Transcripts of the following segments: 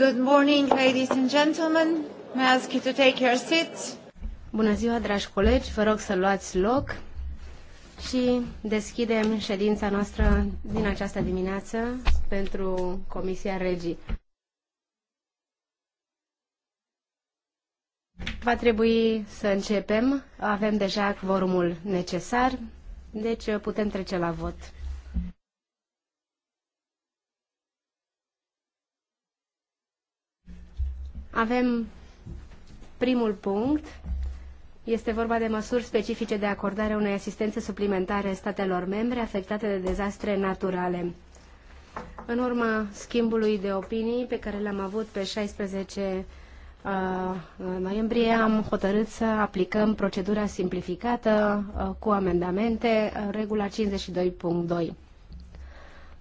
Good morning, ladies and gentlemen. May I ask you to take your seats? Bună ziua, dragi colegi, vă rog să luați loc și deschidem ședința noastră din această dimineață pentru Comisia Regii. Va trebui să începem. Avem deja quorumul necesar, deci putem trece la vot. Avem primul punct, este vorba de măsuri specifice de acordare unei asistențe suplimentare statelor membre afectate de dezastre naturale. În urma schimbului de opinii pe care l-am avut pe 16 uh, noiembrie am hotărât să aplicăm procedura simplificată uh, cu amendamente, uh, regula 52.2.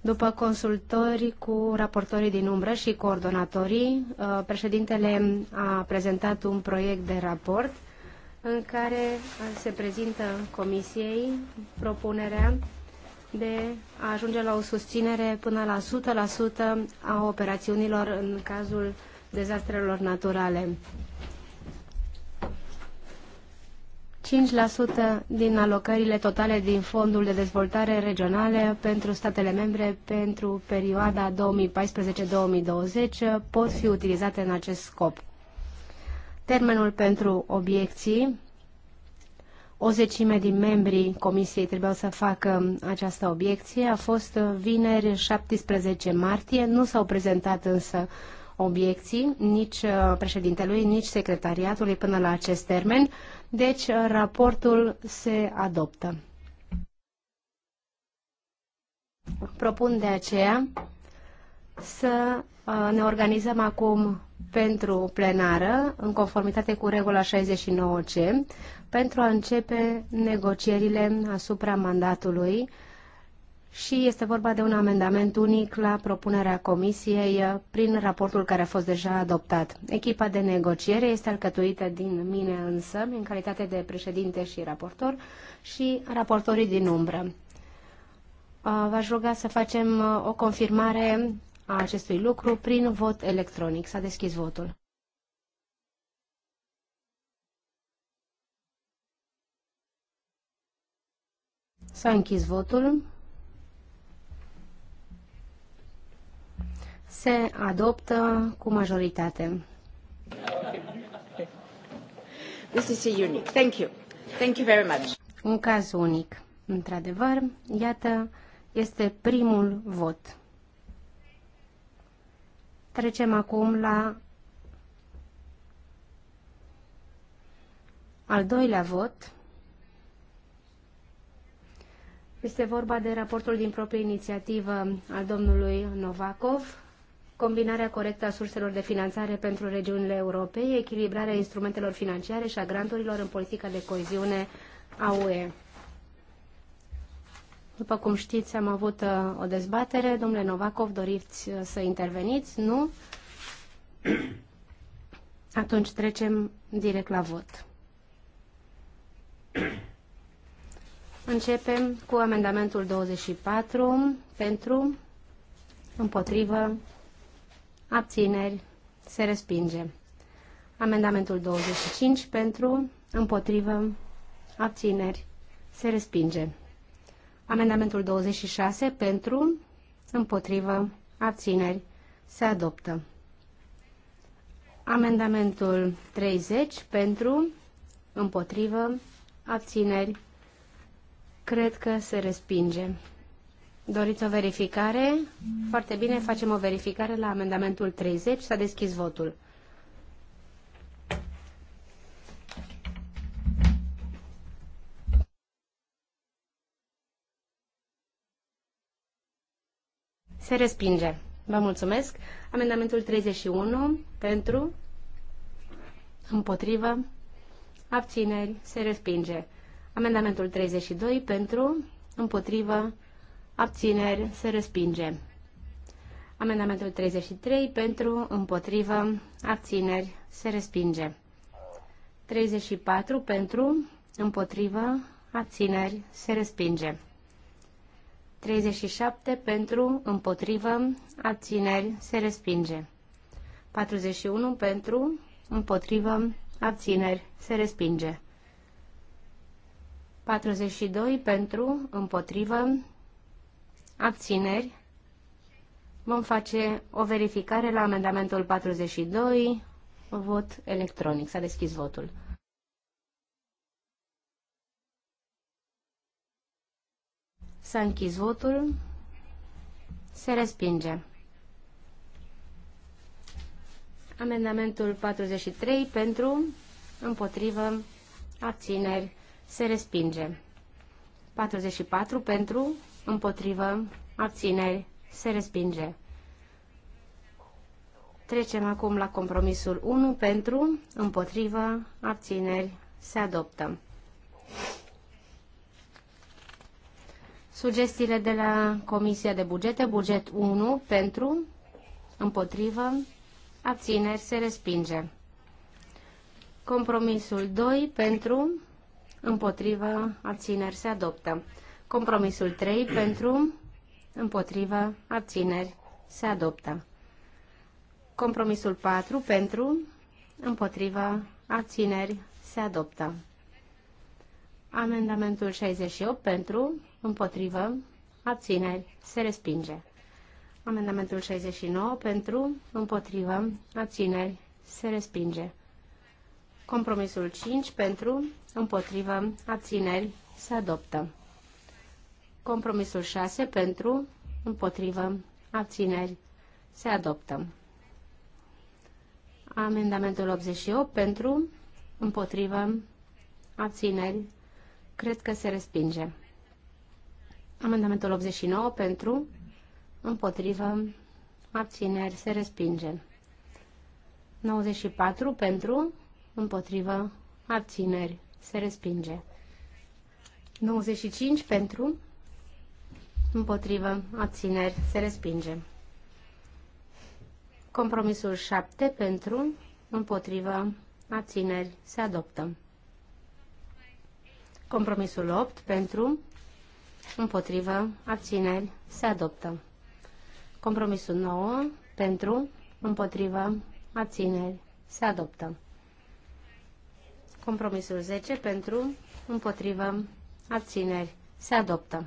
După consultări cu raportorii din umbră și coordonatorii, uh, președintele a prezentat un proiect de raport în care se prezintă comisiei propunerea de a ajunge la o susținere până la 100% a operațiunilor în cazul dezastrelor naturale. 5% din alocările totale din Fondul de Dezvoltare Regionale pentru statele membre pentru perioada 2014-2020 pot fi utilizate în acest scop. Termenul pentru obiecții. O zecime din membrii comisiei trebuiau să facă această obiecție. A fost vineri 17 martie. Nu s-au prezentat însă obiecții nici uh, președintelui, nici secretariatului până la acest termen. Deci, raportul se adoptă. Propun de aceea să uh, ne organizăm acum pentru plenară, în conformitate cu regula 69C, pentru a începe negocierile asupra mandatului și este vorba de un amendament unic la propunerea Comisiei uh, prin raportul care a fost deja adoptat. Echipa de negociere este alcătuită din mine însă, în calitate de președinte și raportor, și raportorii din umbră. Uh, v-aș ruga să facem uh, o confirmare a acestui lucru prin vot electronic. S-a deschis votul. S-a închis votul. se adoptă cu majoritate. This is a unique. Thank you. Thank you very much. Un caz unic. Într-adevăr, iată, este primul vot. Trecem acum la al doilea vot. Este vorba de raportul din proprie inițiativă al domnului Novakov combinarea corectă a surselor de finanțare pentru regiunile europei, echilibrarea instrumentelor financiare și a granturilor în politica de coeziune a UE. După cum știți, am avut uh, o dezbatere. Domnule Novakov, doriți uh, să interveniți? Nu? Atunci trecem direct la vot. Începem cu amendamentul 24 pentru, împotrivă, abțineri, se respinge. Amendamentul 25 pentru, împotrivă, abțineri, se respinge. Amendamentul 26 pentru, împotrivă, abțineri, se adoptă. Amendamentul 30 pentru, împotrivă, abțineri, cred că se respinge. Doriți o verificare? Foarte bine, facem o verificare la amendamentul 30. S-a deschis votul. Se respinge. Vă mulțumesc. Amendamentul 31 pentru, împotrivă, abțineri, se respinge. Amendamentul 32 pentru, împotrivă, abțineri, se respinge. Amendamentul 33 pentru, împotrivă, abțineri, se respinge. 34 pentru, împotrivă, abțineri, se respinge. 37 pentru, împotrivă, abțineri, se respinge. 41 pentru, împotrivă, abțineri, se respinge. 42 pentru, împotrivă, Abțineri. Vom face o verificare la amendamentul 42, vot electronic. S-a deschis votul. S-a închis votul. Se respinge. Amendamentul 43 pentru, împotrivă, abțineri, se respinge. 44 pentru, împotrivă, abțineri, se respinge. Trecem acum la compromisul 1 pentru, împotrivă, abțineri, se adoptă. Sugestiile de la Comisia de Bugete, buget 1 pentru, împotrivă, abțineri, se respinge. Compromisul 2 pentru, împotrivă, abțineri, se adoptă. Compromisul 3 pentru, împotrivă, abțineri, se adoptă. Compromisul 4 pentru, împotrivă, abțineri, se adoptă. Amendamentul 68 pentru, împotrivă, abțineri, se respinge. Amendamentul 69 pentru, împotrivă, abțineri, se respinge. Compromisul 5 pentru, împotrivă, abțineri, se adoptă. Compromisul 6 pentru, împotrivă, abțineri, se adoptă. Amendamentul 88 pentru, împotrivă, abțineri, cred că se respinge. Amendamentul 89 pentru, împotrivă, abțineri, se respinge. 94 pentru, împotrivă, abțineri, se respinge. 95 pentru, împotrivă, abțineri, se respinge. Compromisul 7 pentru, împotrivă, abțineri, se adoptă. Compromisul 8 pentru, împotrivă, abțineri, se adoptă. Compromisul 9 pentru, împotrivă, abțineri, se adoptă. Compromisul 10 pentru, împotrivă, abțineri, se adoptă.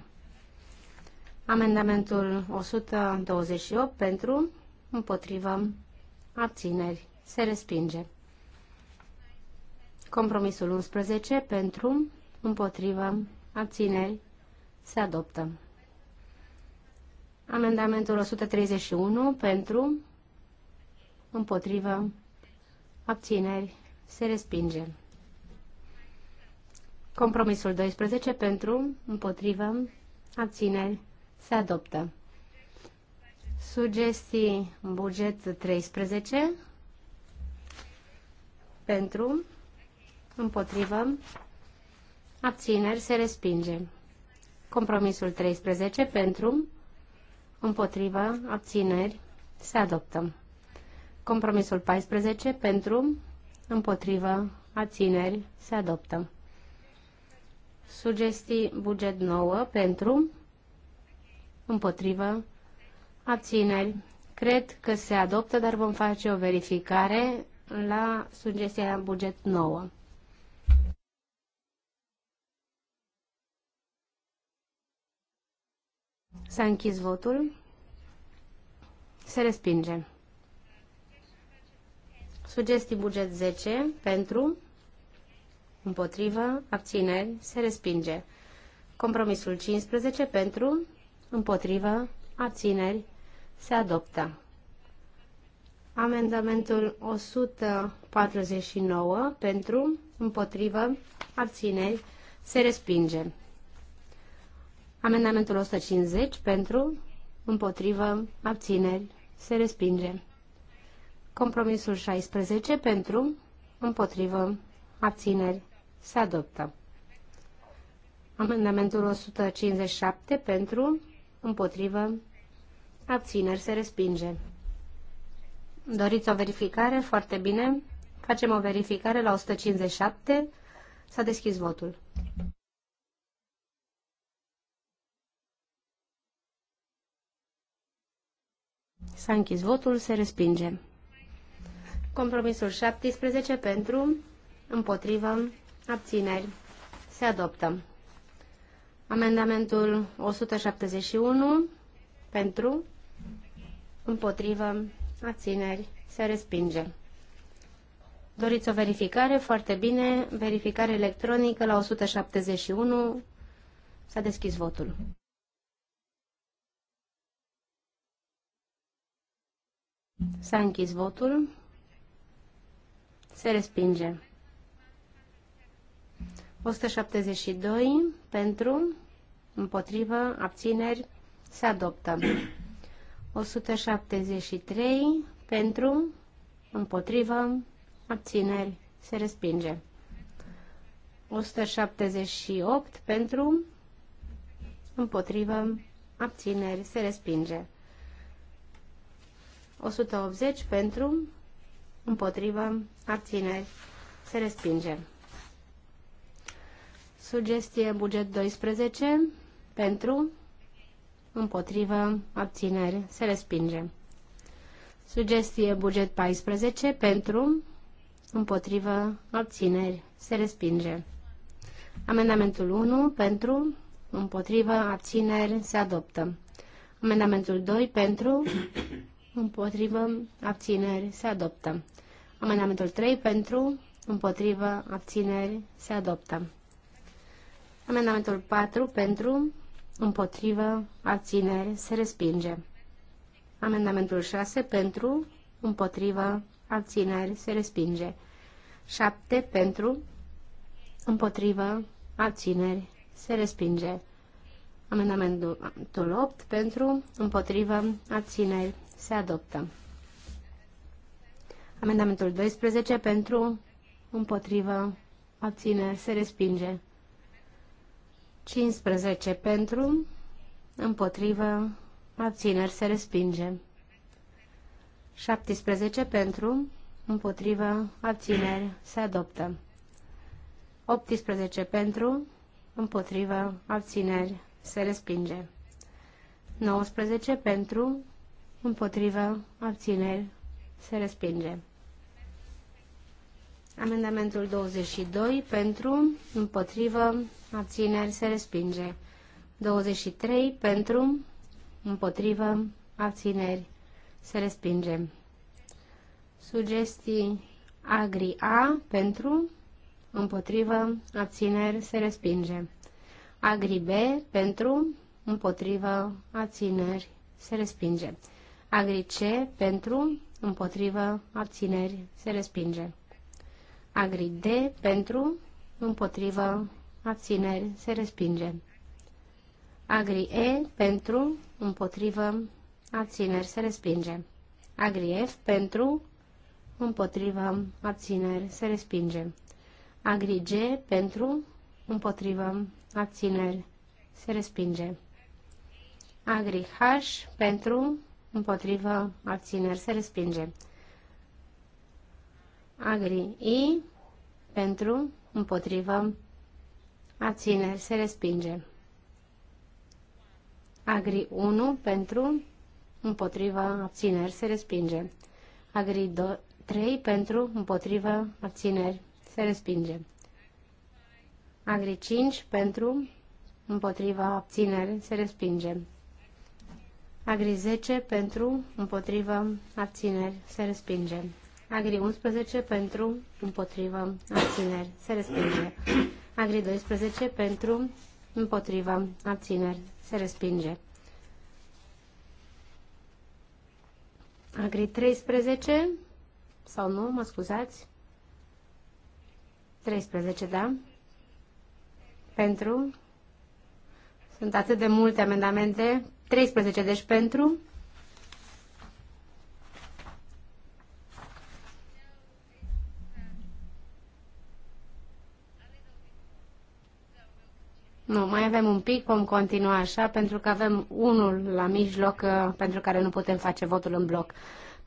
Amendamentul 128 pentru, împotrivă, abțineri, se respinge. Compromisul 11 pentru, împotrivă, abțineri, se adoptă. Amendamentul 131 pentru, împotrivă, abțineri, se respinge. Compromisul 12 pentru, împotrivă, abțineri, se adoptă. Sugestii buget 13 pentru, împotrivă, abțineri se respinge. Compromisul 13 pentru, împotrivă, abțineri se adoptă. Compromisul 14 pentru, împotrivă, abțineri se adoptă. Sugestii buget 9 pentru, împotrivă, abțineri. Cred că se adoptă, dar vom face o verificare la sugestia buget nouă. S-a închis votul. Se respinge. Sugestii buget 10 pentru, împotrivă, abțineri, se respinge. Compromisul 15 pentru, împotrivă, abțineri, se adoptă. Amendamentul 149 pentru, împotrivă, abțineri, se respinge. Amendamentul 150 pentru, împotrivă, abțineri, se respinge. Compromisul 16 pentru, împotrivă, abțineri, se adoptă. Amendamentul 157 pentru, împotrivă, abțineri, se respinge. Doriți o verificare? Foarte bine. Facem o verificare la 157. S-a deschis votul. S-a închis votul, se respinge. Compromisul 17 pentru, împotrivă, abțineri, se adoptă. Amendamentul 171 pentru, împotrivă, abțineri, se respinge. Doriți o verificare? Foarte bine. Verificare electronică la 171. S-a deschis votul. S-a închis votul. Se respinge. 172 pentru, împotrivă, abțineri, se adoptă. 173 pentru, împotrivă, abțineri, se respinge. 178 pentru, împotrivă, abțineri, se respinge. 180 pentru, împotrivă, abțineri, se respinge. Sugestie buget 12 pentru, împotrivă, abțineri, se respinge. Sugestie buget 14 pentru, împotrivă, abțineri, se respinge. Amendamentul 1 pentru, împotrivă, abțineri, se adoptă. Amendamentul 2 pentru, împotrivă, abțineri, se adoptă. Amendamentul 3 pentru, împotrivă, abțineri, se adoptă. Amendamentul 4 pentru, împotrivă, abțineri, se respinge. Amendamentul 6 pentru, împotrivă, abțineri, se respinge. 7 pentru, împotrivă, abțineri, se respinge. Amendamentul 8 pentru, împotrivă, abțineri, se adoptă. Amendamentul 12 pentru, împotrivă, abțineri, se respinge. 15 pentru, împotrivă, abțineri se respinge. 17 pentru, împotrivă, abțineri se adoptă. 18 pentru, împotrivă, abțineri se respinge. 19 pentru, împotrivă, abțineri se respinge. Amendamentul 22 pentru, împotrivă, abțineri, se respinge. 23 pentru, împotrivă, abțineri, se respinge. Sugestii agri A pentru, împotrivă, abțineri, se respinge. Agri B pentru, împotrivă, abțineri, se respinge. Agri C pentru, împotrivă, abțineri, se respinge. Agri D pentru, împotrivă, abțineri, se respinge. Agri E pentru, împotrivă, abțineri, se respinge. Agri F pentru, împotrivă, abțineri, se respinge. Agri G pentru, împotrivă, abțineri, se respinge. Agri H pentru, împotrivă, abțineri, se respinge. Agri I pentru, împotrivă, abțineri, se respinge. Agri 1 pentru, împotriva, abțineri, se respinge. Agri 3 pentru, împotriva, abțineri, se respinge. Agri 5 pentru, împotriva, abțineri, se respinge. Agri 10 pentru, împotriva, abțineri, se respinge. Agri 11 pentru, împotriva abțineri, se respinge. Agri 12 pentru, împotriva, abțineri, se respinge. Agri 13 sau nu, mă scuzați. 13, da? Pentru. Sunt atât de multe amendamente. 13, deci pentru. Nu, mai avem un pic, vom continua așa, pentru că avem unul la mijloc uh, pentru care nu putem face votul în bloc.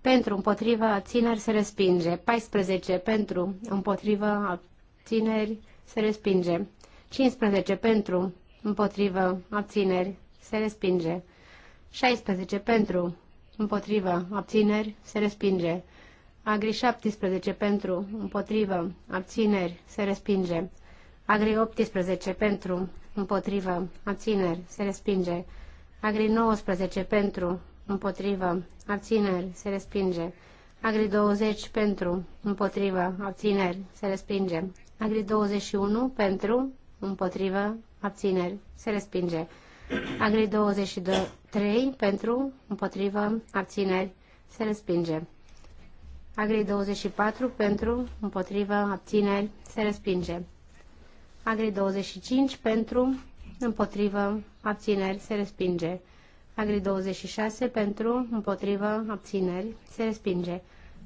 Pentru, împotriva, țineri se respinge. 14 pentru, împotriva, țineri se respinge. 15 pentru, împotriva abțineri, se respinge. 16 pentru, împotriva abțineri, se respinge. Agri 17 pentru, împotriva abțineri, se respinge. Agri 18 pentru, împotrivă, abțineri, se respinge. Agri 19 pentru, împotrivă, abțineri, se respinge. Agri 20 pentru, împotrivă, abțineri, se respinge. Agri 21 pentru, împotrivă, abțineri, se respinge. Agri 23 pentru, împotrivă, abțineri, se respinge. Agri 24 pentru, împotrivă, abțineri, se respinge. Agri 25 pentru, împotrivă, abțineri, se respinge. Agri 26 pentru, împotrivă, abțineri, se respinge.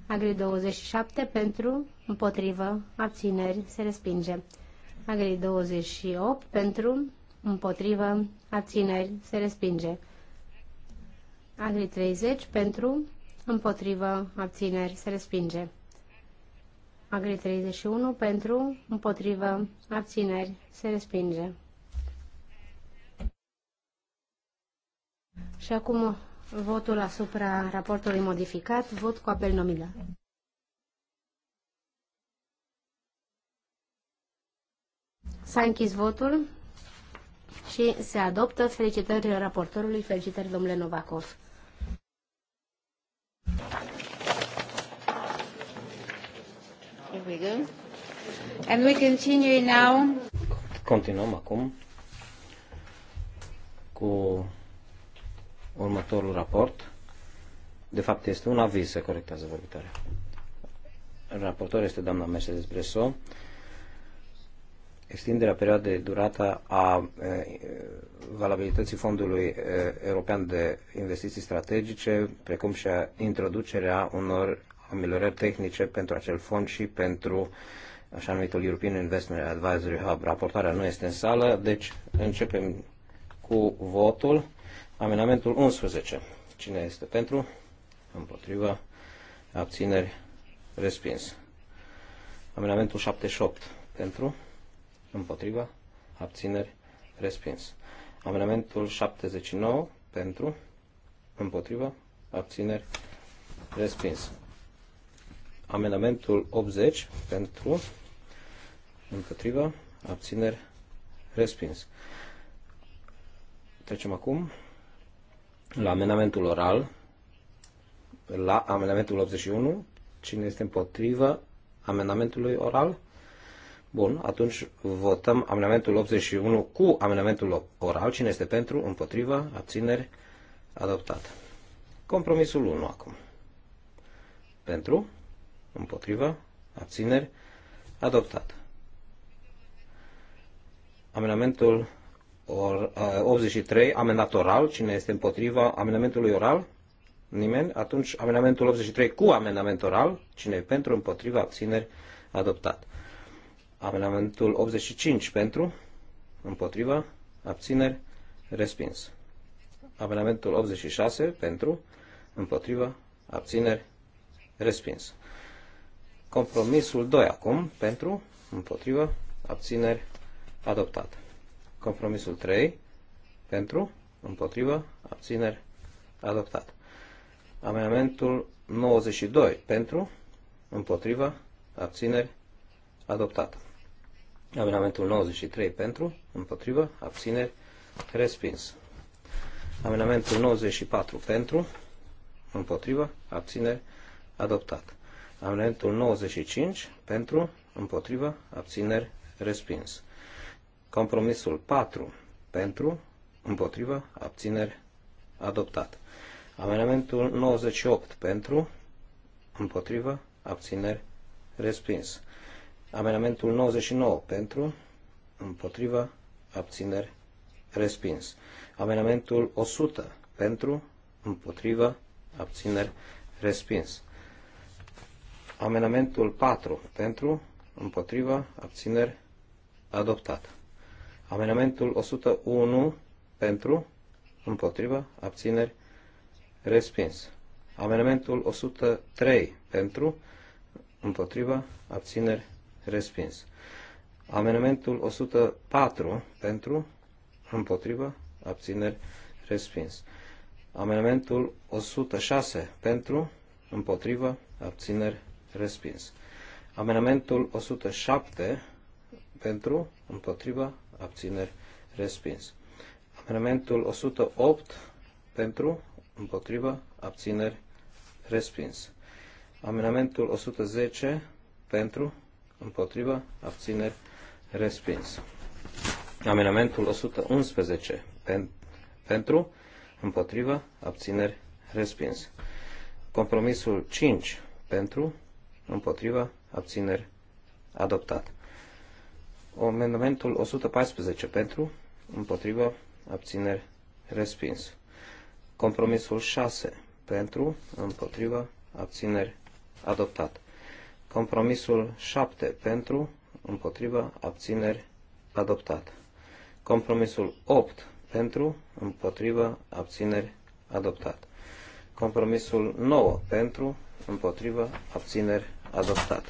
Agri 27 pentru, împotrivă, abțineri, se respinge. Agri 28 pentru, împotrivă, abțineri, se respinge. Agri 30 pentru, împotrivă, abțineri, se respinge. Agri 31 pentru, împotrivă, abțineri, se respinge. Și acum votul asupra raportului modificat, vot cu apel nominal. S-a închis votul și se adoptă. Felicitări raportorului, felicitări domnule Novakov. And we continue now. Continuăm acum cu următorul raport. De fapt, este un aviz, se corectează vorbitoarea. Raportor este doamna Mercedes Bresso. Extinderea perioadei de durata a e, valabilității Fondului e, European de Investiții Strategice, precum și a introducerea unor ameliorări tehnice pentru acel fond și pentru așa numitul European Investment Advisory Hub. Raportarea nu este în sală, deci începem cu votul. Amendamentul 11. Cine este pentru? Împotriva. Abțineri. Respins. Amendamentul 78. Pentru. Împotriva. Abțineri. Respins. Amendamentul 79. Pentru. Împotriva. Abțineri. Respins. Amendamentul 80 pentru, împotriva, abțineri, respins. Trecem acum la amendamentul oral, la amendamentul 81. Cine este împotriva amendamentului oral? Bun, atunci votăm amendamentul 81 cu amendamentul oral. Cine este pentru, împotriva, abțineri, adoptat. Compromisul 1 acum. Pentru, Împotrivă. Abțineri. Adoptat. Amendamentul or, 83, uh, amendat oral. Cine este împotriva amendamentului oral? Nimeni? Atunci amendamentul 83 cu amendament oral. Cine e pentru? Împotriva. Abțineri. Adoptat. Amendamentul 85 pentru. Împotriva. Abțineri. Respins. Amendamentul 86 pentru. Împotriva. Abțineri. Respins. Compromisul 2 acum, pentru, împotrivă, abțineri, adoptat. Compromisul 3, pentru, împotrivă, abțineri, adoptat. Amendamentul 92, pentru, împotrivă, abțineri, adoptat. Amendamentul 93, pentru, împotrivă, abțineri, respins. Amendamentul 94, pentru, împotrivă, abțineri, adoptat. Amendamentul 95 pentru, împotrivă, abțineri, respins. Compromisul 4 pentru, împotrivă, abțineri, adoptat. Amendamentul 98 pentru, împotrivă, abțineri, respins. Amendamentul 99 pentru, împotrivă, abțineri, respins. Amendamentul 100 pentru, împotrivă, abțineri, respins. Amenamentul 4 pentru, împotriva, abțineri, adoptat. Amenamentul 101 pentru, împotriva, abțineri, respins. Amenamentul 103 pentru, împotriva, abțineri, respins. Amenamentul 104 pentru, împotriva, abțineri, respins. Amenamentul 106 pentru, împotriva, abțineri, respins. Amendamentul 107 pentru, împotriva, abțineri, respins. Amendamentul 108 pentru, împotriva, abțineri, respins. Amendamentul 110 pentru, împotriva, abțineri, respins. Amendamentul 111 pen, pentru, împotriva, abțineri, respins. Compromisul 5 pentru, Împotrivă. abțineri, adoptat. Amendamentul 114 pentru, Împotrivă. abțineri, respins. Compromisul 6 pentru, Împotrivă. abțineri, adoptat. Compromisul 7 pentru, Împotrivă. abțineri, adoptat. Compromisul 8 pentru, Împotrivă. abțineri, adoptat. Compromisul 9 pentru, Împotrivă. abțineri, adoptat.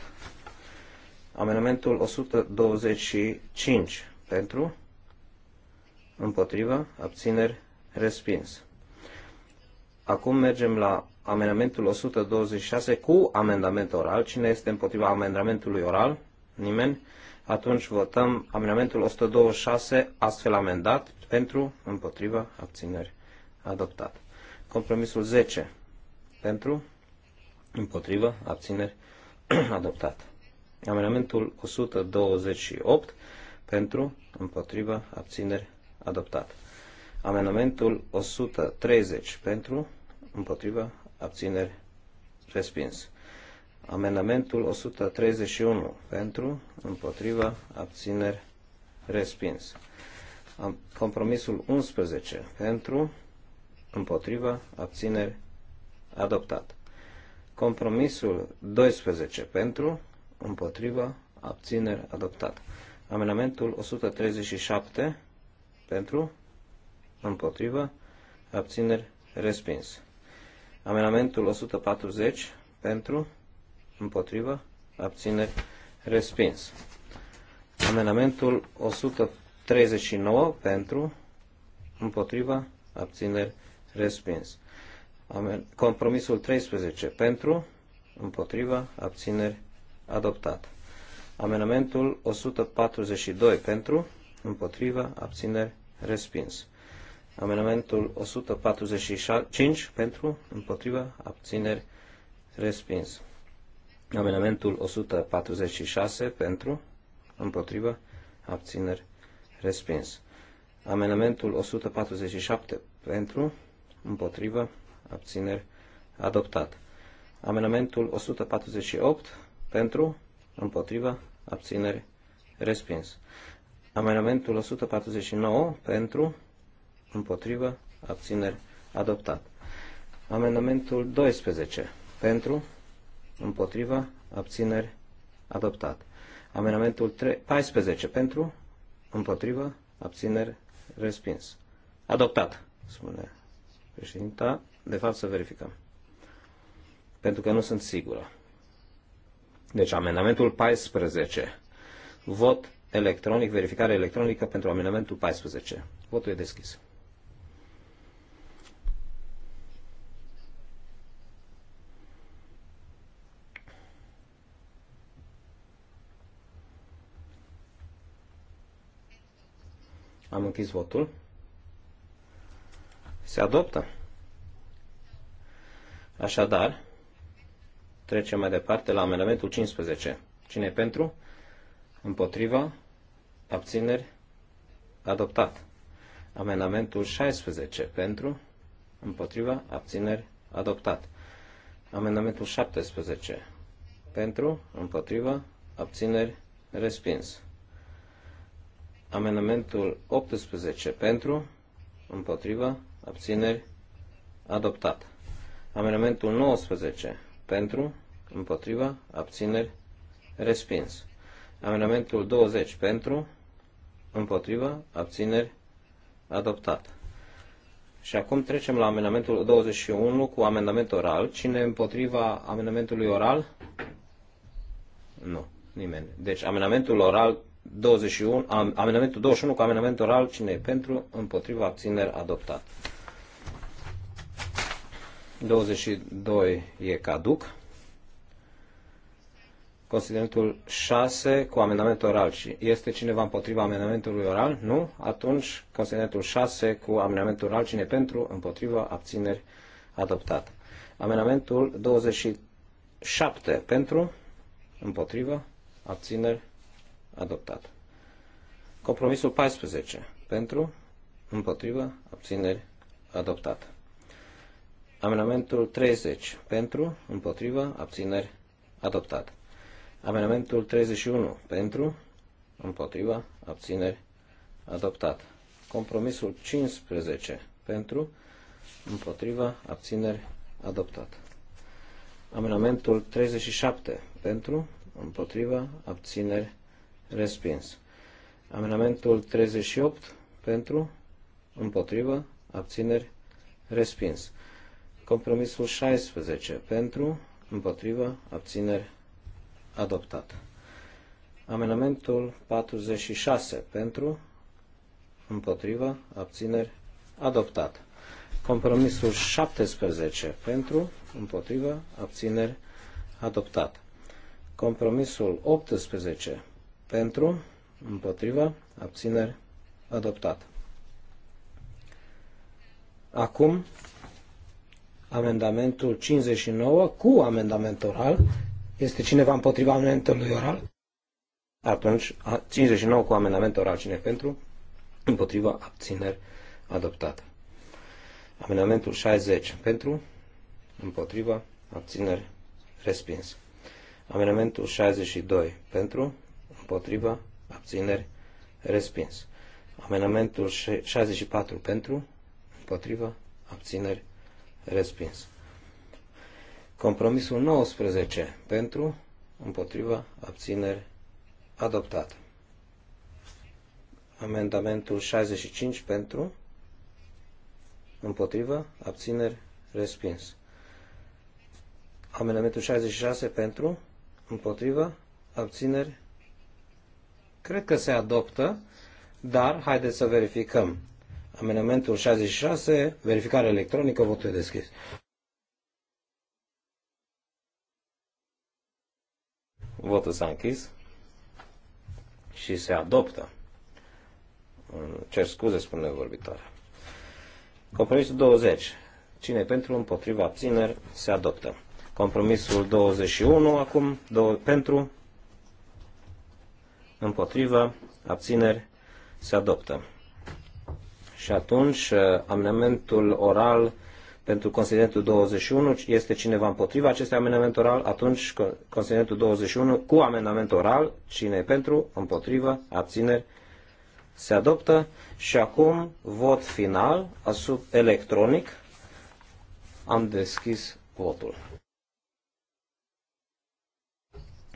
Amendamentul 125 pentru, împotrivă, abțineri, respins. Acum mergem la amendamentul 126 cu amendament oral. Cine este împotriva amendamentului oral? Nimeni? Atunci votăm amendamentul 126 astfel amendat pentru, împotriva, abțineri, adoptat. Compromisul 10 pentru, împotriva, abțineri, adoptat. Amendamentul 128 pentru, împotriva, abțineri, adoptat. Amendamentul 130 pentru, împotriva, abțineri, respins. Amendamentul 131 pentru, împotriva, abțineri, respins. Am, compromisul 11 pentru, împotriva, abțineri, adoptat. Compromisul 12 pentru, împotrivă, abțineri, adoptat. Amendamentul 137 pentru, împotrivă, abțineri, respins. Amendamentul 140 pentru, împotrivă, abțineri, respins. Amendamentul 139 pentru, împotriva, abțineri, respins. Compromisul 13 pentru, împotriva, abțineri, adoptat. Amenamentul 142 pentru, împotriva, abțineri, respins. Amenamentul 145 pentru, împotriva, abțineri, respins. Amenamentul 146 pentru, împotriva, abțineri, respins. Amenamentul 147 pentru, împotriva, abțineri, adoptat. Amendamentul 148 pentru, împotriva, abțineri, respins. Amendamentul 149 pentru, împotriva, abțineri, adoptat. Amendamentul 12 pentru, împotriva, abțineri, adoptat. Amendamentul 3, 14 pentru, împotriva, abțineri, respins. Adoptat, spune președinta. De fapt, să verificăm. Pentru că nu sunt sigură. Deci, amendamentul 14. Vot electronic, verificare electronică pentru amendamentul 14. Votul e deschis. Am închis votul. Se adoptă. Așadar, trecem mai departe la amendamentul 15. Cine e pentru? Împotriva? Abțineri? Adoptat. Amendamentul 16. Pentru? Împotriva? Abțineri? Adoptat. Amendamentul 17. Pentru? Împotriva? Abțineri? Respins. Amendamentul 18. Pentru? Împotriva? Abțineri? Adoptat. Amendamentul 19 pentru, împotriva, abțineri, respins. Amendamentul 20 pentru, împotriva, abțineri, adoptat. Și acum trecem la amendamentul 21 cu amendament oral. Cine împotriva amendamentului oral? Nu, nimeni. Deci amendamentul oral 21, amendamentul 21 cu amendament oral, cine e pentru, împotriva, abțineri, adoptat. 22 e caduc. Considerentul 6 cu amendament oral. Este cineva împotriva amendamentului oral? Nu? Atunci, considerentul 6 cu amendament oral. Cine pentru? Împotriva? Abțineri? Adoptat. Amendamentul 27 pentru? Împotriva? Abțineri? Adoptat. Compromisul 14 pentru? Împotriva? Abțineri? Adoptat. Amendamentul 30 pentru, împotrivă, abțineri, adoptat. Amendamentul 31 pentru, împotriva, abțineri, adoptat. Compromisul 15 pentru, împotriva, abțineri, adoptat. Amendamentul 37 pentru, împotriva, abțineri, respins. Amendamentul 38 pentru, împotriva, abțineri, respins. Compromisul 16 pentru, împotrivă, abțineri, adoptat. Amenamentul 46 pentru, împotrivă, abțineri, adoptat. Compromisul 17 pentru, împotrivă, abțineri, adoptat. Compromisul 18 pentru, împotrivă, abțineri, adoptat. Acum amendamentul 59 cu amendament oral. Este cineva împotriva amendamentului oral? Atunci, 59 cu amendament oral. Cine pentru? Împotriva abțineri adoptat. Amendamentul 60 pentru, împotriva, abțineri respins. Amendamentul 62 pentru, împotriva, abțineri respins. Amendamentul 64 pentru, împotriva, abțineri respins. Compromisul 19 pentru, împotriva, abțineri, adoptat. Amendamentul 65 pentru, împotriva, abțineri, respins. Amendamentul 66 pentru, împotriva, abțineri, cred că se adoptă, dar haideți să verificăm. Amendamentul 66, verificare electronică, votul deschis. Votul s-a închis și se adoptă. Cer scuze, spune vorbitoarea. Compromisul 20. Cine pentru, împotriva, abțineri, se adoptă. Compromisul 21, acum, dou- pentru, împotriva, abțineri, se adoptă. Și atunci uh, amenamentul oral pentru consilientul 21 este cineva împotriva acestui amenament oral, atunci consilientul 21 cu amenament oral, cine e pentru, împotrivă, abțineri, se adoptă și acum vot final asup electronic. Am deschis votul.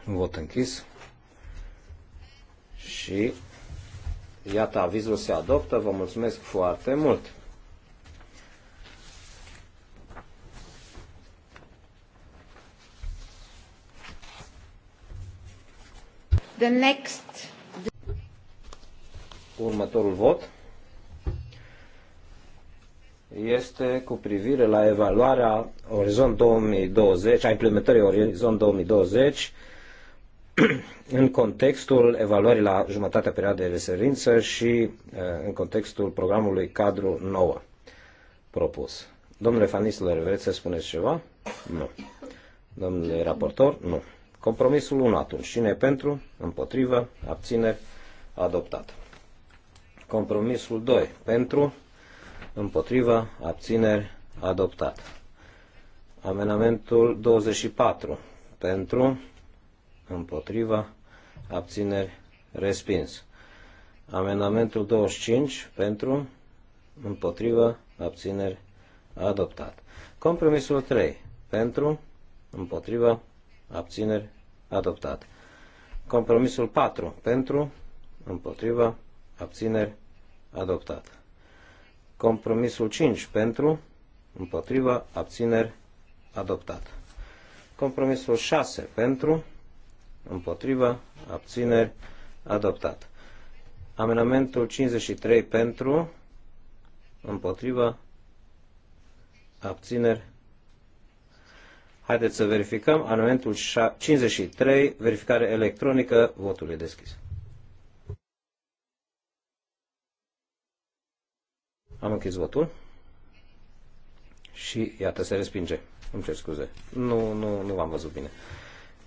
Vot închis și Iată, avizul se adoptă. Vă mulțumesc foarte mult! The next... Următorul vot este cu privire la evaluarea Orizont 2020, a implementării Orizont 2020 în contextul evaluării la jumătatea perioadei de referință și uh, în contextul programului cadru nouă propus. Domnule Fanisler, vreți să spuneți ceva? Nu. Domnule raportor? Nu. Compromisul 1 atunci. Cine e pentru? Împotrivă? Abțineri? Adoptat. Compromisul 2. Pentru? Împotrivă? Abțineri? Adoptat. Amenamentul 24. Pentru? împotriva, abțineri, respins. Amendamentul 25 pentru, împotriva, abțineri, adoptat. Compromisul 3 pentru, împotriva, abțineri, adoptat. Compromisul 4 pentru, împotriva, abțineri, adoptat. Compromisul 5 pentru, împotriva, abțineri, adoptat. Compromisul 6 pentru, împotrivă, abțineri, adoptat. Amendamentul 53 pentru, împotrivă, abțineri. Haideți să verificăm. Amendamentul 53, verificare electronică, votul e deschis. Am închis votul și iată se respinge. Îmi cer scuze. Nu, nu, nu v-am văzut bine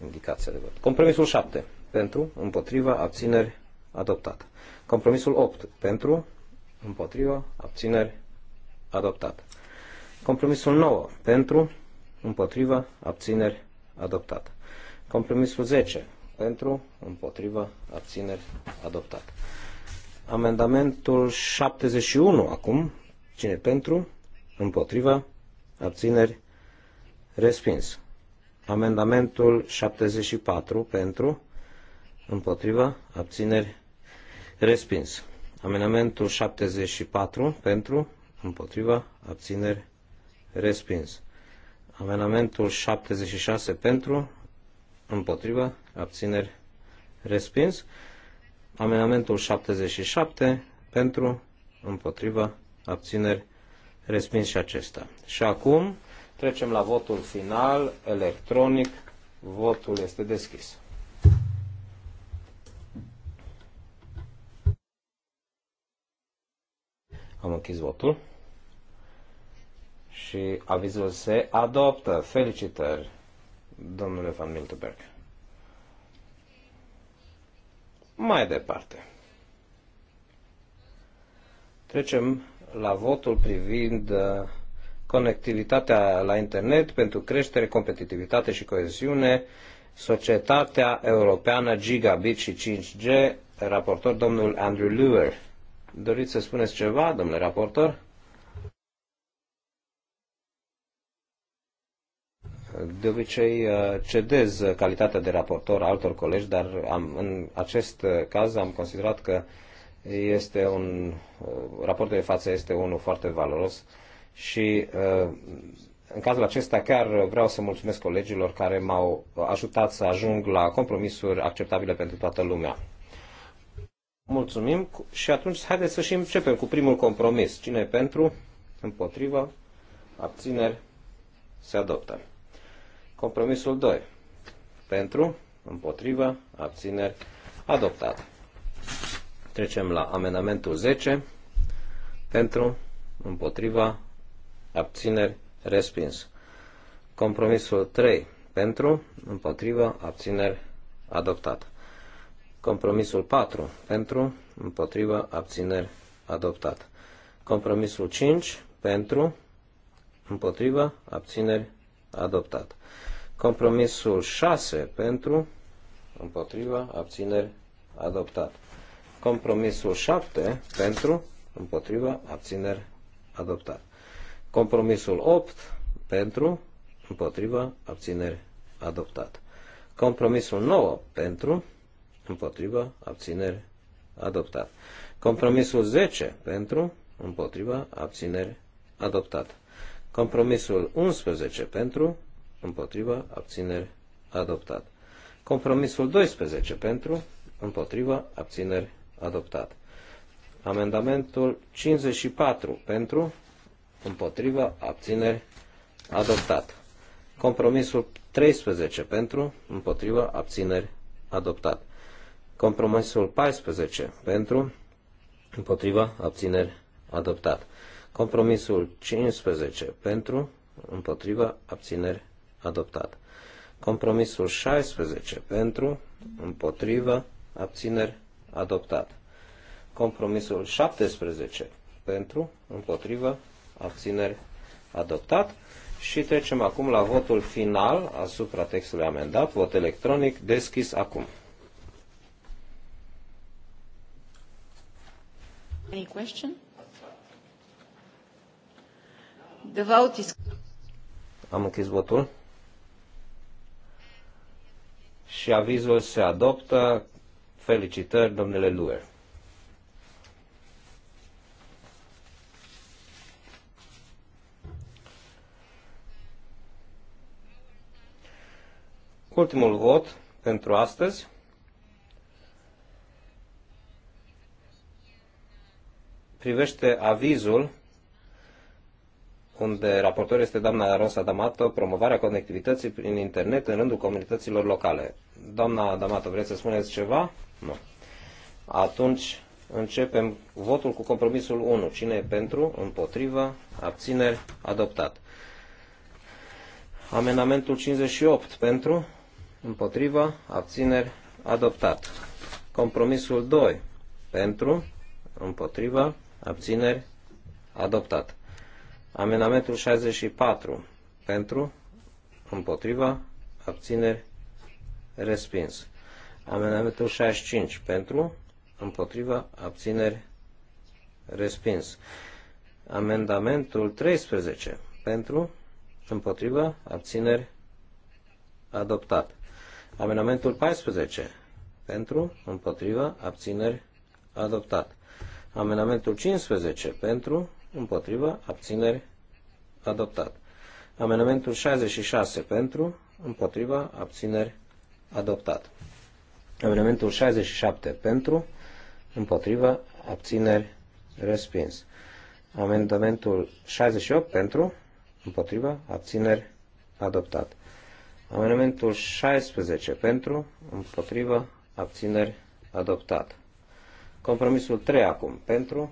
indicația de vot. Compromisul 7. Pentru, împotriva, abțineri, adoptat. Compromisul 8. Pentru, împotriva, abțineri, adoptat. Compromisul 9. Pentru, împotriva, abțineri, adoptat. Compromisul 10. Pentru, împotriva, abțineri, adoptat. Amendamentul 71 acum. Cine pentru? Împotriva? Abțineri? Respins. Amendamentul 74 pentru, împotriva, abțineri, respins. Amendamentul 74 pentru, împotriva, abțineri, respins. Amendamentul 76 pentru, împotriva, abțineri, respins. Amendamentul 77 pentru, împotriva, abțineri, respins și acesta. Și acum Trecem la votul final, electronic. Votul este deschis. Am închis votul. Și avizul se adoptă. Felicitări, domnule Van Miltenberg. Mai departe. Trecem la votul privind uh, conectivitatea la internet pentru creștere, competitivitate și coeziune, societatea europeană Gigabit și 5G, raportor domnul Andrew Luer. Doriți să spuneți ceva, domnule raportor? De obicei uh, cedez calitatea de raportor altor colegi, dar am, în acest caz am considerat că este un, uh, raportul de față este unul foarte valoros și uh, în cazul acesta chiar vreau să mulțumesc colegilor care m-au ajutat să ajung la compromisuri acceptabile pentru toată lumea. Mulțumim și atunci haideți să și începem cu primul compromis. Cine e pentru? Împotrivă? Abțineri? Se adoptă. Compromisul 2. Pentru? Împotrivă? Abțineri? Adoptat. Trecem la amenamentul 10. Pentru? Împotriva? abțineri, respins. Compromisul 3 pentru, împotrivă, abțineri, adoptat. Compromisul 4 pentru, împotrivă, abțineri, adoptat. Compromisul 5 pentru, împotrivă, abțineri, adoptat. Compromisul 6 pentru, împotrivă, abțineri, adoptat. Compromisul 7 pentru, împotrivă, abțineri, adoptat. Compromisul 8 pentru, împotrivă abțineri adoptat. Compromisul 9 pentru, împotrivă abțineri adoptat. Compromisul 10 pentru, împotrivă abțineri adoptat. Compromisul 11 pentru, împotrivă abțineri adoptat. Compromisul 12 pentru, împotrivă abțineri adoptat. Amendamentul 54 pentru, împotriva, abțineri, adoptat. Compromisul 13 pentru, împotriva, abțineri, adoptat. Compromisul 14 pentru, împotriva, abțineri, adoptat. Compromisul 15 pentru, împotriva, abțineri, adoptat. Compromisul 16 pentru, împotriva, abțineri, adoptat. Compromisul 17 pentru, împotriva, abțineri, adoptat. Și trecem acum la votul final asupra textului amendat, vot electronic deschis acum. Any question? The vote is... Am închis votul. Și avizul se adoptă. Felicitări, domnule Luer. Ultimul vot pentru astăzi. Privește avizul unde raportor este doamna Rosa D'Amato, promovarea conectivității prin internet în rândul comunităților locale. Doamna D'Amato, vreți să spuneți ceva? Nu. Atunci începem votul cu compromisul 1. Cine e pentru? Împotrivă? Abțineri? Adoptat. Amenamentul 58 pentru? împotrivă, abțineri, adoptat. Compromisul 2, pentru, împotrivă, abțineri, adoptat. Amendamentul 64, pentru, împotrivă, abțineri, respins. Amendamentul 65, pentru, împotrivă, abțineri, respins. Amendamentul 13, pentru, împotrivă, abțineri, adoptat. Amendamentul 14 pentru, împotriva, abțineri, adoptat. Amendamentul 15 pentru, împotriva, abțineri, adoptat. Amendamentul 66 pentru, împotriva, abțineri, adoptat. Amendamentul 67 pentru, împotriva, abțineri, respins. Amendamentul 68 pentru, împotriva, abțineri, adoptat. Amendamentul 16 pentru, împotrivă, abțineri, adoptat. Compromisul 3 acum, pentru,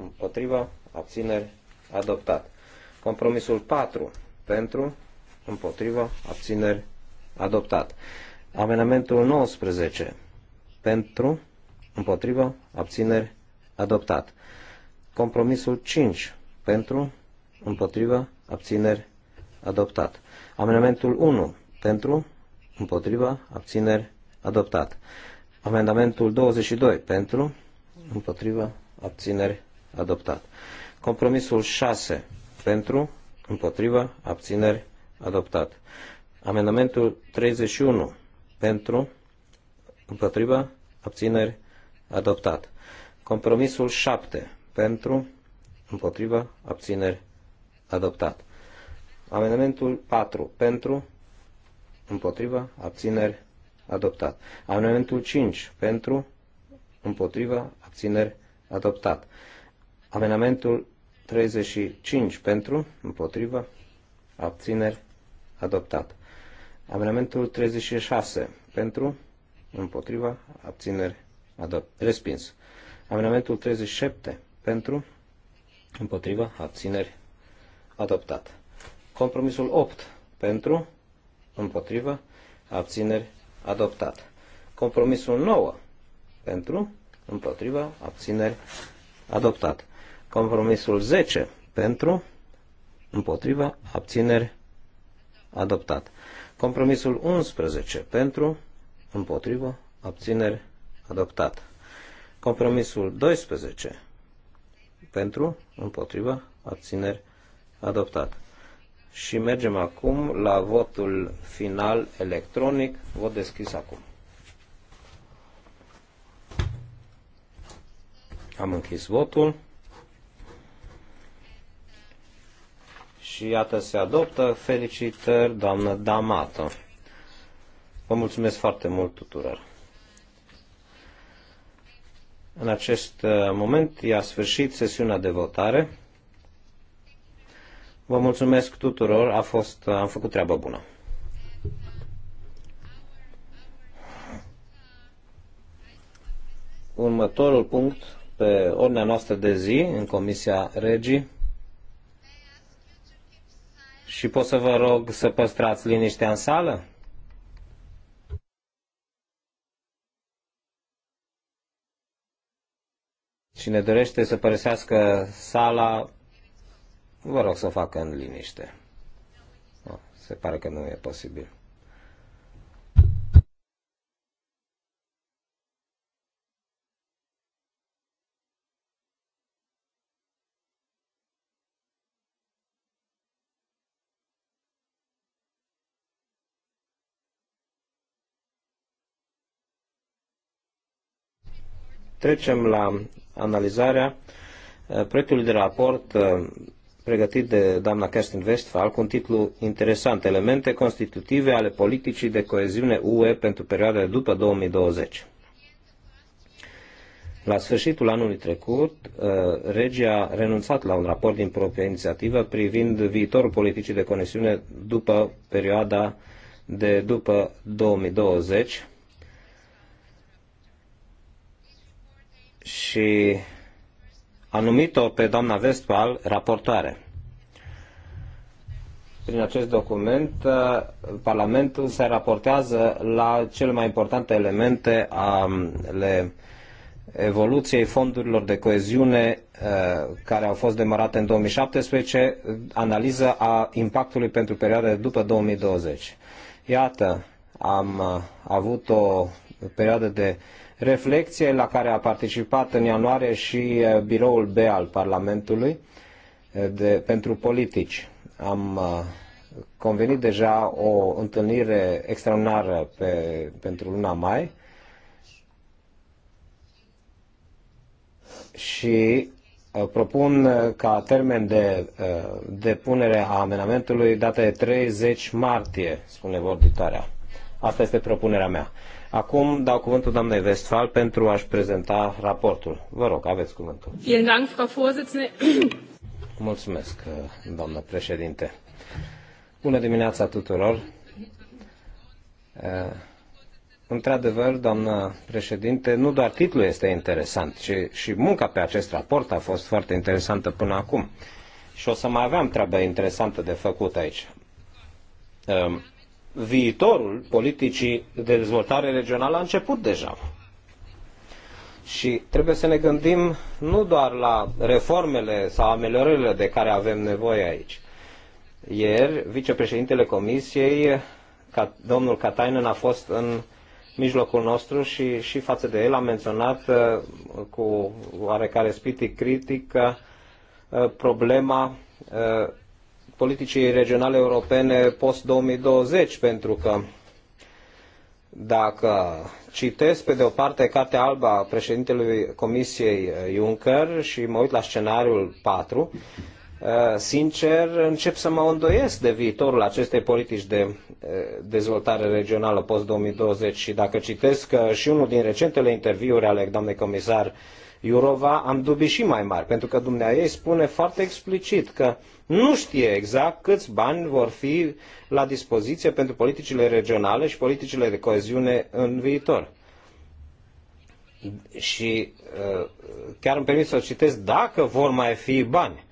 împotrivă, abțineri, adoptat. Compromisul 4 pentru, împotrivă, abțineri, adoptat. Amendamentul 19 pentru, împotrivă, abțineri, adoptat. Compromisul 5 pentru, împotrivă, abțineri, adoptat. Amendamentul 1 pentru, împotriva, abțineri, adoptat. Amendamentul 22 pentru, împotriva, abțineri, adoptat. Compromisul 6 pentru, împotriva, abțineri, adoptat. Amendamentul 31 pentru, împotriva, abțineri, adoptat. Compromisul 7 pentru, împotriva, abțineri, adoptat. Amendamentul 4 pentru, împotriva, abțineri, adoptat. Amendamentul 5 pentru, împotriva, abțineri, adoptat. Amendamentul 35 pentru, împotriva, abțineri, adoptat. Amendamentul 36 pentru, împotriva, abțineri, adoptat. respins. Amendamentul 37 pentru, împotriva, abțineri, adoptat. Compromisul 8 pentru, împotrivă, abțineri, adoptat. Compromisul 9 pentru, împotriva, abțineri, adoptat. Compromisul 10 pentru, împotriva, abțineri, adoptat. Compromisul 11 pentru, împotriva, abțineri, adoptat. Compromisul 12 pentru, împotriva, abțineri, adoptat și mergem acum la votul final electronic, vot deschis acum. Am închis votul. Și iată se adoptă. Felicitări, doamnă Damato. Vă mulțumesc foarte mult tuturor. În acest uh, moment i-a sfârșit sesiunea de votare. Vă mulțumesc tuturor, a fost, am făcut treabă bună. Următorul punct pe ordinea noastră de zi în Comisia Regii și pot să vă rog să păstrați liniștea în sală? Cine dorește să părăsească sala, Vă rog să o facă în liniște. No, oh, se pare că nu e posibil. Trecem la analizarea eh, proiectului de raport eh, pregătit de doamna Kerstin Westphal cu un titlu interesant, Elemente constitutive ale politicii de coeziune UE pentru perioada după 2020. La sfârșitul anului trecut, uh, regia a renunțat la un raport din propria inițiativă privind viitorul politicii de conexiune după perioada de după 2020 și a numit-o pe doamna Vestpal raportoare. Prin acest document, uh, Parlamentul se raportează la cele mai importante elemente ale evoluției fondurilor de coeziune uh, care au fost demarate în 2017, analiză a impactului pentru perioada după 2020. Iată, am uh, avut o perioadă de uh, reflecție la care a participat în ianuarie și eh, biroul B al Parlamentului eh, de, pentru politici. Am eh, convenit deja o întâlnire extraordinară pe, pentru luna mai și propun ca termen de depunere a amenamentului date de 30 martie, spune vorbitoarea. Asta este propunerea mea. Acum dau cuvântul doamnei Westphal pentru a-și prezenta raportul. Vă rog, aveți cuvântul. Mulțumesc, doamnă președinte. Bună dimineața tuturor. Eh, într-adevăr, doamnă președinte, nu doar titlul este interesant, ci și munca pe acest raport a fost foarte interesantă până acum. Și o să mai aveam treabă interesantă de făcut aici. Eh, viitorul politicii de dezvoltare regională a început deja. Și trebuie să ne gândim nu doar la reformele sau ameliorările de care avem nevoie aici. Ieri, vicepreședintele Comisiei, domnul Katainen, a fost în mijlocul nostru și, și față de el a menționat uh, cu oarecare spirit critic uh, problema uh, politicii regionale europene post-2020, pentru că dacă citesc pe de o parte Cartea Albă a președintelui Comisiei eh, Juncker și mă uit la scenariul 4, eh, sincer încep să mă îndoiesc de viitorul acestei politici de eh, dezvoltare regională post-2020 și dacă citesc și unul din recentele interviuri ale doamnei comisar Iurova am dubii și mai mari, pentru că Dumneavoastră ei spune foarte explicit că nu știe exact câți bani vor fi la dispoziție pentru politicile regionale și politicile de coeziune în viitor. Și uh, chiar îmi permit să o citesc dacă vor mai fi bani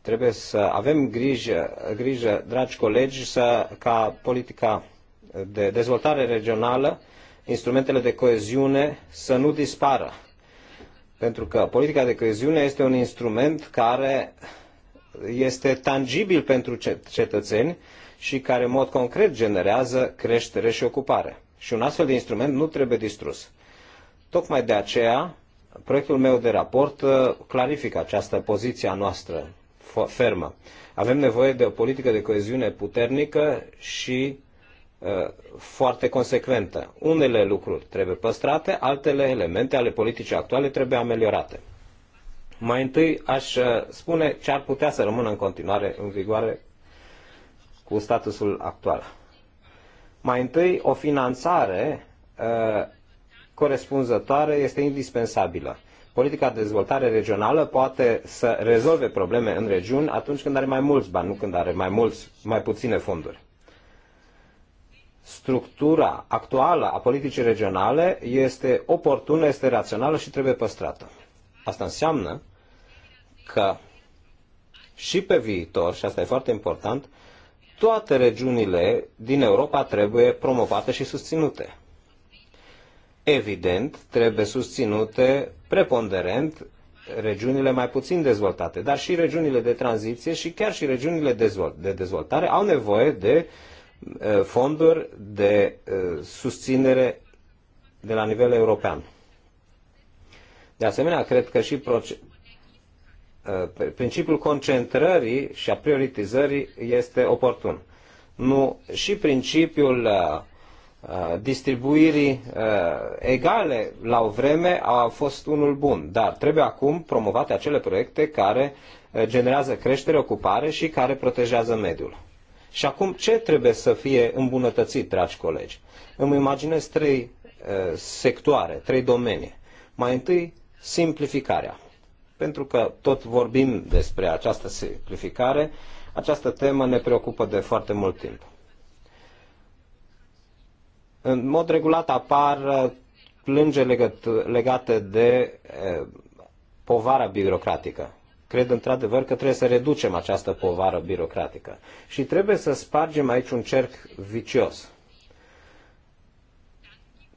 trebuie să avem grijă, grijă dragi colegi, să, ca politica de dezvoltare regională instrumentele de coeziune să nu dispară. Pentru că politica de coeziune este un instrument care este tangibil pentru cetățeni și care în mod concret generează creștere și ocupare. Și un astfel de instrument nu trebuie distrus. Tocmai de aceea, proiectul meu de raport uh, clarifică această poziție a noastră fermă. Avem nevoie de o politică de coeziune puternică și Uh, foarte consecventă. Unele lucruri trebuie păstrate, altele elemente ale politicii actuale trebuie ameliorate. Mai întâi aș uh, spune ce ar putea să rămână în continuare în vigoare cu statusul actual. Mai întâi, o finanțare uh, corespunzătoare este indispensabilă. Politica de dezvoltare regională poate să rezolve probleme în regiuni atunci când are mai mulți bani, nu când are mai, mulți, mai puține fonduri structura actuală a politicii regionale este oportună, este rațională și trebuie păstrată. Asta înseamnă că și pe viitor, și asta e foarte important, toate regiunile din Europa trebuie promovate și susținute. Evident, trebuie susținute preponderent regiunile mai puțin dezvoltate, dar și regiunile de tranziție și chiar și regiunile de dezvoltare au nevoie de uh, Uh, fonduri de uh, susținere de la nivel european. De asemenea, cred că și uh, principiul concentrării și a prioritizării este oportun. Nu și principiul distribuirii egale la o vreme a fost unul bun, dar trebuie acum promovate acele proiecte care generează creștere, ocupare și care protejează mediul. Și acum ce trebuie să fie îmbunătățit, dragi colegi? Îmi imaginez trei uh, sectoare, trei domenii. Mai întâi, simplificarea. Pentru că tot vorbim despre această simplificare, această temă ne preocupă de foarte mult timp. În mod regulat apar uh, plângeri legate de uh, povara birocratică. Cred într-adevăr că trebuie să reducem această povară birocratică. Și trebuie să spargem aici un cerc vicios.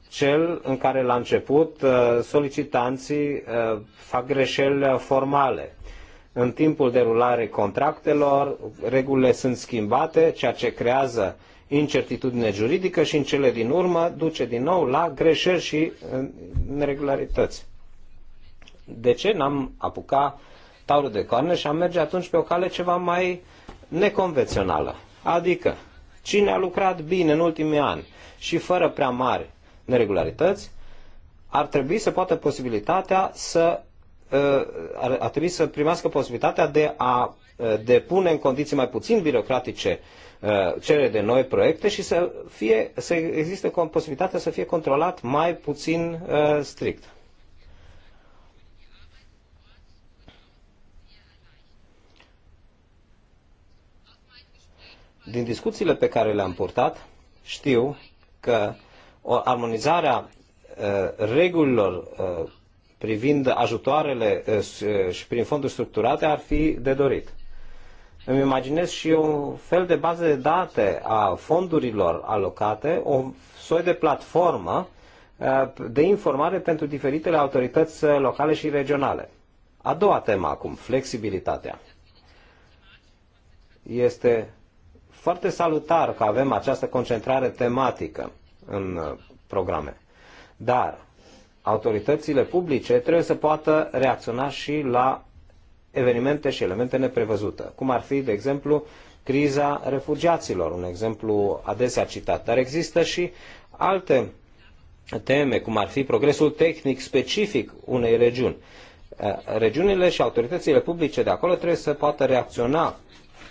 Cel în care la început uh, solicitanții uh, fac greșeli formale. În timpul derulare contractelor, regulile sunt schimbate, ceea ce creează incertitudine juridică și în cele din urmă duce din nou la greșeli și uh, neregularități. De ce n-am apucat taurul de coarne și am merge atunci pe o cale ceva mai neconvențională. Adică, cine a lucrat bine în ultimii ani și fără prea mari neregularități, ar trebui să poată posibilitatea să ar, uh, ar trebui să primească posibilitatea de a uh, depune în condiții mai puțin birocratice uh, cerere de noi proiecte și să, fie, să existe posibilitatea să fie controlat mai puțin strict. Din discuțiile pe care le-am purtat, știu că o armonizarea regulilor privind ajutoarele și prin fonduri structurate ar fi de dorit. Îmi imaginez și un fel de bază de date a fondurilor alocate, o soi de platformă de informare pentru diferitele autorități locale și regionale. A doua temă acum, flexibilitatea. Este foarte salutar că avem această concentrare tematică în uh, programe. Dar autoritățile publice trebuie să poată reacționa și la evenimente și elemente neprevăzute, cum ar fi, de exemplu, criza refugiaților, un exemplu adesea citat. Dar există și alte teme, cum ar fi progresul tehnic specific unei regiuni. Uh, regiunile și autoritățile publice de acolo trebuie să poată reacționa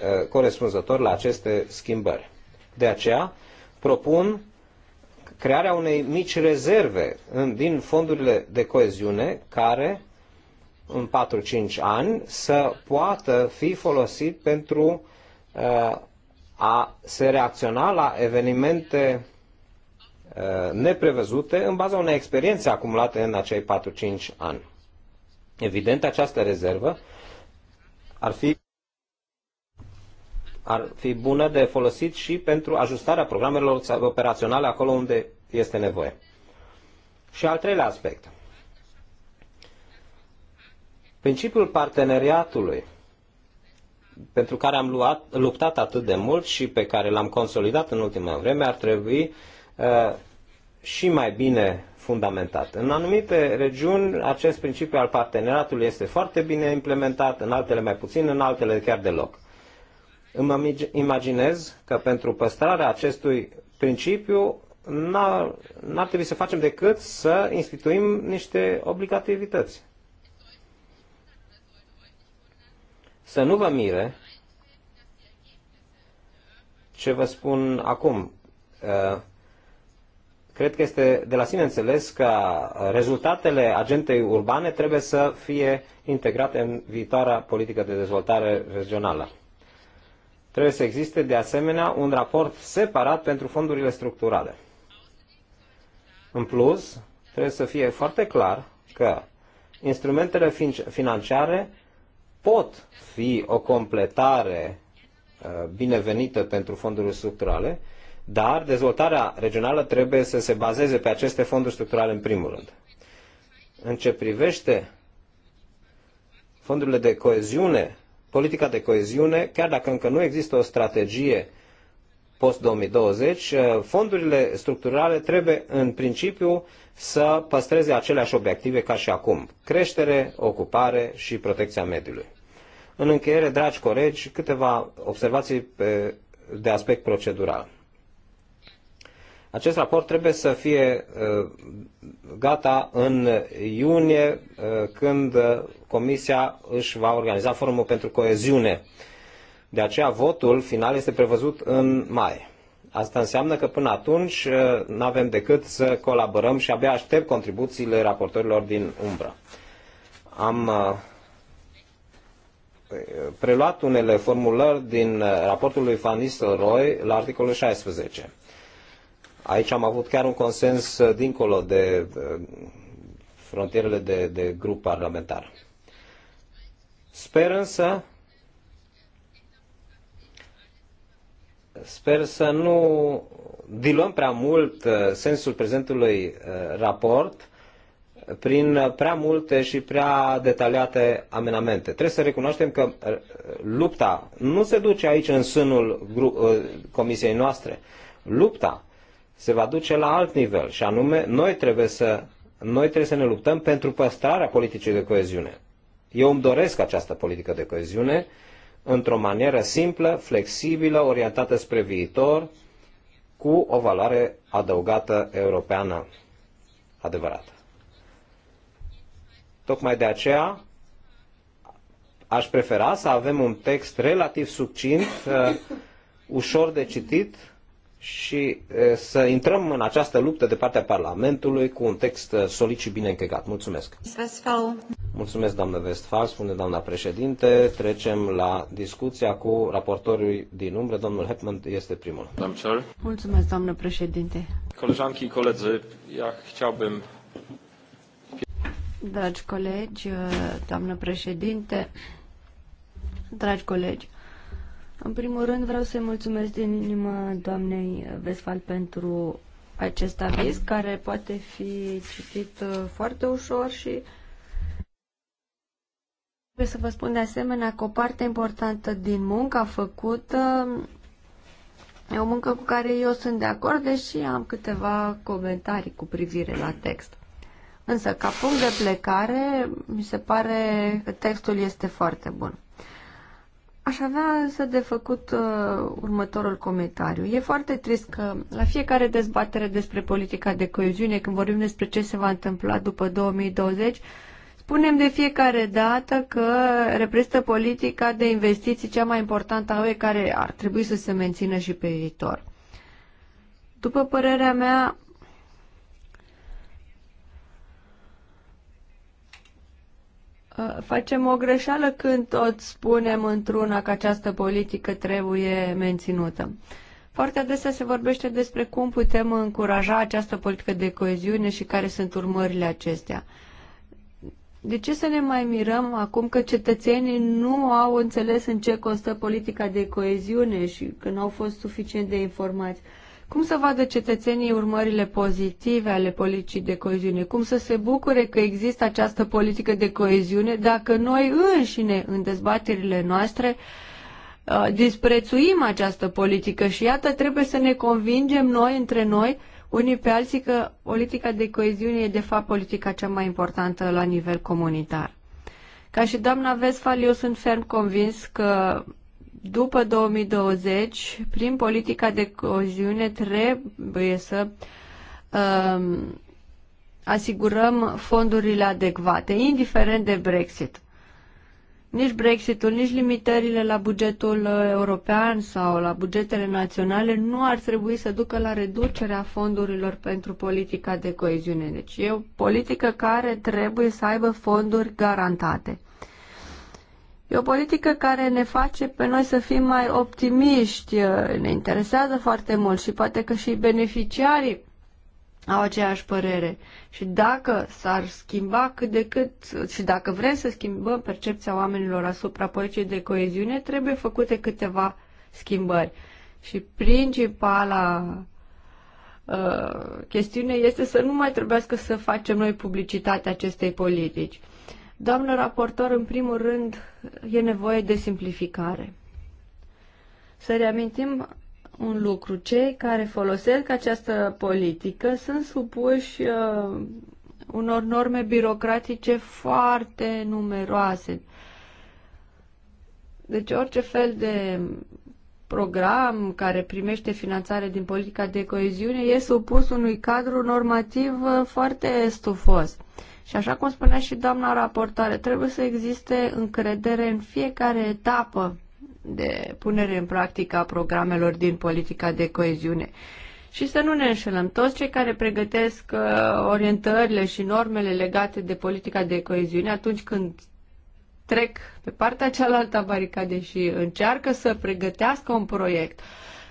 Eh, corespunzător la aceste schimbări. De aceea propun crearea unei mici rezerve în, din fondurile de coeziune care în 4-5 ani să poată fi folosit pentru uh, a se reacționa la evenimente uh, neprevăzute în baza unei experiențe acumulate în acei 4-5 ani. Evident, această rezervă ar fi ar fi bună de folosit și pentru ajustarea programelor operaționale acolo unde este nevoie. Și al treilea aspect. Principiul parteneriatului pentru care am luat, luptat atât de mult și pe care l-am consolidat în ultima vreme ar trebui uh, și mai bine fundamentat. În anumite regiuni acest principiu al parteneriatului este foarte bine implementat, în altele mai puțin, în altele chiar deloc. Îmi imaginez că pentru păstrarea acestui principiu n-ar trebui să facem decât să instituim niște obligativități. Să nu vă mire ce vă spun acum. Uh, cred că este de la sine înțeles că rezultatele agentei urbane trebuie să fie integrate în viitoarea politică de dezvoltare regională. Trebuie să existe de asemenea un raport separat pentru fondurile structurale. În plus, trebuie să fie foarte clar că instrumentele financiare pot fi o completare uh, binevenită pentru fondurile structurale, dar dezvoltarea regională trebuie să se bazeze pe aceste fonduri structurale în primul rând. În ce privește fondurile de coeziune politica de coeziune, chiar dacă încă nu există o strategie post-2020, eh, fondurile structurale trebuie în principiu să păstreze aceleași obiective ca și acum. Creștere, ocupare și protecția mediului. În încheiere, dragi colegi, câteva observații de aspect procedural. Acest raport trebuie să fie uh, gata în iunie, uh, când uh, Comisia își va organiza forumul pentru coeziune. De aceea, votul final este prevăzut în mai. Asta înseamnă că până atunci nu avem decât să colaborăm și abia aștept contribuțiile raportorilor din umbră. Am preluat unele formulări din raportul lui Van Nistelrooy la articolul 16 Aici am avut chiar un consens uh, dincolo de uh, frontierele de, de grup parlamentar. Sper însă sper să nu diluăm prea mult uh, sensul prezentului raport prin prea multe și prea detaliate amenamente. Trebuie să recunoaștem că lupta nu se duce aici în sânul comisiei noastre. Lupta se va duce la alt nivel și anume noi trebuie să, noi trebuie să ne luptăm pentru păstrarea politicii de coeziune. Eu îmi doresc această politică de coeziune într-o manieră simplă, flexibilă, orientată spre viitor, cu o valoare adăugată europeană adevărată. Tocmai de aceea aș prefera să avem un text relativ succint, uh, ușor de citit, și să intrăm în această luptă de partea Parlamentului cu un text solid și bine închegat. Mulțumesc! Westfall. Mulțumesc, doamnă Westphal, spune doamna președinte. Trecem la discuția cu raportorul din umbră. Domnul Hepman este primul. Mulțumesc, doamnă președinte. Koleżanki colegi, ja chciałbym... Dragi colegi, doamnă președinte, dragi colegi, în primul rând vreau să-i mulțumesc din inimă doamnei Vesfal pentru acest aviz care poate fi citit uh, foarte ușor și trebuie să vă spun de asemenea că o parte importantă din munca făcută uh, e o muncă cu care eu sunt de acord, deși am câteva comentarii cu privire la text. Însă, ca punct de plecare, mi se pare că textul este foarte bun. Aș avea însă de făcut uh, următorul comentariu. E foarte trist că la fiecare dezbatere despre politica de coeziune, când vorbim despre ce se va întâmpla după 2020, spunem de fiecare dată că reprezintă politica de investiții cea mai importantă a UE care ar trebui să se mențină și pe viitor. După părerea mea, Facem o greșeală când tot spunem într-una că această politică trebuie menținută. Foarte adesea se vorbește despre cum putem încuraja această politică de coeziune și care sunt urmările acestea. De ce să ne mai mirăm acum că cetățenii nu au înțeles în ce constă politica de coeziune și că nu au fost suficient de informați? Cum să vadă cetățenii urmările pozitive ale politicii de coeziune? Cum să se bucure că există această politică de coeziune dacă noi înșine, în dezbaterile noastre, uh, disprețuim această politică și iată trebuie să ne convingem noi între noi unii pe alții că politica de coeziune e de fapt politica cea mai importantă la nivel comunitar. Ca și doamna Vesfal, eu sunt ferm convins că după 2020, prin politica de coziune, trebuie să um, asigurăm fondurile adecvate, indiferent de Brexit. Nici Brexitul, nici limitările la bugetul european sau la bugetele naționale nu ar trebui să ducă la reducerea fondurilor pentru politica de coeziune. Deci e o politică care trebuie să aibă fonduri garantate. E o politică care ne face pe noi să fim mai optimiști, ne interesează foarte mult și poate că și beneficiarii au aceeași părere. Și dacă s-ar schimba cât de cât, și dacă vrem să schimbăm percepția oamenilor asupra politicii de coeziune, trebuie făcute câteva schimbări. Și principala uh, chestiune este să nu mai trebuiască să facem noi publicitatea acestei politici. Doamnă raportor, în primul rând, e nevoie de simplificare. Să reamintim un lucru. Cei care folosesc această politică sunt supuși uh, unor norme birocratice foarte numeroase. Deci orice fel de program care primește finanțare din politica de coeziune e supus unui cadru normativ uh, foarte stufos. Uh, și așa cum spunea și doamna raportoare, trebuie să existe încredere în fiecare etapă de punere în practică a programelor din politica de coeziune. Și să nu ne înșelăm, toți cei care pregătesc uh, orientările și normele legate de politica de coeziune, atunci când trec pe partea cealaltă a baricadei și încearcă să pregătească un proiect,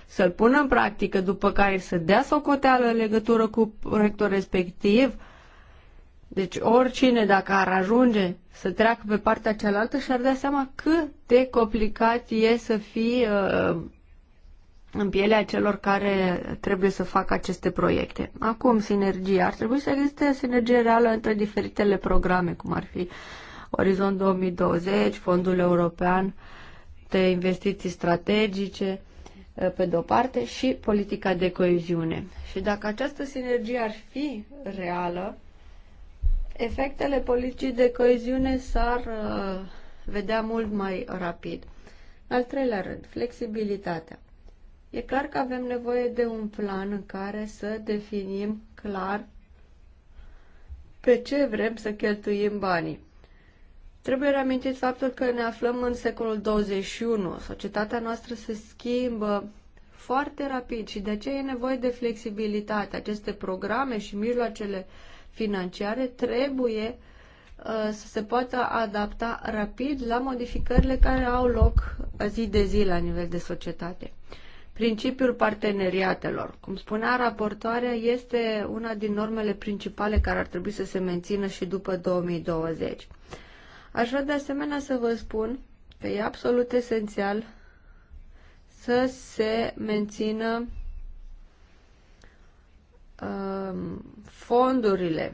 să-l pună în practică, după care să dea socoteală în legătură cu proiectul respectiv, deci oricine, dacă ar ajunge să treacă pe partea cealaltă, și-ar da seama cât de complicat e să fii uh, în pielea celor care trebuie să facă aceste proiecte. Acum, sinergia. Ar trebui să existe sinergie reală între diferitele programe, cum ar fi Orizont 2020, Fondul European de Investiții Strategice, uh, pe de-o parte, și politica de coeziune. Și dacă această sinergie ar fi reală, efectele politicii de coeziune s-ar uh, vedea mult mai rapid. Al treilea rând, flexibilitatea. E clar că avem nevoie de un plan în care să definim clar pe ce vrem să cheltuim banii. Trebuie reamintit faptul că ne aflăm în secolul 21. Societatea noastră se schimbă foarte rapid și de aceea e nevoie de flexibilitate. Aceste programe și mijloacele uh, financiare trebuie uh, să se poată adapta rapid la modificările care au loc uh, zi de zi la nivel de societate. Principiul parteneriatelor, cum spunea raportoarea, este una din normele principale care ar trebui să se mențină și după 2020. Aș vrea de asemenea să vă spun că e absolut esențial să se mențină uh, fondurile,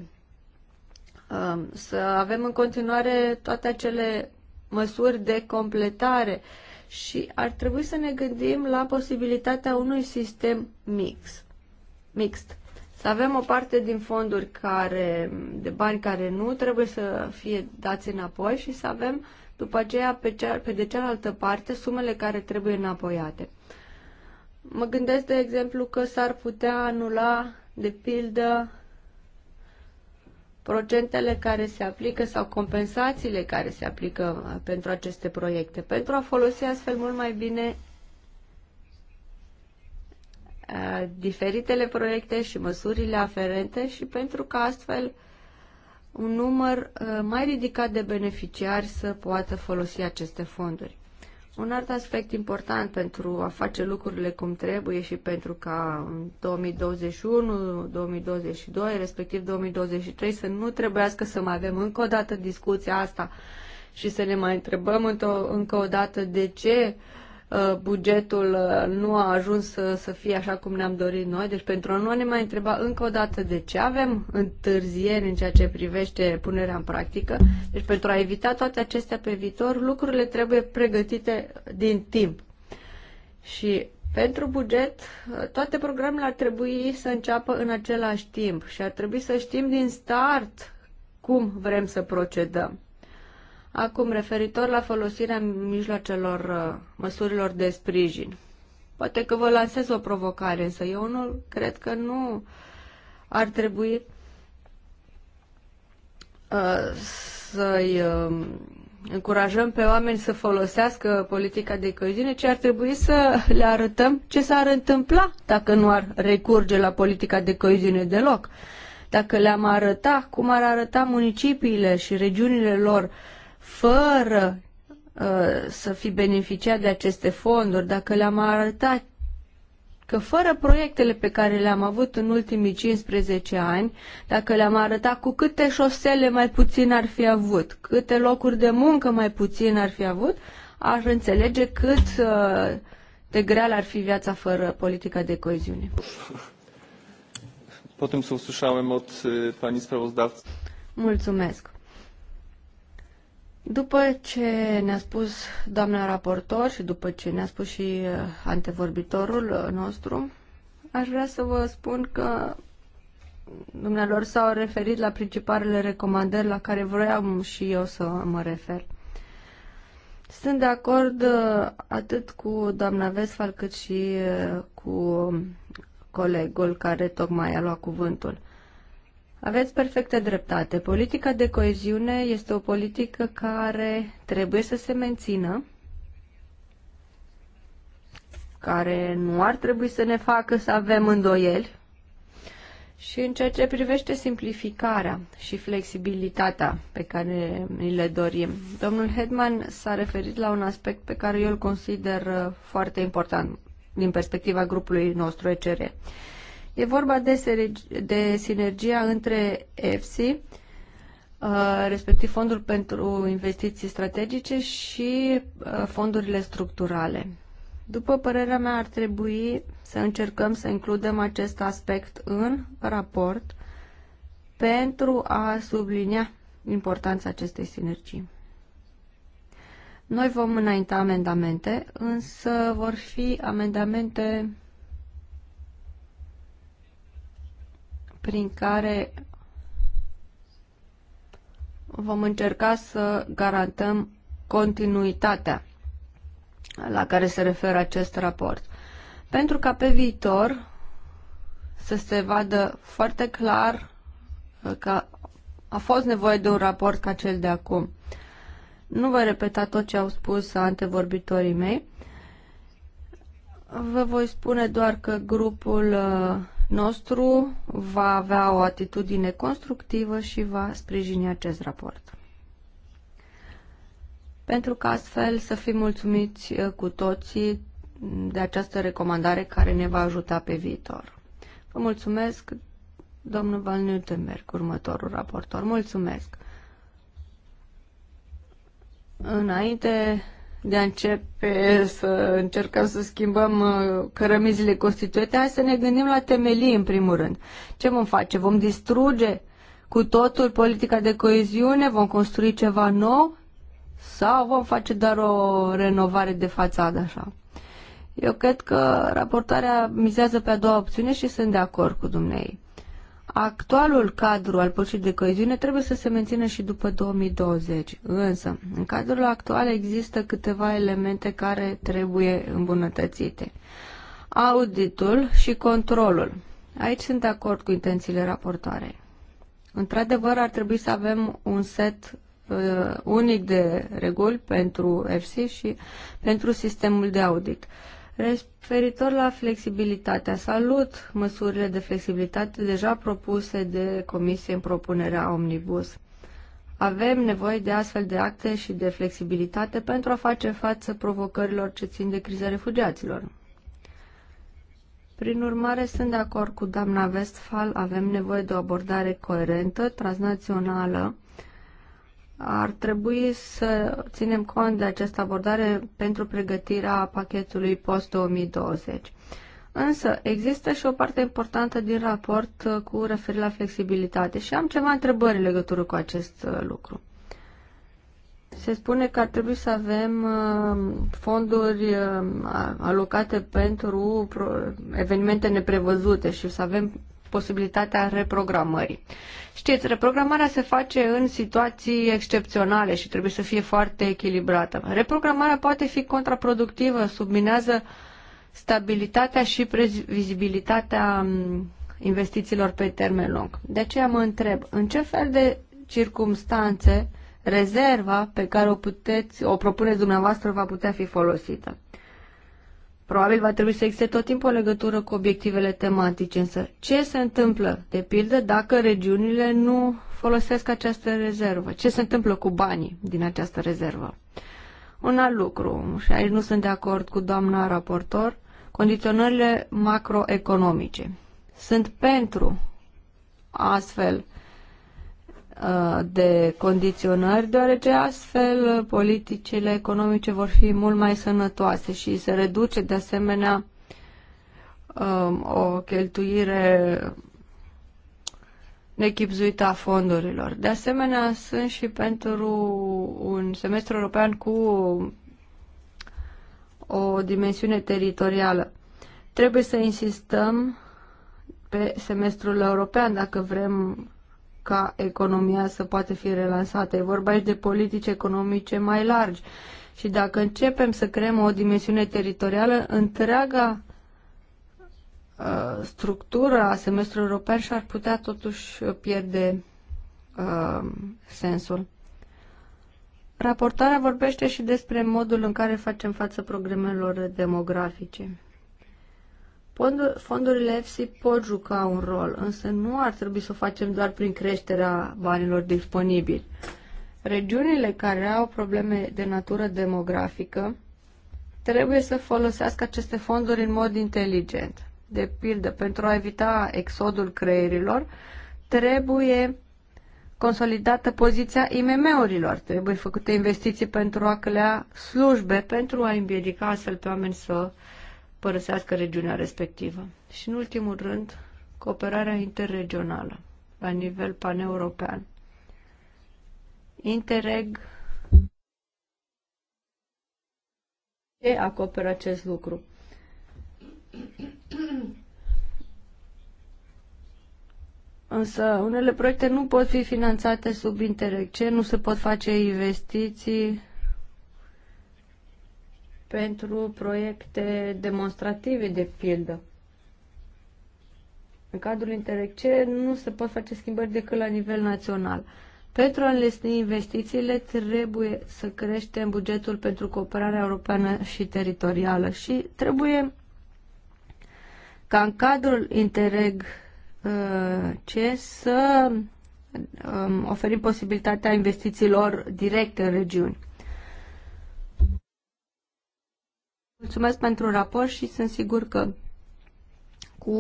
um, să avem în continuare toate acele măsuri de completare și ar trebui să ne gândim la posibilitatea unui sistem mix, mixt. Să avem o parte din fonduri care, de bani care nu trebuie să fie dați înapoi și să avem după aceea pe, cea, pe de cealaltă parte sumele care trebuie înapoiate. Mă gândesc, de exemplu, că s-ar putea anula de pildă procentele care se aplică sau compensațiile care se aplică uh, pentru aceste proiecte, pentru a folosi astfel mult mai bine uh, diferitele proiecte și măsurile aferente și pentru că astfel un număr uh, mai ridicat de beneficiari să poată folosi aceste fonduri. Un alt aspect important pentru a face lucrurile cum trebuie și pentru ca în 2021, 2022, respectiv 2023 să nu trebuiască să mai avem încă o dată discuția asta și să ne mai întrebăm încă o dată de ce uh, Uh, bugetul uh, nu a ajuns să, uh, să fie așa cum ne-am dorit noi, deci pentru a nu ne mai întreba încă o dată de ce avem întârzieri în ceea ce privește punerea în practică, deci pentru a evita toate acestea pe viitor, lucrurile trebuie pregătite din timp. Și pentru buget, toate programele ar trebui să înceapă în același timp și ar trebui să știm din start cum vrem să procedăm. Acum, referitor la folosirea mijloacelor, uh, măsurilor de sprijin. Poate că vă lansez o provocare, însă eu nu cred că nu ar trebui uh, să-i um, încurajăm pe oameni să folosească politica de coeziune, ci ar trebui să le arătăm ce s-ar întâmpla dacă nu ar recurge la politica de coeziune deloc. Dacă le-am arăta cum ar arăta municipiile și regiunile lor uh, fără uh, să fi beneficiat de aceste fonduri, dacă le-am arătat că fără proiectele pe care le-am avut în ultimii 15 ani, dacă le-am arătat cu câte șosele mai puțin ar fi avut, câte locuri de muncă mai puțin ar fi avut, ar înțelege cât uh, de grea ar fi viața fără politica de coeziune. Potem să o usłyszałem od pani sprawozdawcy. Mulțumesc. După ce ne-a spus doamna raportor și după ce ne-a spus și uh, antevorbitorul uh, nostru, aș vrea să vă spun că dumnealor s-au referit la principalele recomandări la care vroiam și eu să mă refer. Sunt de acord uh, atât cu doamna Vesfal cât și cu colegul care tocmai a luat cuvântul. Aveți perfectă dreptate. Politica de coeziune este o politică care trebuie să se mențină, care nu ar trebui să ne facă să avem îndoieli. Și în ceea ce privește simplificarea și flexibilitatea pe care ni le dorim, domnul Hedman s-a referit la un aspect pe care eu îl consider foarte important din perspectiva grupului nostru ECR. E vorba de, de sinergia între EFSI, uh, respectiv Fondul pentru Investiții Strategice și uh, fondurile structurale. După părerea mea, ar trebui să încercăm să includem acest aspect în raport pentru a sublinia importanța acestei sinergii. Noi vom înainta amendamente, însă vor fi amendamente prin care vom încerca să garantăm continuitatea la care se referă acest raport. Pentru ca pe viitor să se vadă foarte clar că a fost nevoie de un raport ca cel de acum. Nu voi repeta tot ce au spus antevorbitorii mei. Vă voi spune doar că grupul uh, nostru va avea o atitudine constructivă și va sprijini acest raport. Pentru că astfel să fim mulțumiți uh, cu toții de această recomandare care ne va ajuta pe viitor. Vă mulțumesc, domnul Val Nutenberg, următorul raportor. Mulțumesc! Înainte de a începe să încercăm să schimbăm uh, cărămizile constituite, hai să ne gândim la temelii în primul rând. Ce vom face? Vom distruge cu totul politica de coeziune? Vom construi ceva nou? Sau vom face doar o renovare de fațadă așa? Eu cred că raportarea mizează pe a doua opțiune și sunt de acord cu dumneavoastră actualul cadru al politicii de coeziune trebuie să se mențină și după 2020. Însă, în cadrul actual există câteva elemente care trebuie îmbunătățite. Auditul și controlul. Aici sunt de acord cu intențiile raportoarei. Într-adevăr, ar trebui să avem un set uh, unic de reguli pentru FC și pentru sistemul de audit. Uh, Referitor la flexibilitatea, salut măsurile de flexibilitate deja propuse de Comisie în propunerea Omnibus. Avem nevoie de astfel de acte și de flexibilitate pentru a face față provocărilor ce țin de criza refugiaților. Prin urmare, sunt de acord cu doamna Westphal, avem nevoie de o abordare coerentă, transnațională, ar trebui să ținem cont de această abordare pentru pregătirea pachetului post-2020. Însă, există și o parte importantă din raport uh, cu referire la flexibilitate și am ceva întrebări în legătură cu acest uh, lucru. Se spune că ar trebui să avem uh, fonduri alocate pentru evenimente neprevăzute și să avem posibilitatea reprogramării. Știți, reprogramarea se face în situații excepționale și trebuie să fie foarte echilibrată. Reprogramarea poate fi contraproductivă, subminează stabilitatea și previzibilitatea mm, investițiilor pe termen lung. De aceea mă întreb, în ce fel de circumstanțe rezerva pe care o, puteți, o propuneți dumneavoastră va putea fi folosită? Probabil va trebui să existe tot timpul o legătură cu obiectivele tematice, însă ce se întâmplă, de pildă, dacă regiunile nu folosesc această rezervă? Ce se întâmplă cu banii din această rezervă? Un alt lucru, și aici nu sunt de acord cu doamna raportor, condiționările macroeconomice. Sunt pentru astfel Uh, de condiționări, deoarece astfel politicile economice vor fi mult mai sănătoase și se reduce de asemenea um, o cheltuire nechipzuită a fondurilor. De asemenea, sunt și pentru un semestru european cu o dimensiune teritorială. Trebuie să insistăm pe semestrul european dacă vrem ca economia să poată fi relansată. E vorba aici de politici economice mai largi. Și dacă începem să creăm o dimensiune teritorială, întreaga uh, structură a semestrului european și-ar putea totuși pierde uh, sensul. Raportarea vorbește și despre modul în care facem față problemelor demografice. Fondurile EFSI pot juca un rol, însă nu ar trebui să o facem doar prin creșterea banilor disponibili. Regiunile care au probleme de natură demografică trebuie să folosească aceste fonduri în mod inteligent. De pildă, pentru a evita exodul creierilor, trebuie consolidată poziția IMM-urilor, trebuie făcute investiții pentru a crea slujbe, pentru a împiedica astfel pe oameni să părăsească regiunea respectivă. Și în ultimul rând, cooperarea interregională la nivel paneuropean. Interreg ce acoperă acest lucru? Însă unele proiecte nu pot fi finanțate sub Interreg. Ce nu se pot face investiții pentru proiecte demonstrative, de pildă. În cadrul Interreg nu se pot face schimbări decât la nivel național. Pentru a înlesni investițiile, trebuie să creștem bugetul pentru cooperarea europeană și teritorială și trebuie ca în cadrul Interreg uh, ce să um, oferim posibilitatea investițiilor directe în regiuni. Mulțumesc pentru raport și sunt sigur că cu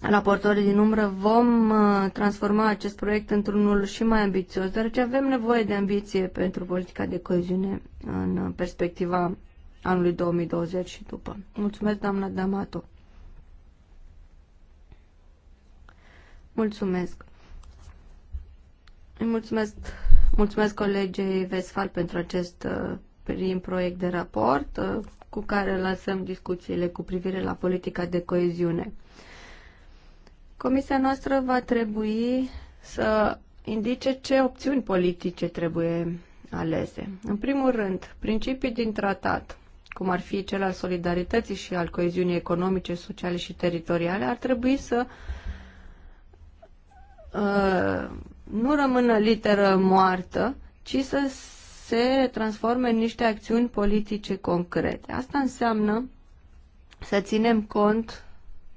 raportorii din umbră vom uh, transforma acest proiect într-unul și mai ambițios, deoarece avem nevoie de ambiție pentru politica de coeziune în perspectiva anului 2020 și după. Mulțumesc, doamna Damato. Mulțumesc. Îi mulțumesc, mulțumesc colegei Vesfal pentru acest uh, prin proiect de raport uh, cu care lăsăm discuțiile cu privire la politica de coeziune. Comisia noastră va trebui să indice ce opțiuni politice trebuie alese. În primul rând, principii din tratat, cum ar fi cel al solidarității și al coeziunii economice, sociale și teritoriale, ar trebui să uh, nu rămână literă moartă, ci să se transforme în niște acțiuni politice concrete. Asta înseamnă să ținem cont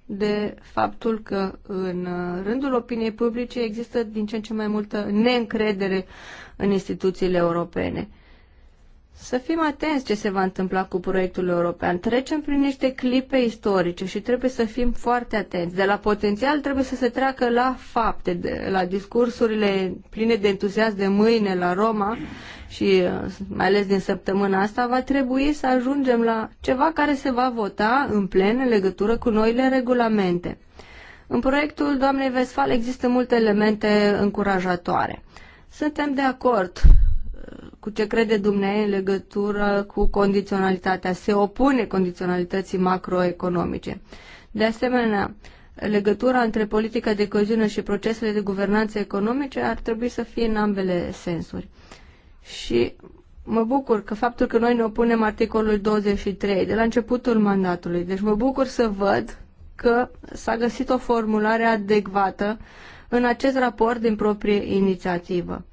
de faptul că în rândul opiniei publice există din ce în ce mai multă neîncredere în instituțiile europene. Să fim atenți ce se va întâmpla cu proiectul european. Trecem prin niște clipe istorice și trebuie să fim foarte atenți. De la potențial trebuie să se treacă la fapte, de, la discursurile pline de entuziasm de mâine la Roma și uh, mai ales din săptămâna asta va trebui să ajungem la ceva care se va vota în plen în legătură cu noile regulamente. În proiectul doamnei Vesfal există multe elemente încurajatoare. Suntem de acord cu ce crede dumneavoastră în legătură cu condiționalitatea. Se opune condiționalității macroeconomice. De asemenea, legătura între politica de coziune și procesele de guvernanță economice ar trebui să fie în ambele sensuri. Și mă bucur că faptul că noi ne opunem articolului 23 de la începutul mandatului. Deci mă bucur să văd că s-a găsit o formulare adecvată în acest raport din proprie inițiativă.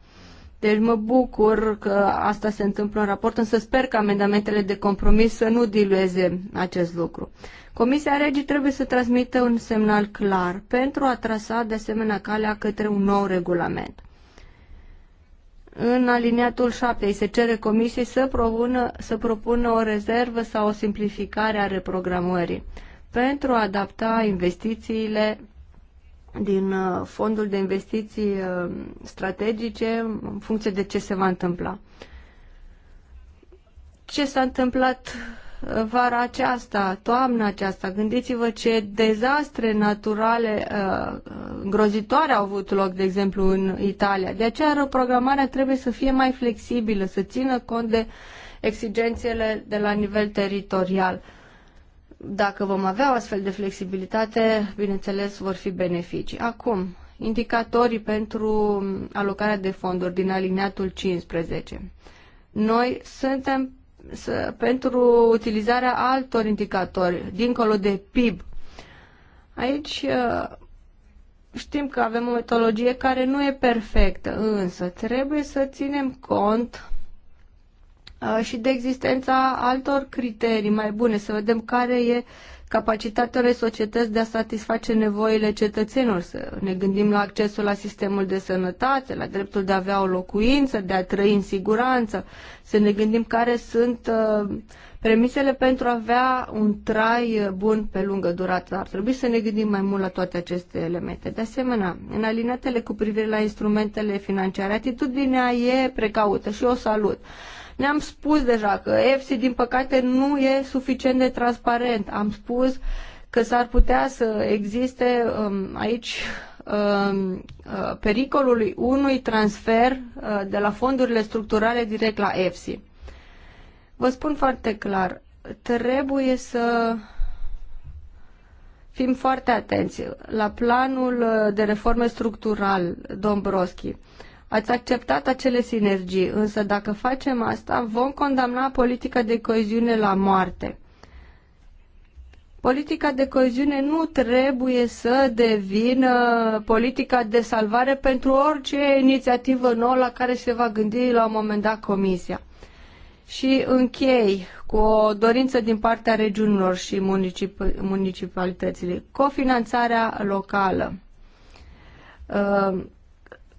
Deci mă bucur că asta se întâmplă în raport, însă sper că amendamentele de compromis să nu dilueze acest lucru. Comisia Regii trebuie să transmită un semnal clar pentru a trasa de asemenea calea către un nou regulament. În aliniatul 7 se cere comisiei să, provună, să propună o rezervă sau o simplificare a reprogramării pentru a adapta investițiile din uh, fondul de investiții uh, strategice în funcție de ce se va întâmpla. Ce s-a întâmplat uh, vara aceasta, toamna aceasta. Gândiți-vă ce dezastre naturale îngrozitoare grozitoare au avut loc, de exemplu, în Italia. De aceea reprogramarea trebuie să fie mai flexibilă, să țină cont de exigențele de la nivel teritorial. Uh, dacă vom avea o astfel de flexibilitate, bineînțeles, vor fi beneficii. Acum, indicatorii pentru alocarea de fonduri din alineatul 15. Noi suntem să, pentru utilizarea altor indicatori, dincolo de PIB. Aici uh, știm că avem o metodologie care nu e perfectă, însă trebuie să ținem cont Uh, și de existența altor criterii mai bune, să vedem care e capacitatea unei societăți de a satisface nevoile cetățenilor, să ne gândim la accesul la sistemul de sănătate, la dreptul de a avea o locuință, de a trăi în siguranță, să ne gândim care sunt uh, premisele pentru a avea un trai uh, bun pe lungă durată. Ar trebui să ne gândim mai mult la toate aceste elemente. De asemenea, în alinatele cu privire la instrumentele financiare, atitudinea e precaută și o salut. Uh, ne-am spus deja că EFSI, din păcate, nu e suficient de transparent. Am spus că s-ar putea să existe um, aici um, uh, pericolului unui transfer uh, de la fondurile structurale direct la EFSI. Vă spun foarte clar, trebuie să fim foarte atenți la planul uh, de reforme structural, Dombrovski. Ați acceptat acele sinergii, însă dacă facem asta, vom condamna politica de coeziune la moarte. Politica de coeziune nu trebuie să devină politica de salvare pentru orice inițiativă nouă la care se va gândi la un moment dat Comisia. Și închei cu o dorință din partea regiunilor și municip- municipalitățile. Cofinanțarea locală. Ă,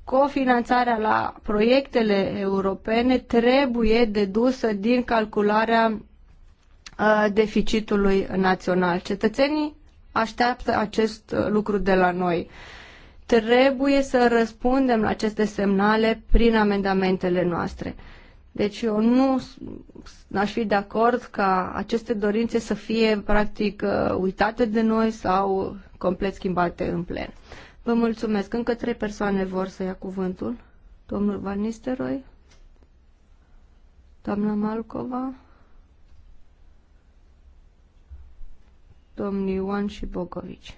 cofinanțarea la proiectele europene trebuie dedusă din calcularea uh, deficitului național. Cetățenii așteaptă acest uh, lucru de la noi. Trebuie să răspundem la aceste semnale prin amendamentele noastre. Deci eu nu aș fi de acord ca aceste dorințe să fie practic uh, uitate de noi sau complet schimbate în plen. Vă mulțumesc. Încă trei persoane vor să ia cuvântul. Domnul Van Nisteroi, doamna Malcova, domnii Ioan și Bogovici.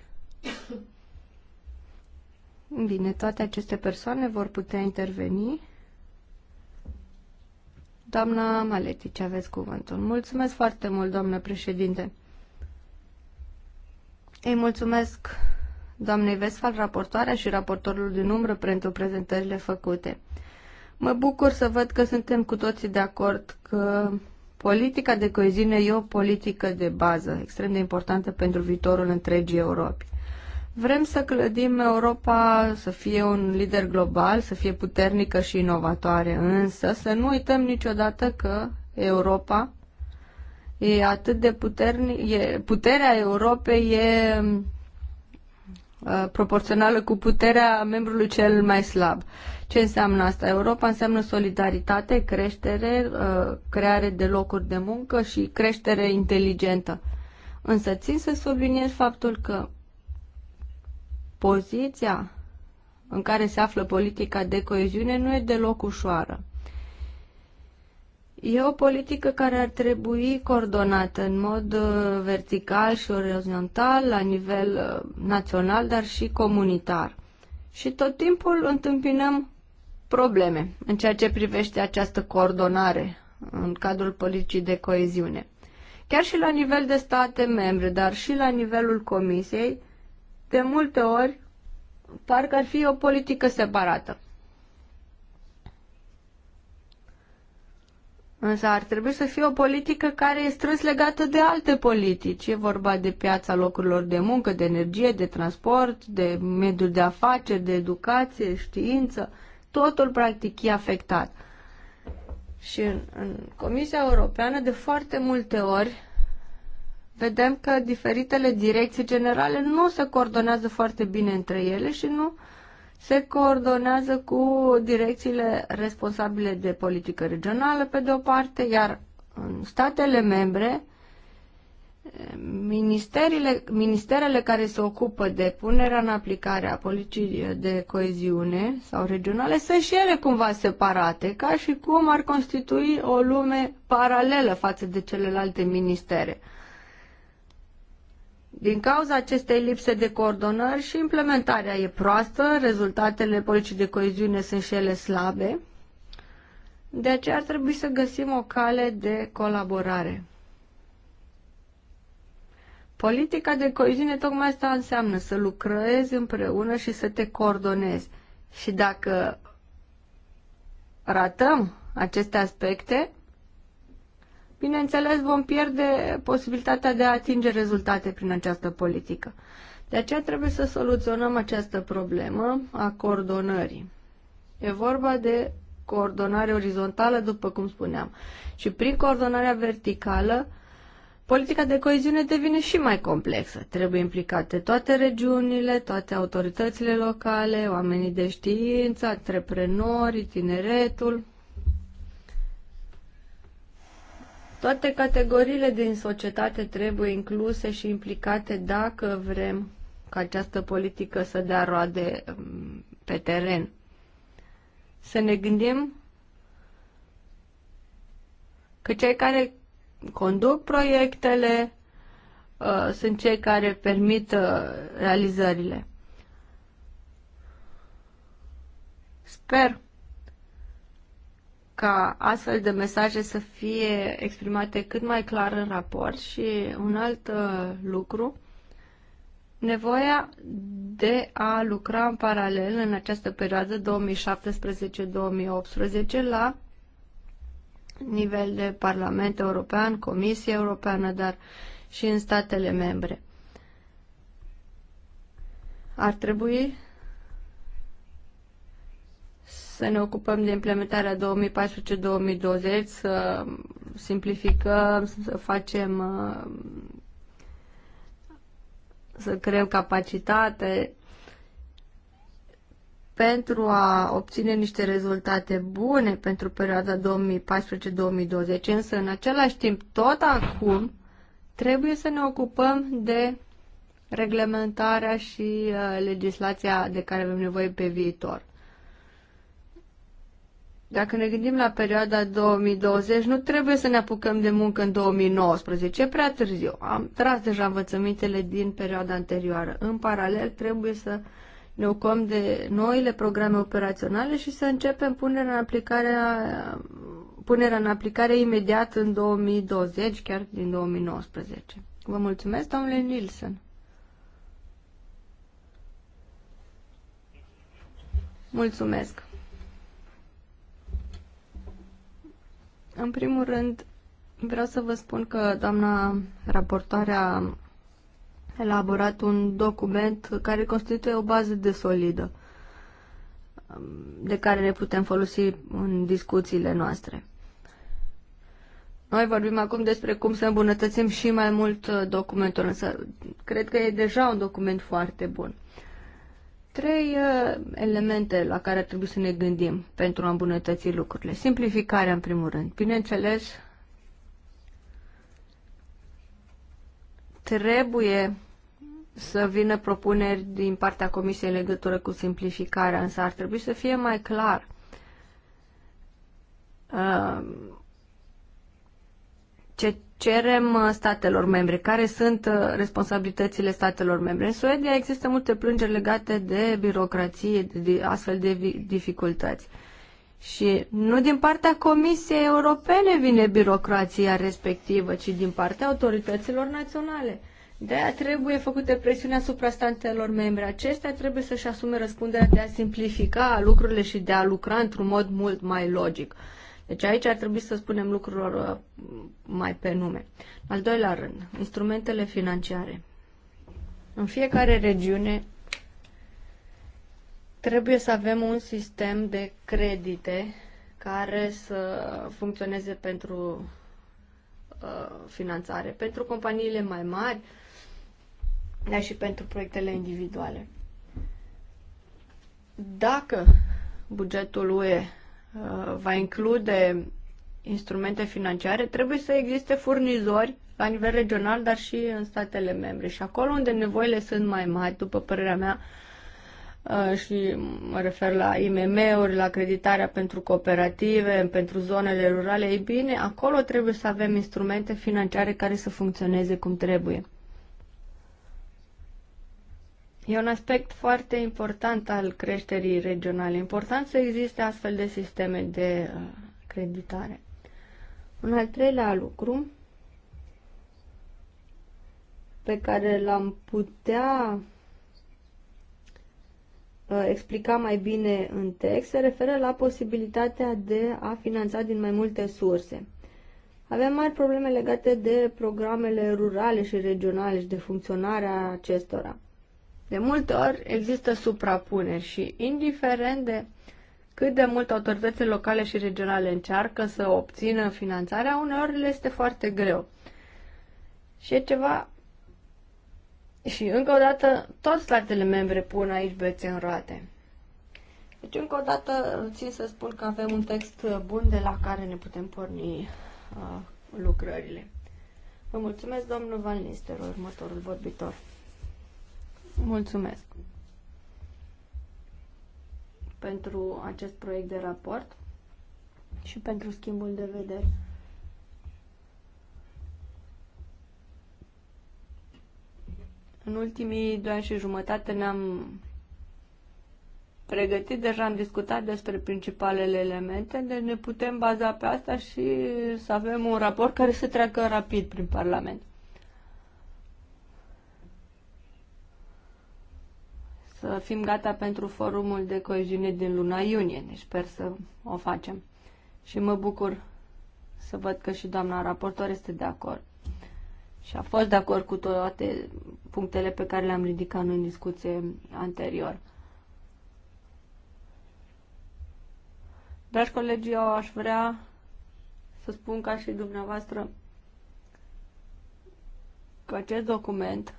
Bine, toate aceste persoane vor putea interveni. Doamna Maletici, aveți cuvântul. Mulțumesc foarte mult, doamnă președinte. Îi mulțumesc doamnei Vesfal, raportoarea și raportorul din umbră pentru prezentările făcute. Mă bucur să văd că suntem cu toții de acord că politica de coeziune e o politică de bază, extrem de importantă pentru viitorul întregii Europi. Vrem să clădim Europa să fie un lider global, să fie puternică și inovatoare, însă să nu uităm niciodată că Europa e atât de puternic, puterea Europei e Uh, proporțională cu puterea membrului cel mai slab. Ce înseamnă asta? Europa înseamnă solidaritate, creștere, uh, creare de locuri de muncă și creștere inteligentă. Însă țin să subliniez faptul că poziția în care se află politica de coeziune nu e deloc ușoară. E o politică care ar trebui coordonată în mod uh, vertical și orizontal, la nivel uh, național, dar și comunitar. Și tot timpul întâmpinăm probleme în ceea ce privește această coordonare în cadrul politicii de coeziune. Chiar și la nivel de state membre, dar și la nivelul comisiei, de multe ori parcă ar fi o politică separată. Însă ar trebui să fie o politică care e strâns legată de alte politici. E vorba de piața locurilor de muncă, de energie, de transport, de mediul de afaceri, de educație, știință. Totul, practic, e afectat. Și în, în Comisia Europeană, de foarte multe ori, vedem că diferitele direcții generale nu se coordonează foarte bine între ele și nu uh, se coordonează cu direcțiile responsabile de politică regională, pe de o parte, iar în statele membre, ministerele, ministerele care se ocupă de punerea în aplicare a politicii de coeziune sau regionale să și ele cumva separate, ca și cum ar constitui o lume paralelă față de celelalte ministere. Din cauza acestei lipse de coordonări și implementarea e proastă, rezultatele politicii de coeziune sunt și ele slabe, de aceea ar trebui să găsim o cale de colaborare. Politica de coeziune tocmai asta înseamnă să lucrezi împreună și să te coordonezi. Și dacă ratăm aceste aspecte, bineînțeles, vom pierde posibilitatea de a atinge rezultate prin această politică. De aceea trebuie să soluționăm această problemă a coordonării. E vorba de coordonare orizontală, după cum spuneam. Și prin coordonarea verticală, politica de coeziune devine și mai complexă. Trebuie implicate toate regiunile, toate autoritățile locale, oamenii de știință, antreprenorii, tineretul, Toate categoriile din societate trebuie incluse și implicate dacă vrem ca această politică să dea roade um, pe teren. Să ne gândim că cei care conduc proiectele uh, sunt cei care permit uh, realizările. Sper ca astfel de mesaje să fie exprimate cât mai clar în raport și un alt uh, lucru, nevoia de a lucra în paralel în această perioadă 2017-2018 la nivel de Parlament European, Comisie Europeană, dar și în statele membre. Ar trebui să ne ocupăm de implementarea 2014-2020, să simplificăm, să facem, uh, să creăm capacitate pentru a obține niște rezultate bune pentru perioada 2014-2020, însă în același timp, tot acum, trebuie să ne ocupăm de reglementarea și uh, legislația de care avem nevoie pe viitor. Dacă ne gândim la perioada 2020, nu trebuie să ne apucăm de muncă în 2019, e prea târziu. Am tras deja învățămintele din perioada anterioară. În paralel, trebuie să ne ocupăm de noile programe operaționale și să începem punerea în aplicare, punerea în aplicare imediat în 2020, chiar din 2019. Vă mulțumesc, domnule Nilsson. Mulțumesc. În primul rând, vreau să vă spun că doamna a elaborat un document care constituie o bază de solidă de care ne putem folosi în discuțiile noastre. Noi vorbim acum despre cum să îmbunătățim și mai mult documentul, însă cred că e deja un document foarte bun trei uh, elemente la care trebuie să ne gândim pentru a îmbunătăți lucrurile. Simplificarea, în primul rând. Bineînțeles, trebuie să vină propuneri din partea Comisiei în legătură cu simplificarea, însă ar trebui să fie mai clar. Uh, ce cerem uh, statelor membre care sunt uh, responsabilitățile statelor membre. În Suedia există multe plângeri legate de birocrație, de astfel de dificultăți. Și nu din partea Comisiei Europene vine birocrația respectivă, ci din partea autorităților naționale. De aia trebuie făcute presiune asupra statelor membre. Acestea trebuie să-și asume răspunderea de a simplifica lucrurile și de a lucra într-un mod mult mai logic. Deci aici ar trebui să spunem lucrurilor uh, mai pe nume. Al doilea rând, instrumentele financiare. În fiecare regiune trebuie să avem un sistem de credite care să funcționeze pentru uh, finanțare, pentru companiile mai mari, dar și pentru proiectele individuale. Dacă bugetul UE Uh, va include instrumente financiare, trebuie să existe furnizori la nivel regional, dar și în statele membre. Și acolo unde nevoile sunt mai mari, după părerea mea, uh, și mă refer la IMM-uri, la creditarea pentru cooperative, pentru zonele rurale, ei bine, acolo trebuie să avem instrumente financiare care să funcționeze cum trebuie. E un aspect foarte important al creșterii regionale. Important să existe astfel de sisteme de uh, creditare. Un al treilea lucru pe care l-am putea uh, explica mai bine în text se referă la posibilitatea de a finanța din mai multe surse. Avem mari probleme legate de programele rurale și regionale și de funcționarea acestora. De multe ori există suprapuneri și, indiferent de cât de mult autoritățile locale și regionale încearcă să obțină finanțarea, uneori le este foarte greu. Și e ceva... Și încă o dată, toți statele membre pun aici bețe în roate. Deci, încă o dată, țin să spun că avem un text bun de la care ne putem porni uh, lucrările. Vă mulțumesc, domnul Van Lister, următorul vorbitor. Mulțumesc pentru acest proiect de raport și pentru schimbul de vedere. În ultimii doi ani și jumătate ne-am pregătit, deja am discutat despre principalele elemente, deci ne putem baza pe asta și să avem un raport care să treacă rapid prin Parlament. să fim gata pentru forumul de coeziune din luna iunie. Deci sper să o facem. Și mă bucur să văd că și doamna raportor este de acord. Și a fost de acord cu toate punctele pe care le-am ridicat în discuție anterior. Dragi colegi, eu aș vrea să spun ca și dumneavoastră că acest document,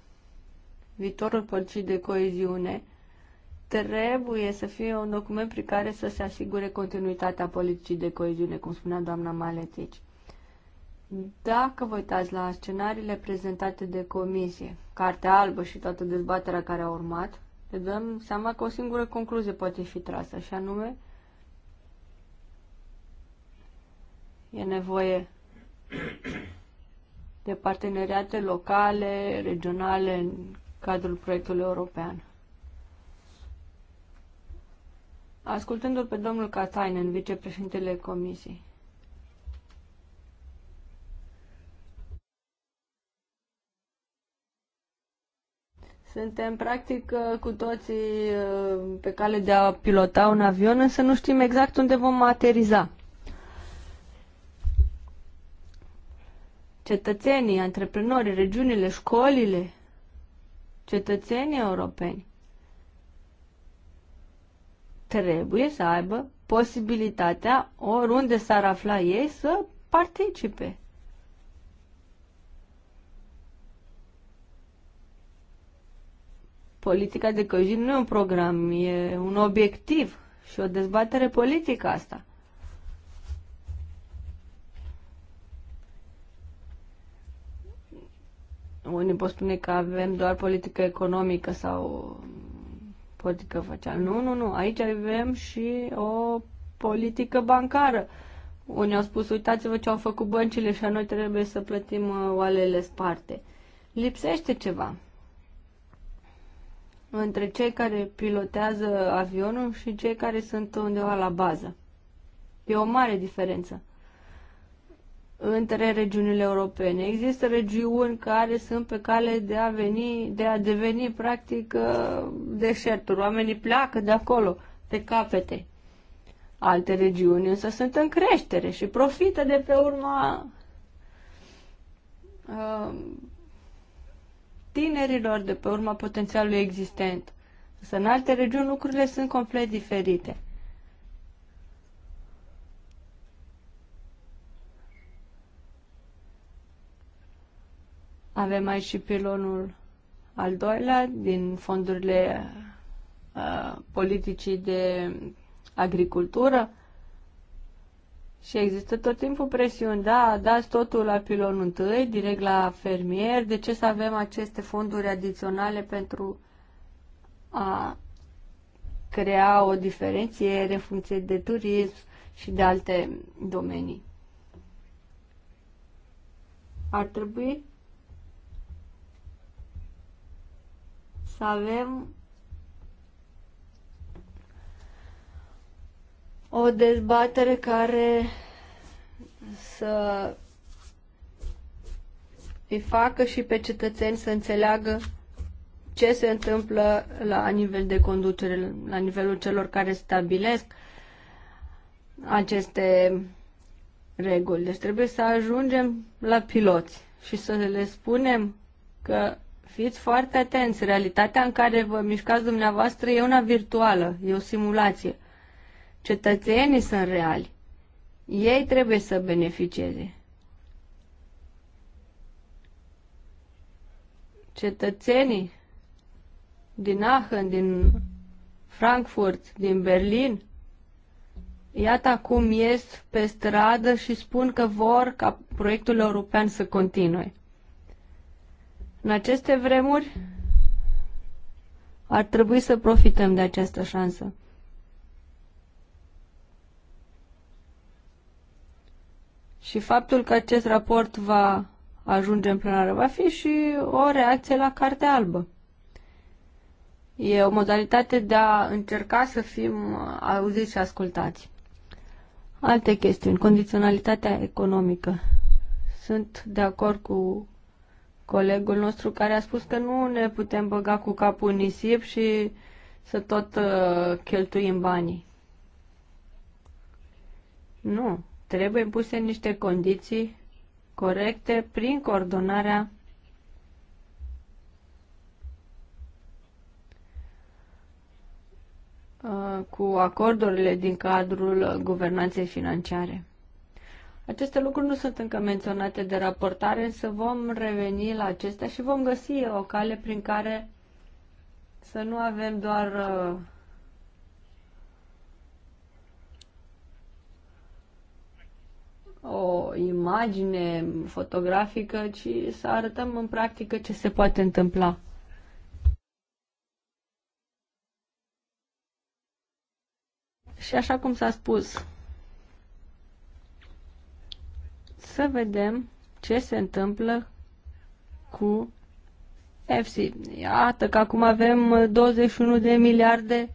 viitorul politicii de coeziune, trebuie să fie un document prin care să se asigure continuitatea politicii de coeziune, cum spunea doamna Maletici. Dacă vă uitați la scenariile prezentate de comisie, Cartea Albă și toată dezbaterea care a urmat, ne dăm seama că o singură concluzie poate fi trasă, și anume e nevoie de parteneriate locale, regionale, în cadrul proiectului european. ascultându-l pe domnul Katainen, vicepreședintele Comisiei. Suntem practic cu toții uh, pe cale de a pilota un avion, însă nu știm exact unde vom ateriza. Cetățenii, antreprenorii, regiunile, școlile, cetățenii europeni trebuie să aibă posibilitatea, oriunde s-ar afla ei, să participe. Politica de căjin nu e un program, e un obiectiv și o dezbatere politică asta. Unii pot spune că avem doar politică economică sau politică făcea. Nu, nu, nu. Aici avem și o politică bancară. Unii au spus, uitați-vă ce au făcut băncile și noi trebuie să plătim uh, oalele sparte. Lipsește ceva între cei care pilotează avionul și cei care sunt undeva la bază. E o mare diferență între regiunile europene. Există regiuni care sunt pe cale de a, veni, de a deveni practic uh, deșerturi. Oamenii pleacă de acolo, pe capete. Alte regiuni însă sunt în creștere și profită de pe urma uh, tinerilor, de pe urma potențialului existent. Însă în alte regiuni lucrurile sunt complet diferite. Avem aici și pilonul al doilea din fondurile uh, politicii de agricultură și există tot timpul presiuni, da, dați totul la pilonul întâi, direct la fermier, de ce să avem aceste fonduri adiționale pentru a crea o diferențiere în funcție de turism și de alte domenii. Ar trebui să avem o dezbatere care să îi facă și pe cetățeni să înțeleagă ce se întâmplă la nivel de conducere, la nivelul celor care stabilesc aceste reguli. Deci trebuie să ajungem la piloți și să le spunem că fiți foarte atenți. Realitatea în care vă mișcați dumneavoastră e una virtuală, e o simulație. Cetățenii sunt reali. Ei trebuie să beneficieze. Cetățenii din Aachen, din Frankfurt, din Berlin, iată acum ies pe stradă și spun că vor ca proiectul european să continue. În aceste vremuri ar trebui să profităm de această șansă. Și faptul că acest raport va ajunge în plenară va fi și o reacție la Cartea Albă. E o modalitate de a încerca să fim auziți și ascultați. Alte chestiuni. Condiționalitatea economică. Sunt de acord cu colegul nostru care a spus că nu ne putem băga cu capul în nisip și să tot uh, cheltuim banii. Nu, trebuie puse niște condiții corecte prin coordonarea uh, cu acordurile din cadrul guvernanței financiare. Aceste lucruri nu sunt încă menționate de raportare, însă vom reveni la acestea și vom găsi o cale prin care să nu avem doar uh, o imagine fotografică, ci să arătăm în practică ce se poate întâmpla. Și așa cum s-a spus, să vedem ce se întâmplă cu FC. Iată că acum avem 21 de miliarde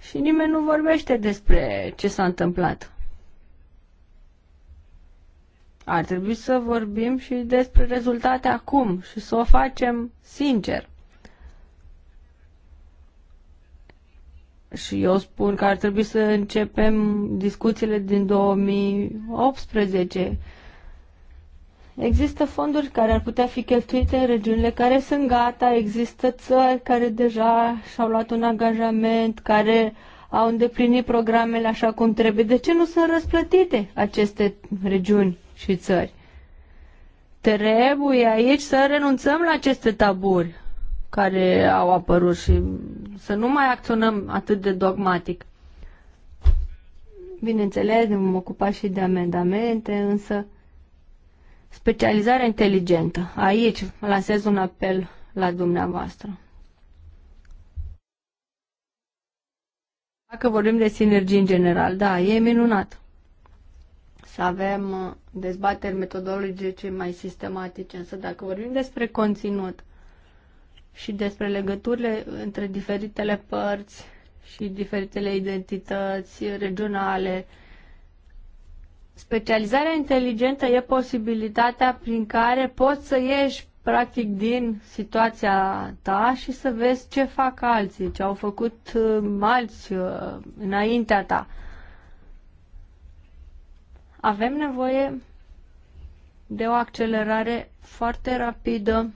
și nimeni nu vorbește despre ce s-a întâmplat. Ar trebui să vorbim și despre rezultate acum și să o facem sincer. Și eu spun că ar trebui să începem discuțiile din 2018. Există fonduri care ar putea fi cheltuite în regiunile care sunt gata, există țări care deja și-au luat un angajament, care au îndeplinit programele așa cum trebuie. De ce nu sunt răsplătite aceste regiuni și țări? Trebuie aici să renunțăm la aceste taburi care au apărut și să nu mai acționăm atât de dogmatic. Bineînțeles, vom ocupa și de amendamente, însă specializarea inteligentă. Aici lansez un apel la dumneavoastră. Dacă vorbim de sinergii în general, da, e minunat să avem uh, dezbateri metodologice mai sistematice, însă dacă vorbim despre conținut, și despre legăturile între diferitele părți și diferitele identități regionale. Specializarea inteligentă e posibilitatea prin care poți să ieși practic din situația ta și să vezi ce fac alții, ce au făcut uh, alți uh, înaintea ta. Avem nevoie de o accelerare foarte rapidă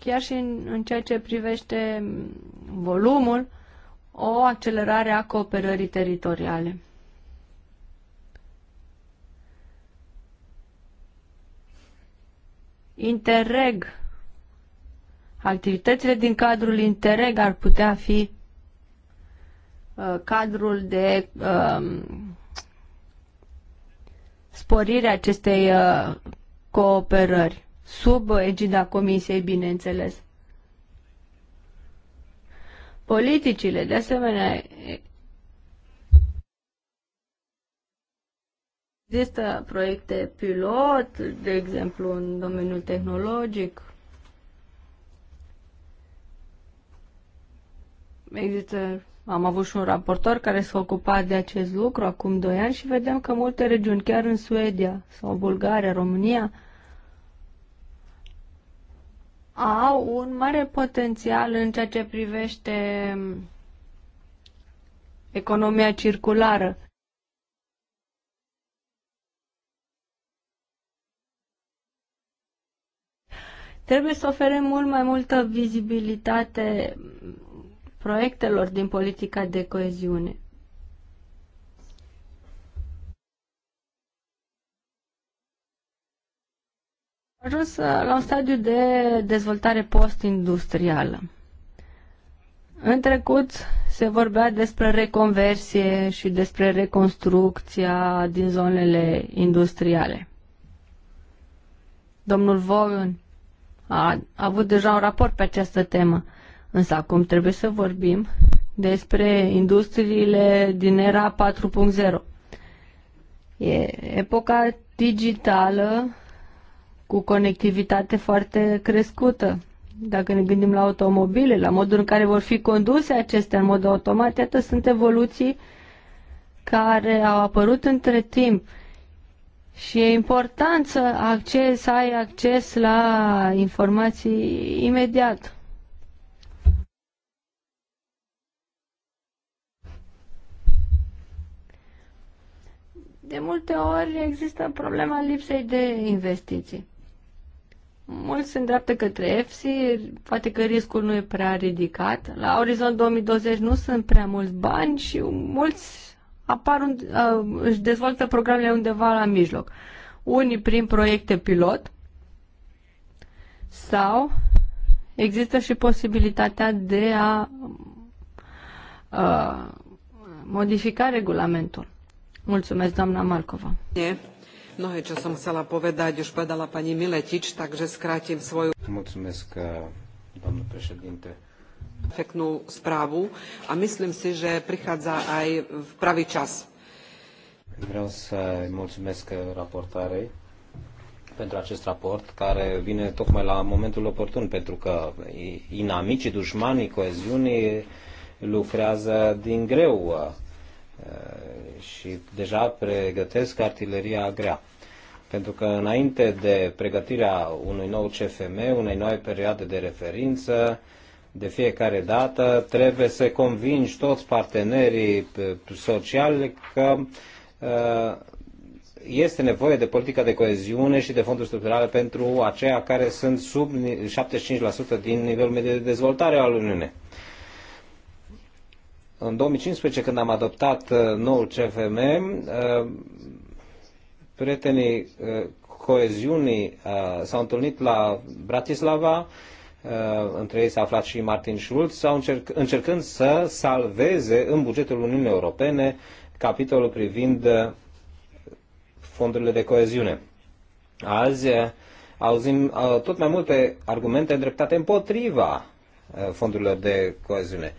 chiar și în, în ceea ce privește volumul, o accelerare a cooperării teritoriale. Interreg. Activitățile din cadrul Interreg ar putea fi uh, cadrul de uh, sporire acestei uh, cooperări sub egida comisiei, bineînțeles. Politicile, de asemenea, există proiecte pilot, de exemplu, în domeniul tehnologic, există, am avut și un raportor care s-a ocupat de acest lucru acum 2 ani și vedem că multe regiuni, chiar în Suedia sau Bulgaria, România, au un mare potențial în ceea ce privește economia circulară. Trebuie să oferim mult mai multă vizibilitate proiectelor din politica de coeziune. ajuns uh, la un stadiu de dezvoltare post-industrială. În trecut se vorbea despre reconversie și despre reconstrucția din zonele industriale. Domnul Vogel a avut deja un raport pe această temă, însă acum trebuie să vorbim despre industriile din era 4.0. E epoca digitală cu conectivitate foarte crescută. Dacă ne gândim la automobile, la modul în care vor fi conduse acestea în mod automat, iată, sunt evoluții care au apărut între timp. Și e important să, acces, să ai acces la informații imediat. De multe ori există problema lipsei de investiții. Mulți se îndreaptă către EFSI, poate că riscul nu e prea ridicat. La orizont 2020 nu sunt prea mulți bani și mulți apar, un, uh, își dezvoltă programele undeva la mijloc. Unii prin proiecte pilot sau există și posibilitatea de a uh, modifica regulamentul. Mulțumesc, doamna Malcova. Yeah mnohé, čo som chcela povedať, už povedala pani Miletič, takže skrátim svoju... Mulțumesc, uh, doamnă președinte. Efektnú správu a myslím si, že prichádza aj v pravý čas. Vreau să mulțumesc raportarei pentru acest raport, care vine tocmai la momentul oportun, pentru că inamicii, dușmanii coeziunii lucrează din greu uh, Eh, și deja pregătesc artileria grea. Pentru că înainte de pregătirea unui nou CFM, unei noi perioade de referință, de fiecare dată trebuie să convingi toți partenerii eh, sociali că eh, este nevoie de politica de coeziune și de fonduri structurale pentru aceia care sunt sub 75% din nivelul mediu de dezvoltare al Uniunii. În 2015, când am adoptat uh, noul CFM, uh, prietenii uh, coeziunii s-au întâlnit la Bratislava, între ei s-a aflat și Martin Schulz, sau încerc, încercând să salveze în bugetul Uniunii Europene capitolul privind fondurile de coeziune. Azi auzim tot mai multe argumente îndreptate împotriva fondurilor de coeziune.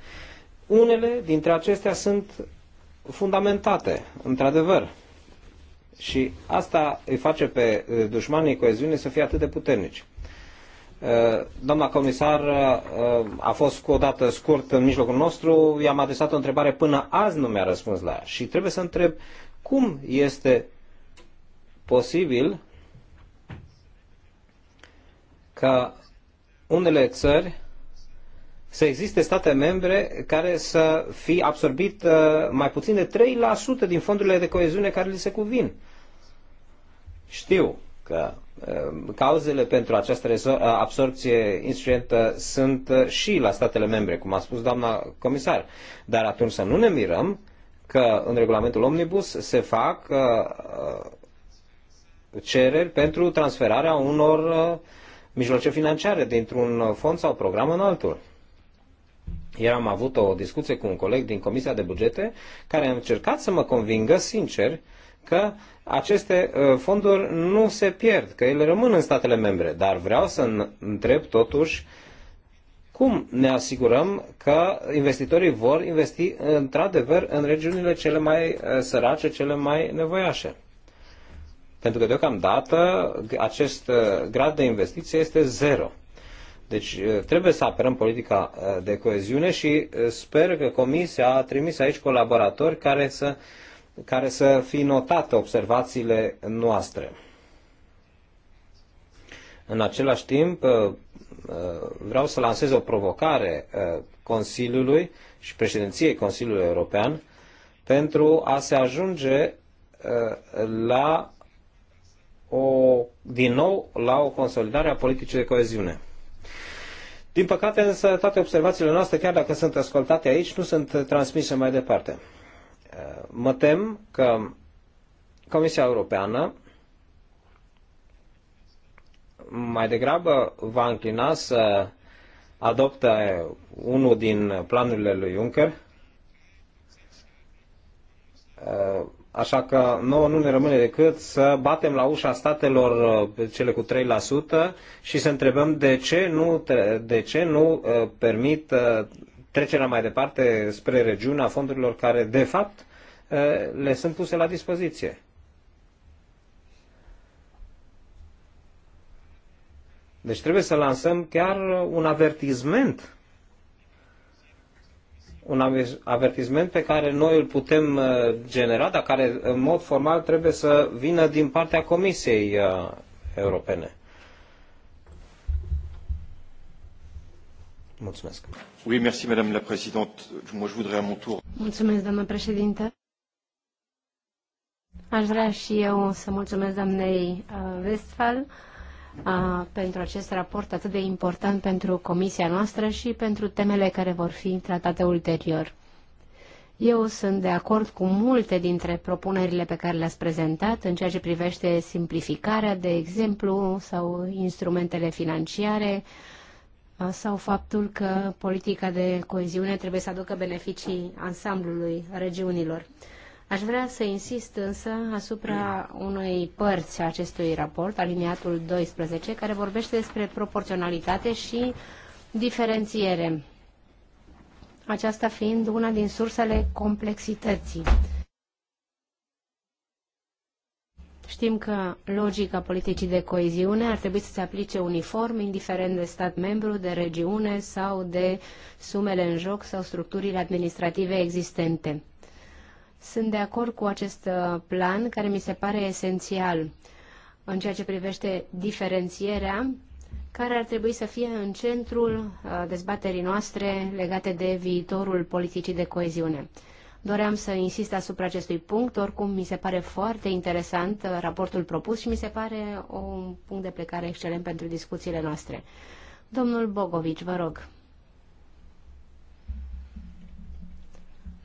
Unele dintre acestea sunt fundamentate, într-adevăr. Și asta îi face pe eh, dușmanii coeziune să fie atât de puternici. Eh, doamna comisar eh, a fost cu o dată scurt în mijlocul nostru, i-am adresat o întrebare, până azi nu mi-a răspuns la ea. Și trebuie să întreb cum este posibil ca unele țări să existe state membre care să fi absorbit uh, mai puțin de 3% din fondurile de coeziune care li se cuvin. Știu că uh, cauzele pentru această uh, absorpție insuficientă sunt și la statele membre, cum a spus doamna comisar. Dar atunci să nu ne mirăm că în regulamentul Omnibus se fac cereri pentru transferarea unor mijloace financiare dintr-un fond sau program în altul. Ieri am avut o discuție cu un coleg din Comisia de Bugete care a încercat să mă convingă sincer că aceste ă, fonduri nu se pierd, că ele rămân în statele membre. Dar vreau să întreb totuși cum ne asigurăm că investitorii vor investi într-adevăr în regiunile cele mai ă, sărace, cele mai nevoiașe. Pentru că deocamdată acest ă, grad de investiție este zero. Deci uh, trebuie să apărăm politica uh, de coeziune și uh, sper că Comisia a trimis aici colaboratori care să, care să fi notate observațiile noastre. În același timp, vreau să lansez o provocare Consiliului și președinției Consiliului European pentru a se ajunge la o, din nou la o consolidare a politicii de coeziune. Din păcate, însă, toate observațiile noastre, chiar dacă sunt ascultate aici, nu sunt transmise mai departe. Uh, mă tem că Comisia Europeană mai degrabă va înclina să adoptă unul din planurile lui Juncker uh, Așa că nouă nu ne rămâne decât să batem la ușa statelor uh, cele cu 3% și să întrebăm de ce nu, de ce nu uh, permit uh, trecerea mai departe spre regiunea fondurilor care, de fapt, le sunt puse la dispoziție. Deci trebuie să lansăm chiar un avertizment un avertisment pe care noi îl putem uh, genera, dar care în mod formal trebuie să vină din partea Comisiei uh, Europene. Mulțumesc. Oui, merci, Madame la Présidente. Moi, je voudrais à mon tour. Mulțumesc, doamnă președinte. Aș vrea și eu să mulțumesc doamnei uh, Westphal. Uh, a, pentru acest raport atât de important pentru comisia noastră și pentru temele care vor fi tratate ulterior. Eu sunt de acord cu multe dintre propunerile pe care le-ați prezentat în ceea ce privește simplificarea, de exemplu, sau instrumentele financiare, sau faptul că politica de coeziune trebuie să aducă beneficii ansamblului regiunilor. Aș vrea să insist însă asupra unei părți a acestui raport, aliniatul 12, care vorbește despre proporționalitate și diferențiere, aceasta fiind una din sursele complexității. Știm că logica politicii de coeziune ar trebui să se aplice uniform, indiferent de stat membru, de regiune sau de sumele în joc sau structurile administrative existente. Sunt de acord cu acest uh, plan care mi se pare esențial în ceea ce privește diferențierea care ar trebui să fie în centrul uh, dezbaterii noastre legate de viitorul politicii de coeziune. Doream să insist asupra acestui punct, oricum mi se pare foarte interesant uh, raportul propus și mi se pare un punct de plecare excelent pentru discuțiile noastre. Domnul Bogovici, vă rog.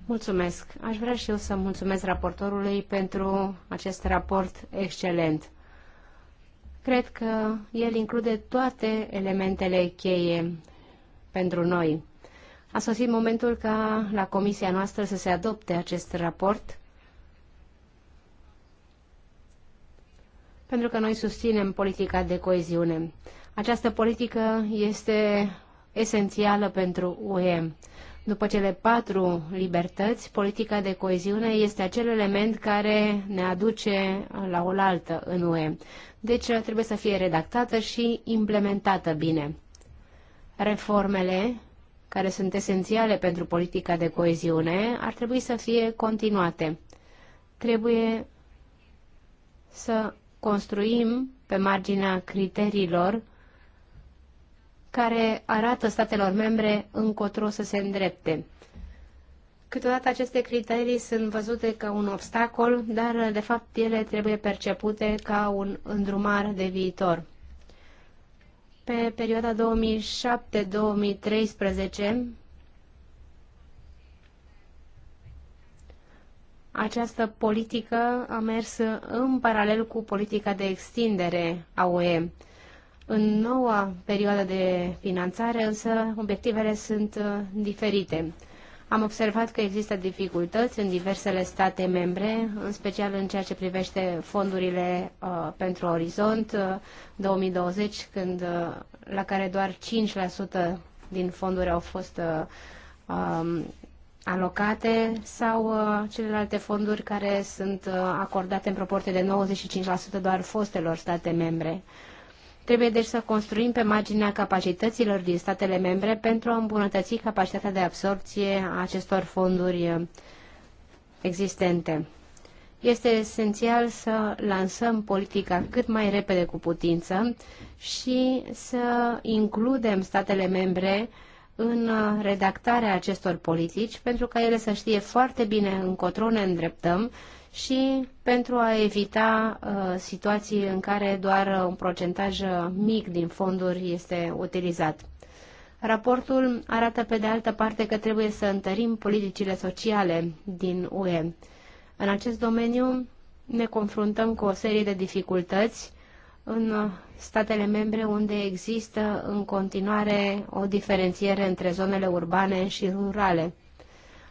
Mulțumesc. Aș vrea și eu să mulțumesc raportorului pentru acest raport excelent. Cred că el include toate elementele cheie pentru noi. A sosit momentul ca la comisia noastră să se adopte acest raport, pentru că noi susținem politica de coeziune. Această politică este esențială pentru UE. După cele patru libertăți, politica de coeziune este acel element care ne aduce la oaltă în UE. Deci trebuie să fie redactată și implementată bine. Reformele care sunt esențiale pentru politica de coeziune ar trebui să fie continuate. Trebuie să construim pe marginea criteriilor care arată statelor membre încotro să se îndrepte. Câteodată aceste criterii sunt văzute ca un obstacol, dar de fapt ele trebuie percepute ca un îndrumar de viitor. Pe perioada 2007-2013, această politică a mers în paralel cu politica de extindere a UE în noua perioadă de finanțare, însă, obiectivele sunt uh, diferite. Am observat că există dificultăți în diversele state membre, în special în ceea ce privește fondurile uh, pentru Orizont uh, 2020, când, uh, la care doar 5% din fonduri au fost uh, um, alocate sau uh, celelalte fonduri care sunt uh, acordate în proporție de 95% doar fostelor state membre. Uh, Trebuie deci să construim pe marginea capacităților din statele membre pentru a îmbunătăți capacitatea de absorpție a acestor fonduri uh, existente. Este esențial să lansăm politica cât mai repede cu putință și să includem statele membre în uh, redactarea acestor politici pentru ca ele să știe foarte bine încotro ne îndreptăm și pentru a evita uh, situații în care doar un procentaj uh, mic din fonduri este utilizat. Raportul arată pe de altă parte că trebuie să întărim politicile sociale din UE. În acest domeniu ne confruntăm cu o serie de dificultăți în uh, statele membre unde există în continuare o diferențiere între zonele urbane și rurale.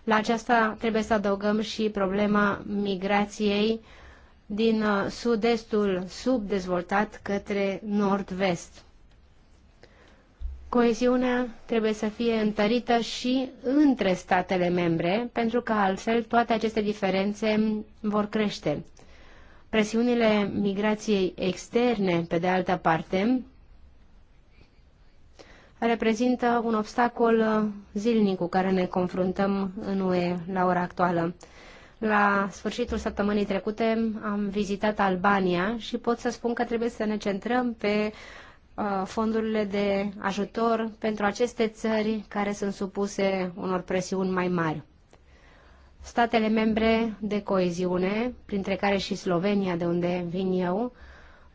La aceasta trebuie să adăugăm și problema migrației din uh, sud-estul subdezvoltat către nord-vest. Coeziunea trebuie să fie întărită și între statele membre, pentru că altfel toate aceste diferențe vor crește. Presiunile migrației externe, pe de altă parte, reprezintă un obstacol uh, zilnic cu care ne confruntăm în UE la ora actuală. La sfârșitul săptămânii trecute am vizitat Albania și pot să spun că trebuie să ne centrăm pe uh, fondurile de ajutor pentru aceste țări care sunt supuse unor presiuni mai mari. Statele membre de coeziune, printre care și Slovenia, de unde vin eu,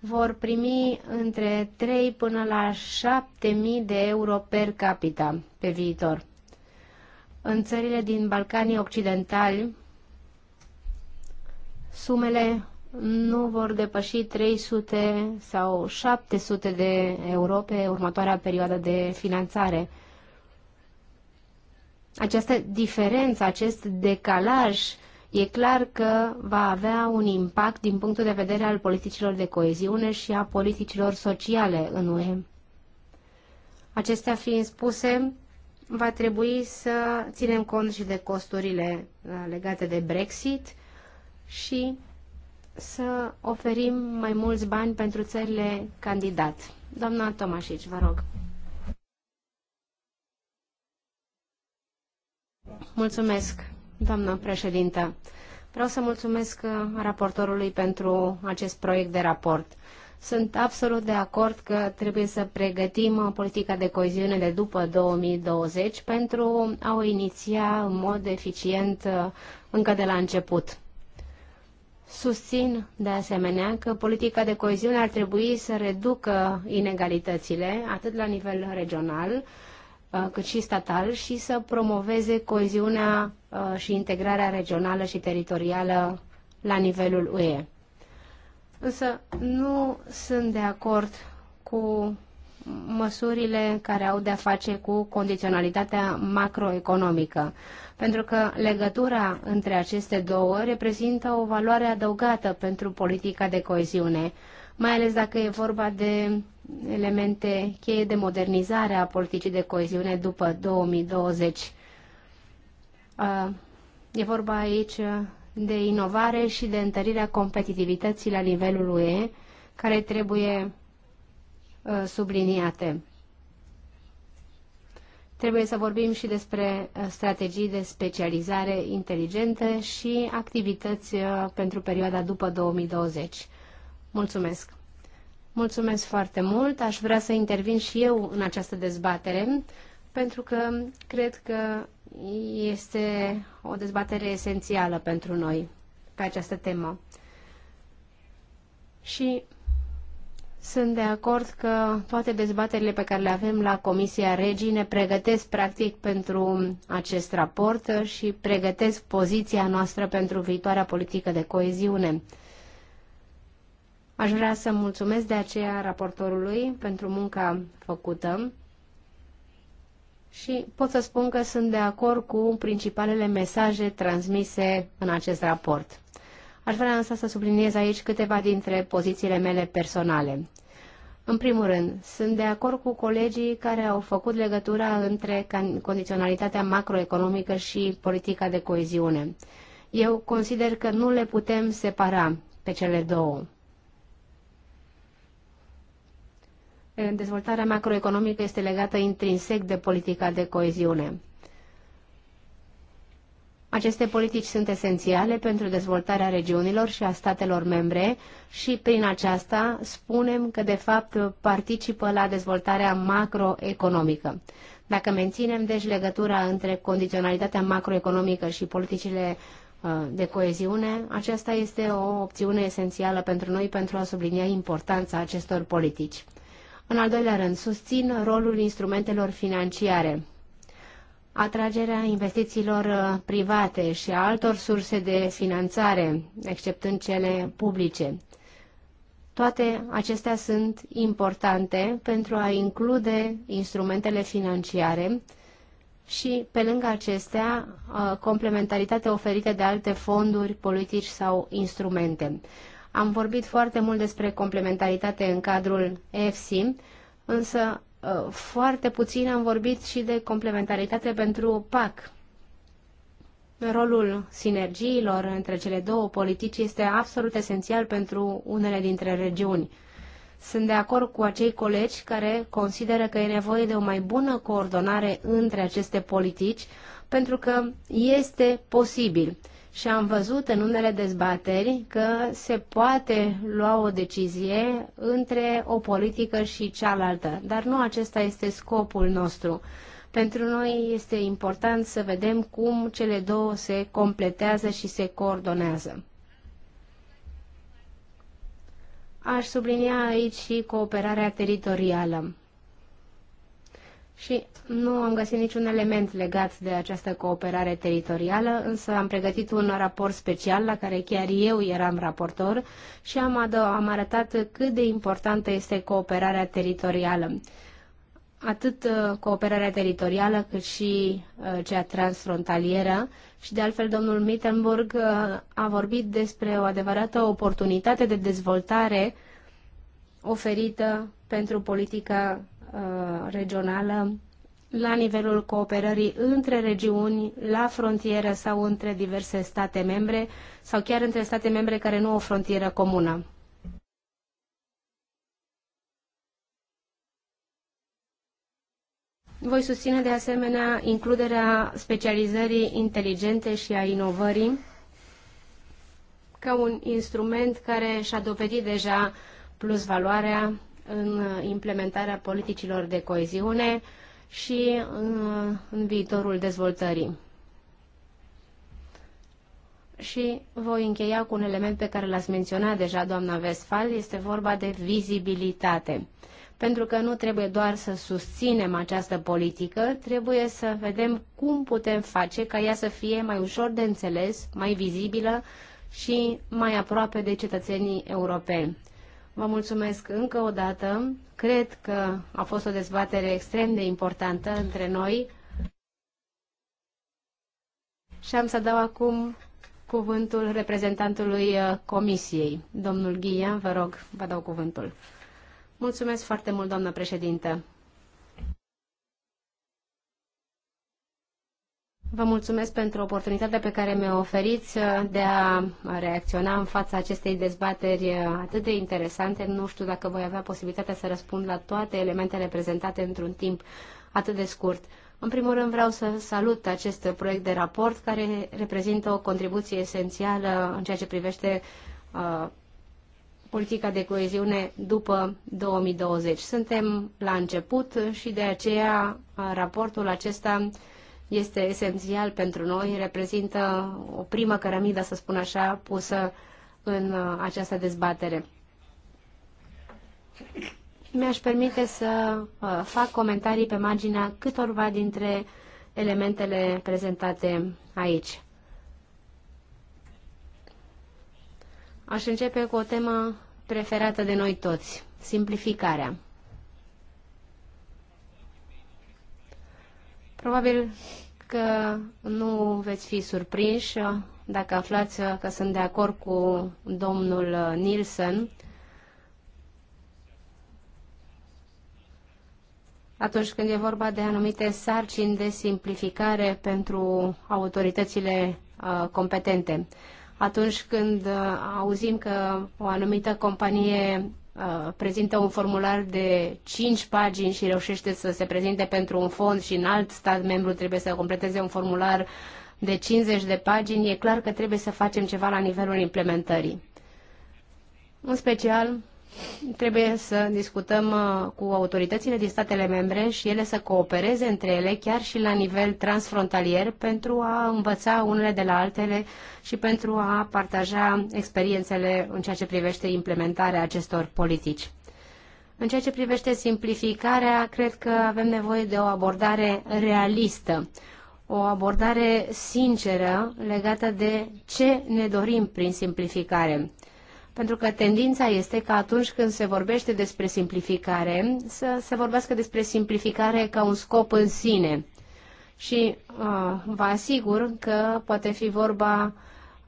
vor primi între 3 până la 7.000 de euro per capita pe viitor. În țările din Balcanii Occidentali, sumele nu vor depăși 300 sau 700 de euro pe următoarea perioadă de finanțare. Această diferență, acest decalaj E clar că va avea un impact din punctul de vedere al politicilor de coeziune și a politicilor sociale în UE. Acestea fiind spuse, va trebui să ținem cont și de costurile uh, legate de Brexit și să oferim mai mulți bani pentru țările candidat. Doamna Tomașici, vă rog. Mulțumesc doamnă președintă. Vreau să mulțumesc uh, raportorului pentru acest proiect de raport. Sunt absolut de acord că trebuie să pregătim uh, politica de coeziune de după 2020 pentru a o iniția în mod eficient uh, încă de la început. Susțin, de asemenea, că politica de coeziune ar trebui să reducă inegalitățile, atât la nivel regional, Uh, cât și statal și să promoveze coeziunea uh, și integrarea regională și teritorială la nivelul UE. Însă nu sunt de acord cu măsurile care au de-a face cu condiționalitatea macroeconomică, pentru că legătura între aceste două reprezintă o valoare adăugată pentru politica de coeziune, mai ales dacă e vorba de elemente cheie de modernizare a politicii de coeziune după 2020. E vorba aici de inovare și de întărirea competitivității la nivelul UE, care trebuie subliniate. Trebuie să vorbim și despre strategii de specializare inteligente și activități pentru perioada după 2020. Mulțumesc! Mulțumesc foarte mult. Aș vrea să intervin și eu în această dezbatere, pentru că cred că este o dezbatere esențială pentru noi pe această temă. Și sunt de acord că toate dezbaterile pe care le avem la Comisia Regii ne pregătesc practic pentru acest raport și pregătesc poziția noastră pentru viitoarea politică de coeziune. Aș vrea să mulțumesc de aceea raportorului pentru munca făcută și pot să spun că sunt de acord cu principalele mesaje transmise în acest raport. Aș vrea însă să subliniez aici câteva dintre pozițiile mele personale. În primul rând, sunt de acord cu colegii care au făcut legătura între condiționalitatea macroeconomică și politica de coeziune. Eu consider că nu le putem separa pe cele două. dezvoltarea macroeconomică este legată intrinsec de politica de coeziune. Aceste politici sunt esențiale pentru dezvoltarea regiunilor și a statelor membre și prin aceasta spunem că de fapt participă la dezvoltarea macroeconomică. Dacă menținem deci legătura între condiționalitatea macroeconomică și politicile uh, de coeziune, aceasta este o opțiune esențială pentru noi pentru a sublinia importanța acestor politici. În al doilea rând, susțin rolul instrumentelor financiare. Atragerea investițiilor uh, private și a altor surse de finanțare, exceptând cele publice. Toate acestea sunt importante pentru a include instrumentele financiare și, pe lângă acestea, uh, complementaritatea oferită de alte fonduri, politici sau instrumente. Am vorbit foarte mult despre complementaritate în cadrul EFSI, însă ă, foarte puțin am vorbit și de complementaritate pentru PAC. Rolul sinergiilor între cele două politici este absolut esențial pentru unele dintre regiuni. Sunt de acord cu acei colegi care consideră că e nevoie de o mai bună coordonare între aceste politici, pentru că este posibil. Și am văzut în unele dezbateri că se poate lua o decizie între o politică și cealaltă, dar nu acesta este scopul nostru. Pentru noi este important să vedem cum cele două se completează și se coordonează. Aș sublinia aici și cooperarea teritorială și nu am găsit niciun element legat de această cooperare teritorială, însă am pregătit un raport special la care chiar eu eram raportor și am, am arătat cât de importantă este cooperarea teritorială. Atât uh, cooperarea teritorială cât și uh, cea transfrontalieră și de altfel domnul Mittenburg uh, a vorbit despre o adevărată oportunitate de dezvoltare oferită pentru politica Uh, regională la nivelul cooperării între regiuni, la frontieră sau între diverse state membre sau chiar între state membre care nu au o frontieră comună. Voi susține de asemenea includerea specializării inteligente și a inovării ca un instrument care și-a dovedit deja plus valoarea în implementarea politicilor de coeziune și în, în viitorul dezvoltării. Și voi încheia cu un element pe care l-ați menționat deja, doamna Westphal, este vorba de vizibilitate. Pentru că nu trebuie doar să susținem această politică, trebuie să vedem cum putem face ca ea să fie mai ușor de înțeles, mai vizibilă și mai aproape de cetățenii europeni. Vă mulțumesc încă o dată. Cred că a fost o dezbatere extrem de importantă între noi. Și am să dau acum cuvântul reprezentantului uh, Comisiei. Domnul Ghia, vă rog, vă dau cuvântul. Mulțumesc foarte mult, doamnă președintă. Vă mulțumesc pentru oportunitatea pe care mi-o oferiți de a reacționa în fața acestei dezbateri atât de interesante. Nu știu dacă voi avea posibilitatea să răspund la toate elementele prezentate într-un timp atât de scurt. În primul rând vreau să salut acest proiect de raport care reprezintă o contribuție esențială în ceea ce privește uh, politica de coeziune după 2020. Suntem la început și de aceea uh, raportul acesta uh, este esențial pentru noi, reprezintă o primă cărămidă, să spun așa, pusă în uh, această dezbatere. Mi-aș permite să uh, fac comentarii pe marginea câtorva dintre elementele prezentate aici. Aș începe cu o temă preferată de noi toți, simplificarea. Probabil că nu veți fi surprinși dacă aflați că sunt de acord cu domnul Nielsen atunci când e vorba de anumite sarcini de simplificare pentru autoritățile competente. Atunci când auzim că o anumită companie Uh, prezintă un formular de 5 pagini și reușește să se prezinte pentru un fond și în alt stat membru trebuie să completeze un formular de 50 de pagini, e clar că trebuie să facem ceva la nivelul implementării. În special, trebuie să discutăm uh, cu autoritățile din statele membre și ele să coopereze între ele chiar și la nivel transfrontalier pentru a învăța unele de la altele și pentru a partaja experiențele în ceea ce privește implementarea acestor politici. În ceea ce privește simplificarea, cred că avem nevoie de o abordare realistă, o abordare sinceră legată de ce ne dorim prin simplificare pentru că tendința este că atunci când se vorbește despre simplificare, să se vorbească despre simplificare ca un scop în sine. Și uh, vă asigur că poate fi vorba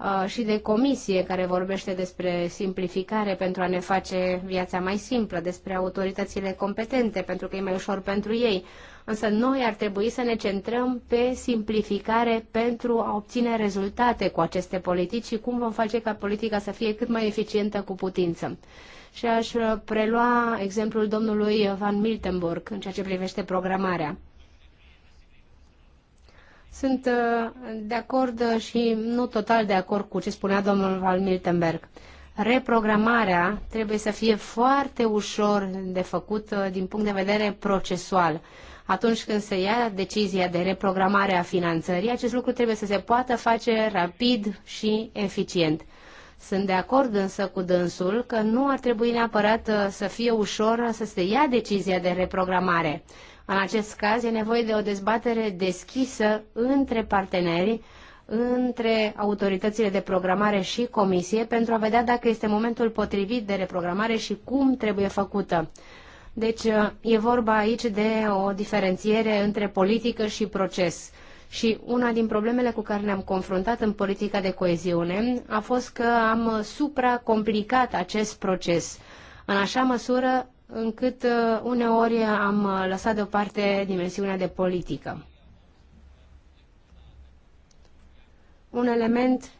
Uh, și de comisie care vorbește despre simplificare pentru a ne face viața mai simplă, despre autoritățile competente pentru că e mai ușor pentru ei. Însă noi ar trebui să ne centrăm pe simplificare pentru a obține rezultate cu aceste politici și cum vom face ca politica să fie cât mai eficientă cu putință. Și aș uh, prelua exemplul domnului Van Miltenburg în ceea ce privește programarea. Sunt uh, de acord uh, și nu total de acord cu ce spunea domnul Val Miltenberg. Reprogramarea trebuie să fie foarte ușor de făcut uh, din punct de vedere procesual. Atunci când se ia decizia de reprogramare a finanțării, acest lucru trebuie să se poată face rapid și eficient. Sunt de acord însă cu dânsul că nu ar trebui neapărat să fie ușor să se ia decizia de reprogramare în acest caz e nevoie de o dezbatere deschisă între partenerii, între autoritățile de programare și comisie pentru a vedea dacă este momentul potrivit de reprogramare și cum trebuie făcută. Deci e vorba aici de o diferențiere între politică și proces. Și una din problemele cu care ne-am confruntat în politica de coeziune a fost că am supracomplicat acest proces, în așa măsură încât uh, uneori am uh, lăsat deoparte dimensiunea de politică. Un element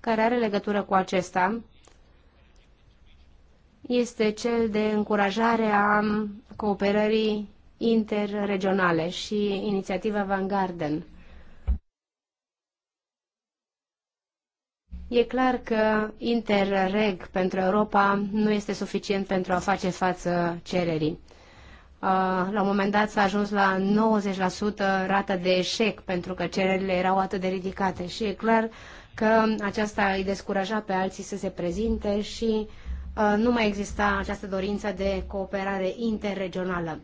care are legătură cu acesta este cel de încurajare a cooperării interregionale și inițiativa Van Garden. E clar că Interreg pentru Europa nu este suficient pentru a face față cererii. Uh, la un moment dat s-a ajuns la 90% rată de eșec pentru că cererile erau atât de ridicate și e clar că aceasta îi descuraja pe alții să se prezinte și uh, nu mai exista această dorință de cooperare interregională.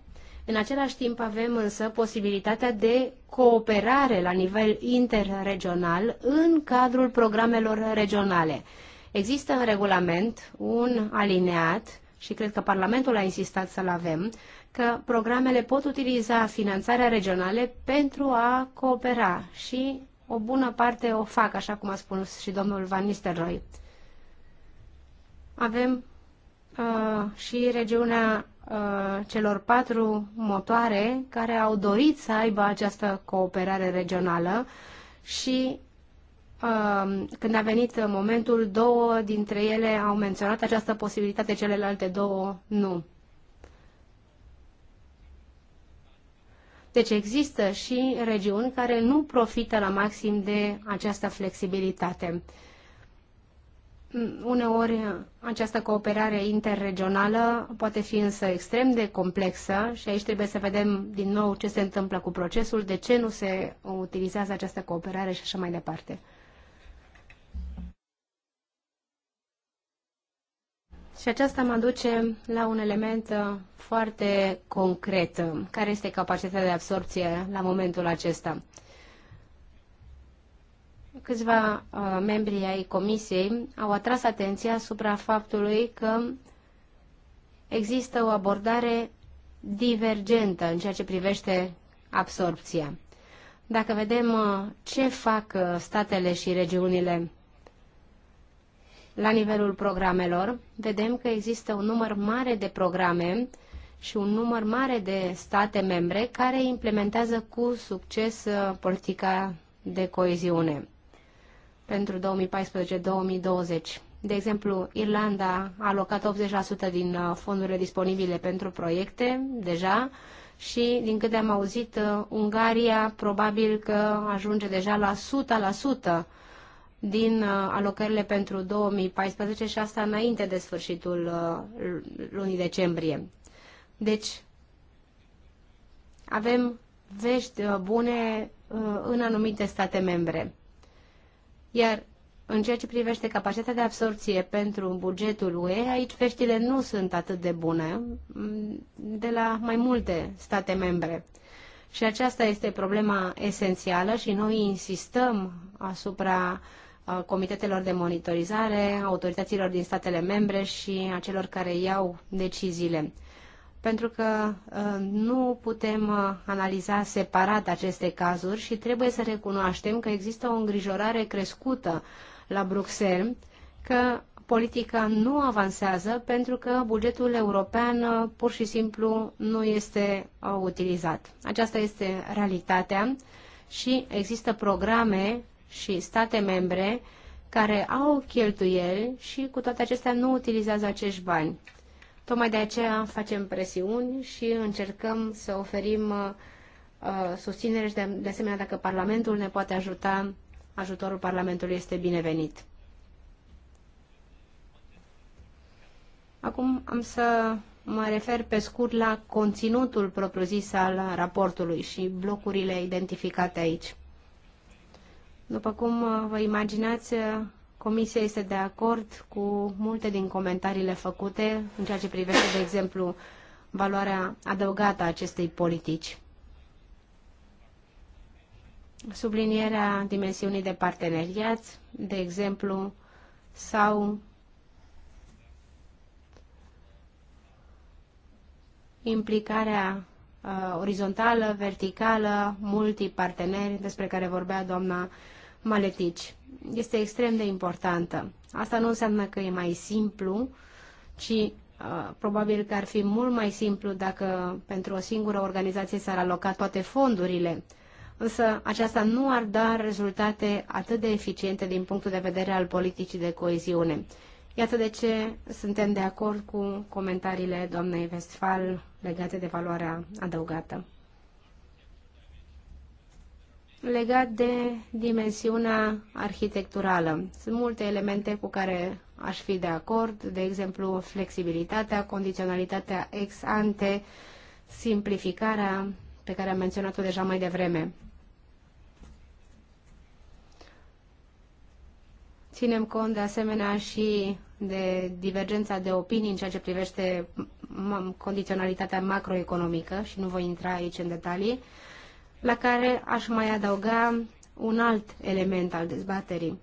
În același timp avem însă posibilitatea de cooperare la nivel interregional în cadrul programelor regionale. Există în regulament un alineat și cred că Parlamentul a insistat să-l avem, că programele pot utiliza finanțarea regională pentru a coopera și o bună parte o fac, așa cum a spus și domnul Van Nistelrooy. Avem uh, și regiunea Uh, celor patru motoare care au dorit să aibă această cooperare regională și uh, când a venit momentul, două dintre ele au menționat această posibilitate, celelalte două nu. Deci există și regiuni care nu profită la maxim de această flexibilitate. Uneori această cooperare interregională poate fi însă extrem de complexă și aici trebuie să vedem din nou ce se întâmplă cu procesul, de ce nu se utilizează această cooperare și așa mai departe. Și aceasta mă duce la un element uh, foarte concret, uh, care este capacitatea de absorpție la momentul acesta câțiva uh, membri ai comisiei au atras atenția asupra faptului că există o abordare divergentă în ceea ce privește absorpția. Dacă vedem uh, ce fac uh, statele și regiunile la nivelul programelor, vedem că există un număr mare de programe și un număr mare de state membre care implementează cu succes uh, politica de coeziune pentru 2014-2020. De exemplu, Irlanda a alocat 80% din uh, fondurile disponibile pentru proiecte deja și, din câte am auzit, uh, Ungaria probabil că ajunge deja la 100% din uh, alocările pentru 2014 și asta înainte de sfârșitul lunii decembrie. Deci, avem vești bune în anumite state membre. Iar în ceea ce privește capacitatea de absorție pentru bugetul UE, aici veștile nu sunt atât de bune mm, de la mai multe state membre. Și aceasta este problema esențială și noi insistăm asupra uh, comitetelor de monitorizare, autorităților din statele membre și a celor care iau deciziile pentru că uh, nu putem uh, analiza separat aceste cazuri și trebuie să recunoaștem că există o îngrijorare crescută la Bruxelles că politica nu avansează pentru că bugetul european uh, pur și simplu nu este utilizat. Aceasta este realitatea și există programe și state membre care au cheltuieli și cu toate acestea nu utilizează acești bani. Tocmai de aceea facem presiuni și încercăm să oferim uh, susținere și de, de asemenea dacă Parlamentul ne poate ajuta, ajutorul Parlamentului este binevenit. Acum am să mă refer pe scurt la conținutul propriu-zis al raportului și blocurile identificate aici. După cum uh, vă imaginați, uh, Comisia este de acord cu multe din comentariile făcute în ceea ce privește, de exemplu, valoarea adăugată a acestei politici. Sublinierea dimensiunii de parteneriat, de exemplu, sau implicarea uh, orizontală, verticală, multiparteneri, despre care vorbea doamna uh, maletici. Este extrem de importantă. Asta nu înseamnă că e mai simplu, ci uh, probabil că ar fi mult mai simplu dacă pentru o singură organizație s-ar aloca toate fondurile. Însă aceasta nu ar da rezultate atât de eficiente din punctul de vedere al politicii de coeziune. Iată de ce suntem de acord cu comentariile doamnei Westphal legate de valoarea adăugată legat de dimensiunea arhitecturală. Sunt multe elemente cu care aș fi de acord, de exemplu flexibilitatea, condiționalitatea ex ante, simplificarea pe care am menționat-o deja mai devreme. Ținem cont de asemenea și de divergența de opinii în ceea ce privește condiționalitatea macroeconomică și nu voi intra aici în detalii la care aș mai adăuga un alt element al dezbaterii.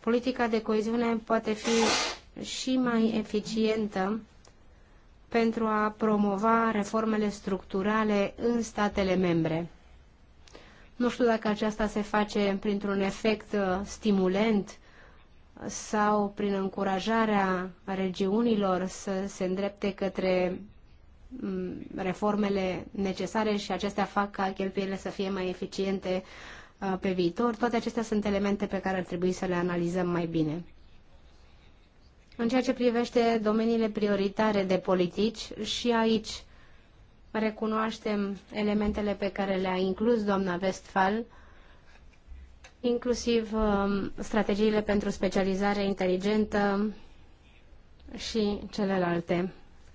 Politica de coeziune poate fi și mai eficientă pentru a promova reformele structurale în statele membre. Nu știu dacă aceasta se face printr-un efect uh, stimulent sau prin încurajarea regiunilor să se îndrepte către Mm, reformele necesare și acestea fac ca cheltuielile să fie mai eficiente uh, pe viitor. Toate acestea sunt elemente pe care ar trebui să le analizăm mai bine. În ceea ce privește domeniile prioritare de politici, și aici recunoaștem elementele pe care le-a inclus doamna Westphal, inclusiv um, strategiile pentru specializare inteligentă și celelalte.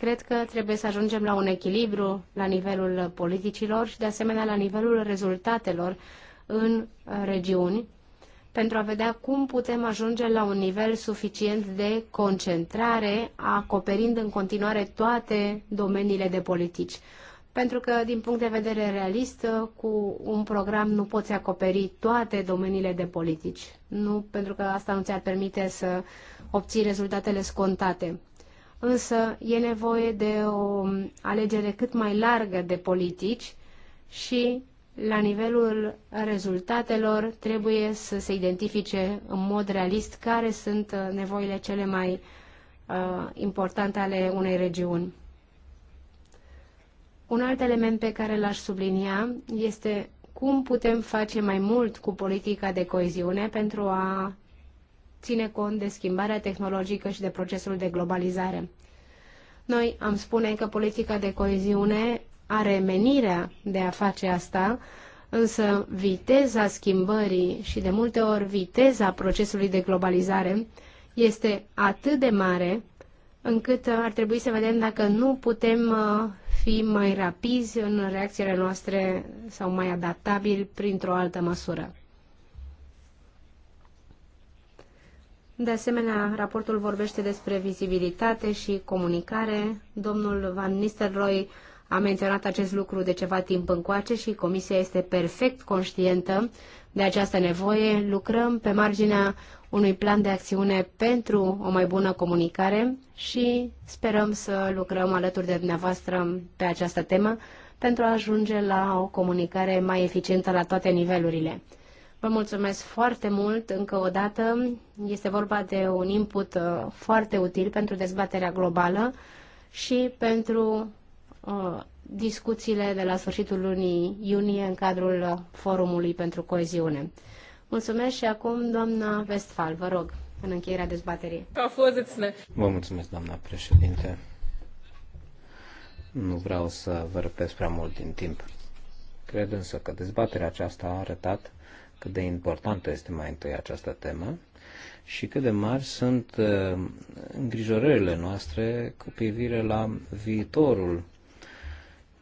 Cred că trebuie să ajungem la un echilibru la nivelul politicilor și de asemenea la nivelul rezultatelor în regiuni pentru a vedea cum putem ajunge la un nivel suficient de concentrare, acoperind în continuare toate domeniile de politici. Pentru că, din punct de vedere realist, cu un program nu poți acoperi toate domeniile de politici. Nu, pentru că asta nu ți-ar permite să obții rezultatele scontate însă e nevoie de o alegere cât mai largă de politici și la nivelul rezultatelor trebuie să se identifice în mod realist care sunt nevoile cele mai uh, importante ale unei regiuni. Un alt element pe care l-aș sublinia este cum putem face mai mult cu politica de coeziune pentru a ține cont de schimbarea tehnologică și de procesul de globalizare. Noi am spune că politica de coeziune are menirea de a face asta, însă viteza schimbării și de multe ori viteza procesului de globalizare este atât de mare încât ar trebui să vedem dacă nu putem uh, fi mai rapizi în reacțiile noastre sau mai adaptabili printr-o altă măsură. De asemenea, raportul vorbește despre vizibilitate și comunicare. Domnul Van Nistelrooy a menționat acest lucru de ceva timp încoace și Comisia este perfect conștientă de această nevoie. Lucrăm pe marginea unui plan de acțiune pentru o mai bună comunicare și sperăm să lucrăm alături de dumneavoastră pe această temă pentru a ajunge la o comunicare mai eficientă la toate nivelurile. Vă mulțumesc foarte mult încă o dată. Este vorba de un input uh, foarte util pentru dezbaterea globală și pentru uh, discuțiile de la sfârșitul lunii iunie în cadrul Forumului pentru Coeziune. Mulțumesc și acum, doamna Westphal, vă rog, în încheierea dezbaterii. Vă mulțumesc, doamna președinte. Nu vreau să vă răpesc prea mult din timp. Cred însă că dezbaterea aceasta a arătat cât de importantă este mai întâi această temă și cât de mari sunt uh, îngrijorările noastre cu privire la viitorul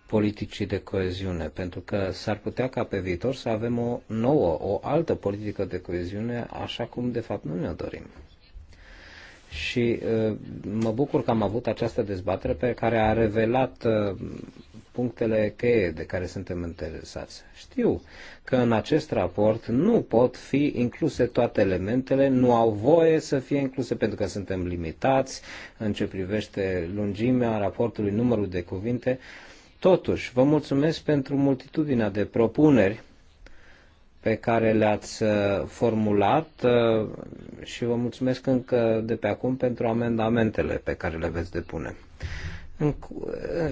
politicii de coeziune, pentru că s-ar putea ca pe viitor să avem o nouă, o altă politică de coeziune, așa cum de fapt nu ne-o dorim. Și uh, mă bucur că am avut această dezbatere pe care a revelat uh, punctele cheie de care suntem interesați. Știu că în acest raport nu pot fi incluse toate elementele, nu au voie să fie incluse pentru că suntem limitați în ce privește lungimea raportului, numărul de cuvinte. Totuși, vă mulțumesc pentru multitudinea de propuneri pe care le-ați uh, formulat uh, și vă mulțumesc încă de pe acum pentru amendamentele pe care le veți depune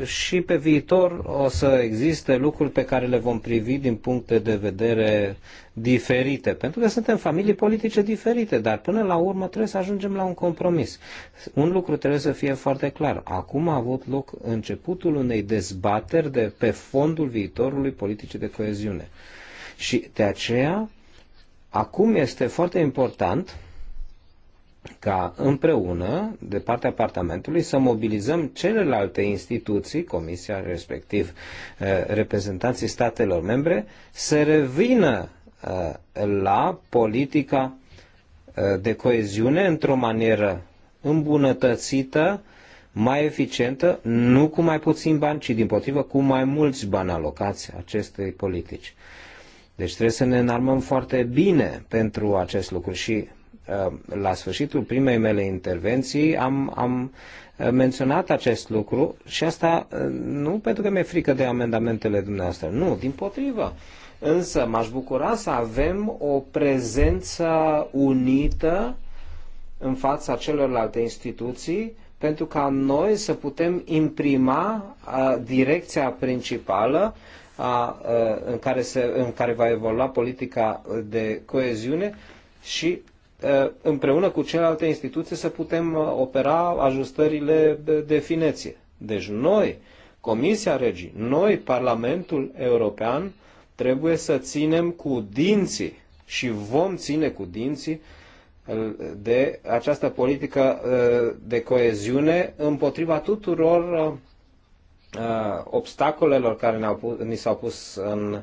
și pe viitor o să existe lucruri pe care le vom privi din puncte de vedere diferite, pentru că suntem familii politice diferite, dar până la urmă trebuie să ajungem la un compromis. Un lucru trebuie să fie foarte clar. Acum a avut loc începutul unei dezbateri de pe fondul viitorului politicii de coeziune. Și de aceea, acum este foarte important ca împreună, de partea apartamentului, să mobilizăm celelalte instituții, comisia respectiv eh, reprezentanții statelor membre, să revină eh, la politica eh, de coeziune într-o manieră îmbunătățită, mai eficientă, nu cu mai puțin bani, ci din potrivă cu mai mulți bani alocați acestei politici. Deci trebuie să ne înarmăm foarte bine pentru acest lucru și Uh, la sfârșitul primei mele intervenții am, am uh, menționat acest lucru și asta uh, nu pentru că mi-e frică de amendamentele dumneavoastră, nu, din potrivă. Însă m-aș bucura să avem o prezență unită în fața celorlalte instituții pentru ca noi să putem imprima a, direcția principală a, a, în, care se, în care va evolua politica de coeziune și Uh, împreună cu celelalte instituții să putem uh, opera ajustările de fineție. Deci noi, Comisia Regii, noi, Parlamentul European, trebuie să ținem cu dinții și vom ține cu dinții uh, de această politică de coeziune împotriva tuturor obstacolelor care ni s-au pus în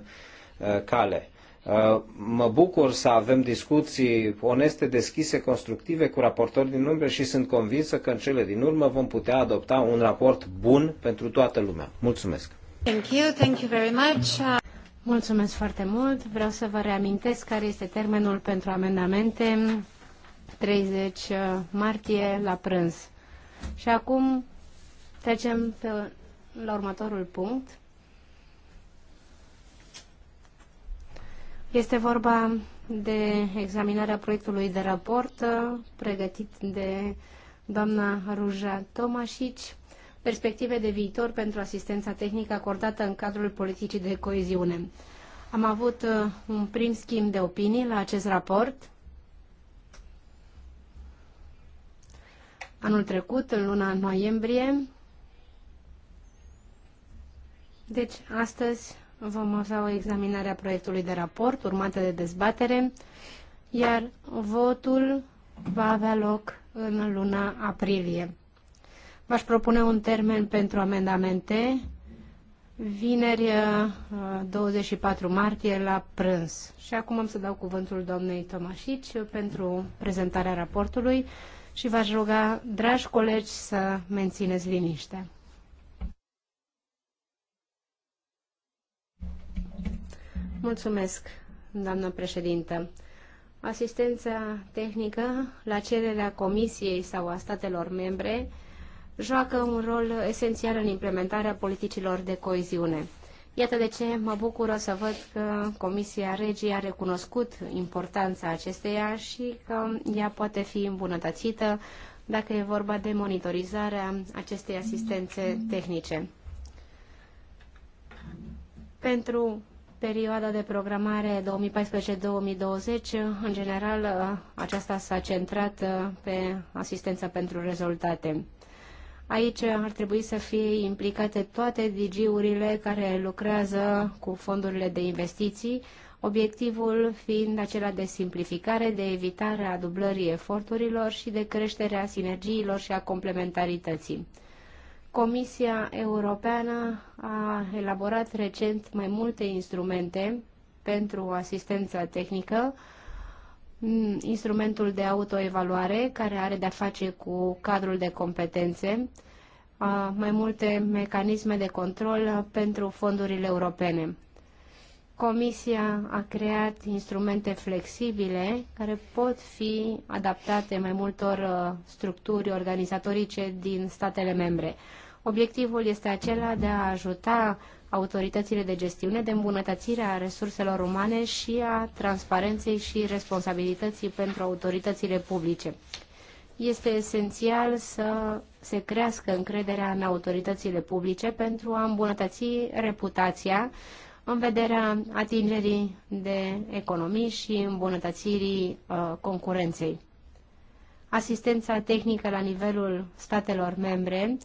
cale. Uh, mă bucur să avem discuții oneste, deschise, constructive cu raportori din umbră și sunt convinsă că în cele din urmă vom putea adopta un raport bun pentru toată lumea. Mulțumesc! Thank you, thank you very much. Mulțumesc foarte mult. Vreau să vă reamintesc care este termenul pentru amendamente 30 uh, martie la prânz. Și acum trecem pe, la următorul punct. Este vorba de examinarea proiectului de raport uh, pregătit de doamna Ruja Tomașici, perspective de viitor pentru asistența tehnică acordată în cadrul politicii de coeziune. Am avut uh, un prim schimb de opinii la acest raport. Anul trecut, în luna noiembrie, deci, astăzi Vom avea o examinare a proiectului de raport urmată de dezbatere, iar votul va avea loc în luna aprilie. V-aș propune un termen pentru amendamente vineri 24 uh, martie la prânz. Și acum am să dau cuvântul doamnei Tomașici uh, pentru prezentarea raportului și v-aș ruga, dragi colegi, să mențineți liniștea. Mulțumesc, doamnă președintă. Asistența tehnică, la cererea Comisiei sau a statelor membre, joacă un rol esențial în implementarea politicilor de coeziune. Iată de ce mă bucură să văd că Comisia Regii a recunoscut importanța acesteia și că ea poate fi îmbunătățită dacă e vorba de monitorizarea acestei asistențe tehnice. Pentru perioada de programare 2014-2020, în general, aceasta s-a centrat uh, pe asistența pentru rezultate. Aici ar trebui să fie implicate toate DG-urile care lucrează cu fondurile de investiții, obiectivul fiind acela de simplificare, de evitare a dublării eforturilor și de creșterea sinergiilor și a complementarității. Comisia Europeană a elaborat recent mai multe instrumente pentru asistența tehnică, mm, instrumentul de autoevaluare care are de-a face cu cadrul de competențe, mai multe mecanisme de control pentru fondurile europene. Comisia a creat instrumente flexibile care pot fi adaptate mai multor uh, structuri organizatorice din statele membre. Obiectivul este acela de a ajuta autoritățile de gestiune de a resurselor umane și a transparenței și responsabilității pentru autoritățile publice. Este esențial să se crească încrederea în autoritățile publice pentru a îmbunătăți reputația în vederea atingerii de economii și îmbunătățirii uh, concurenței. Asistența tehnică la nivelul statelor membre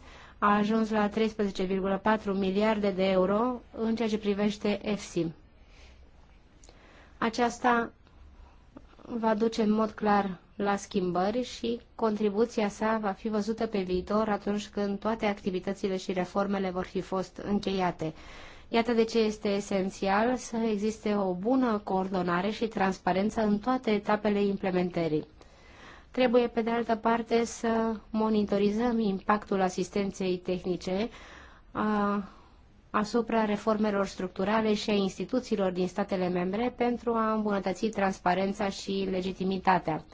a ajuns la 13,4 miliarde de euro în ceea ce privește EFSI. Aceasta va duce în mod clar la schimbări și contribuția sa va fi văzută pe viitor atunci când toate activitățile și reformele vor fi fost încheiate. Iată de ce este esențial să existe o bună coordonare și transparență în toate etapele implementării. Trebuie, pe de altă parte, să monitorizăm impactul asistenței tehnice a, asupra reformelor structurale și a instituțiilor din statele membre pentru a îmbunătăți transparența și legitimitatea.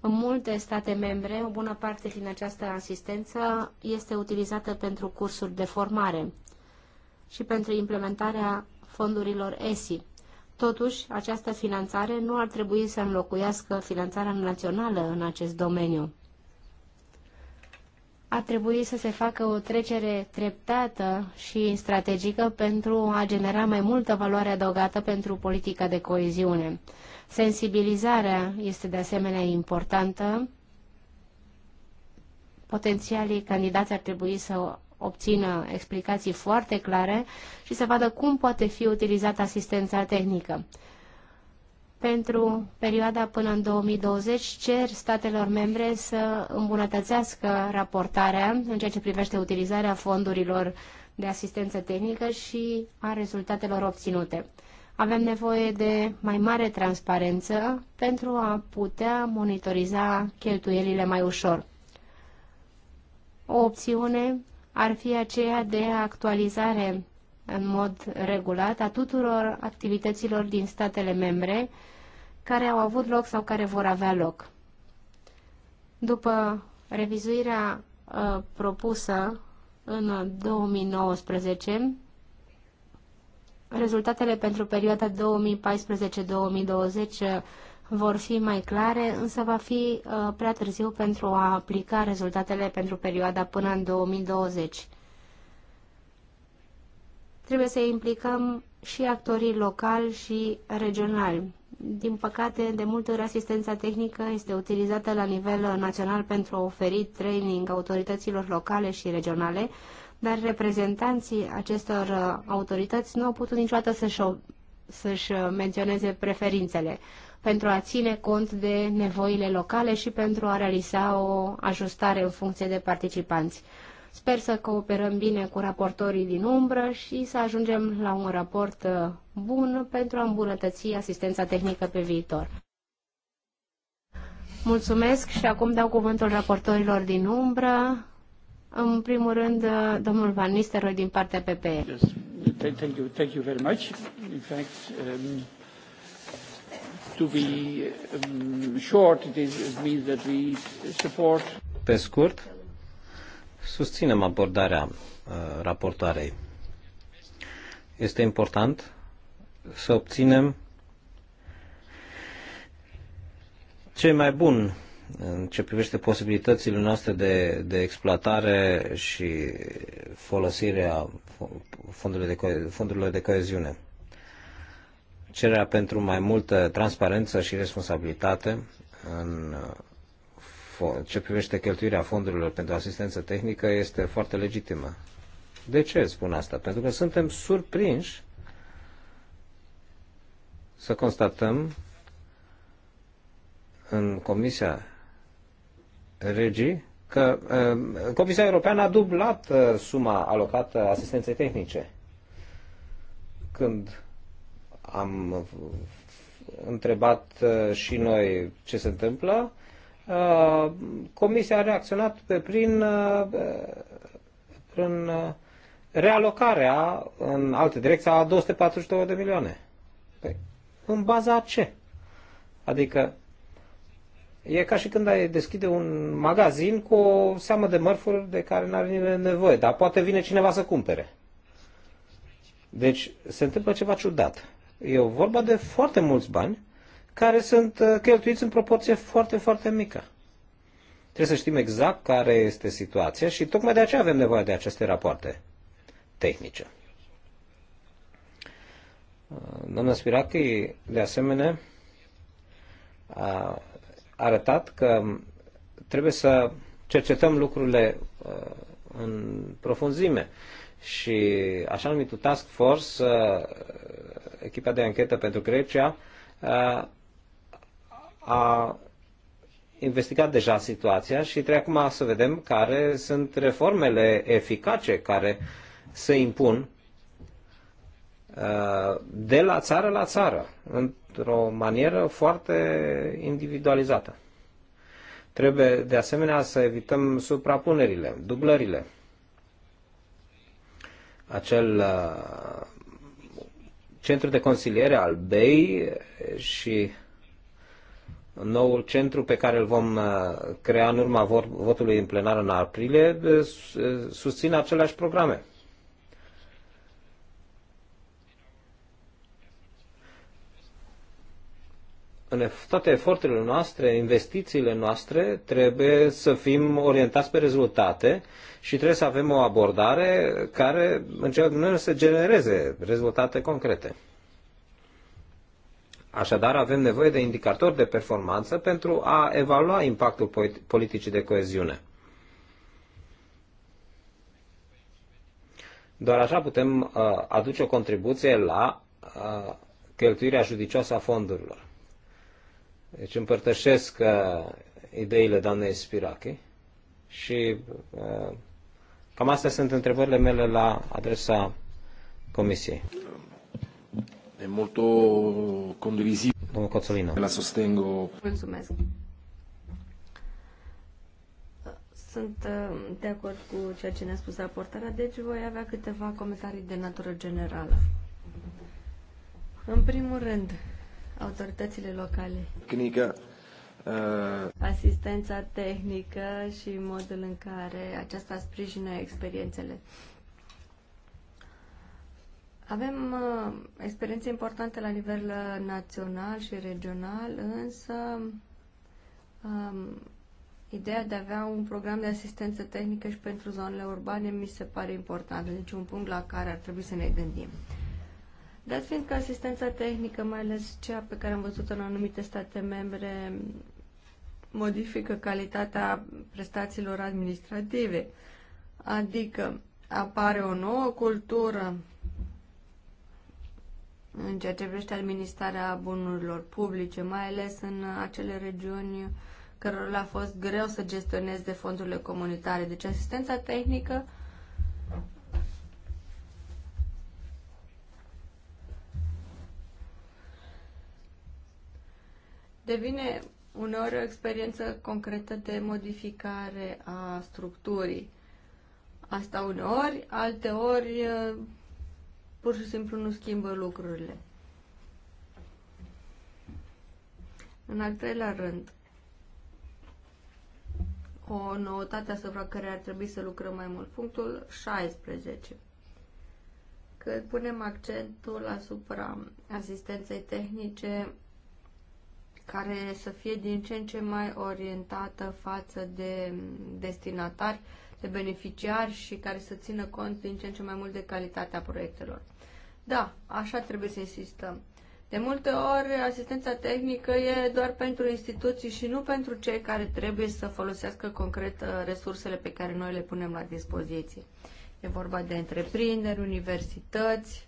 În multe state membre, o bună parte din această asistență este utilizată pentru cursuri de formare și pentru implementarea fondurilor ESI. Totuși, această finanțare nu ar trebui să înlocuiască finanțarea națională în acest domeniu. Ar trebui să se facă o trecere treptată și strategică pentru a genera mai multă valoare adăugată pentru politica de coeziune. Sensibilizarea este de asemenea importantă. Potențialii candidați ar trebui să obțină explicații foarte clare și să vadă cum poate fi utilizată asistența tehnică. Pentru perioada până în 2020 cer statelor membre să îmbunătățească raportarea în ceea ce privește utilizarea fondurilor de asistență tehnică și a rezultatelor obținute. Avem nevoie de mai mare transparență pentru a putea monitoriza cheltuielile mai ușor. O opțiune ar fi aceea de actualizare în mod regulat a tuturor activităților din statele membre care au avut loc sau care vor avea loc. După revizuirea uh, propusă în 2019, rezultatele pentru perioada 2014-2020 vor fi mai clare, însă va fi uh, prea târziu pentru a aplica rezultatele pentru perioada până în 2020. Trebuie să implicăm și actorii locali și regionali. Din păcate, de multe ori asistența tehnică este utilizată la nivel național pentru a oferi training autorităților locale și regionale, dar reprezentanții acestor uh, autorități nu au putut niciodată să-și, să, -și, să uh, -și menționeze preferințele pentru a ține cont de nevoile locale și pentru a realiza o ajustare în funcție de participanți. Sper să cooperăm bine cu raportorii din umbră și să ajungem la un raport uh, bun pentru a îmbunătăți asistența tehnică pe viitor. Mulțumesc și acum dau cuvântul raportorilor din umbră. În primul rând, uh, domnul Van Nistelrooy din partea PPE. Yes. Thank you, thank you very much. In fact, um to be um, short, it, is, it means that we support. Pe scurt, susținem abordarea uh, raportoarei. Este important să obținem ce mai bun în ce privește posibilitățile noastre de, de exploatare și folosirea fondurilor de, co- fondurilor de coeziune cererea pentru mai multă transparență și responsabilitate în ce privește cheltuirea fondurilor pentru asistență tehnică este foarte legitimă. De ce spun asta? Pentru că suntem surprinși să constatăm în Comisia Regii că Comisia Europeană a dublat suma alocată asistenței tehnice. Când am uh, întrebat uh, și noi ce se întâmplă. Uh, comisia a reacționat pe prin, prin realocarea în alte direcții a 242 de milioane. Păi, în baza ce? Adică e ca și când ai deschide un magazin cu o seamă de mărfuri de care n-are nimeni nevoie, dar poate vine cineva să cumpere. Deci se întâmplă ceva ciudat. E o vorba de foarte mulți bani care sunt uh, cheltuiți în proporție foarte, foarte mică. Trebuie să știm exact care este situația și tocmai de aceea avem nevoie de aceste rapoarte tehnice. Uh, Doamna Spirachi, de asemenea, a arătat că trebuie să cercetăm lucrurile uh, în profunzime și așa numitul task force echipa de anchetă pentru Grecia uh, a investigat deja situația și trebuie acum să vedem care sunt reformele eficace care se impun uh, de la țară la țară, într-o manieră foarte individualizată. Trebuie de asemenea să evităm suprapunerile, dublările. Acel uh, centru de consiliere al BEI și noul centru pe care îl vom uh, crea în urma votului în plenar în aprilie uh, uh, susțin aceleași programe. în toate eforturile noastre, investițiile noastre, trebuie să fim orientați pe rezultate și trebuie să avem o abordare care în cel din să genereze rezultate concrete. Așadar, avem nevoie de indicatori de performanță pentru a evalua impactul politicii de coeziune. Doar așa putem uh, aduce o contribuție la uh, cheltuirea judicioasă a fondurilor. Deci împărtășesc uh, ideile doamnei Spirache și uh, cam astea sunt întrebările mele la adresa Comisiei. E molto condivisibile. Domnul Coțolino. La sostengo. Mulțumesc. Sunt uh, de acord cu ceea ce ne-a spus raportarea, deci voi avea câteva comentarii de natură generală. În primul rând, autoritățile locale. tehnică. Uh... Asistența tehnică și modul în care aceasta sprijină experiențele. Avem uh, experiențe importante la nivel uh, național și regional, însă um, ideea de a avea un program de asistență tehnică și pentru zonele urbane mi se pare importantă, deci un punct la care ar trebui să ne gândim. Dat fiindcă asistența tehnică, mai ales cea pe care am văzut-o în anumite state membre, modifică calitatea prestațiilor administrative, adică apare o nouă cultură în ceea ce privește administrarea bunurilor publice, mai ales în acele regiuni cărora a fost greu să gestioneze fondurile comunitare. Deci asistența tehnică devine uneori o experiență concretă de modificare a structurii. Asta uneori, alteori pur și simplu nu schimbă lucrurile. În al treilea rând, o noutate asupra care ar trebui să lucrăm mai mult, punctul 16. Când punem accentul asupra asistenței tehnice care să fie din ce în ce mai orientată față de destinatari, de beneficiari și care să țină cont din ce în ce mai mult de calitatea proiectelor. Da, așa trebuie să insistăm. De multe ori, asistența tehnică e doar pentru instituții și nu pentru cei care trebuie să folosească concret uh, resursele pe care noi le punem la dispoziție. E vorba de întreprinderi, universități,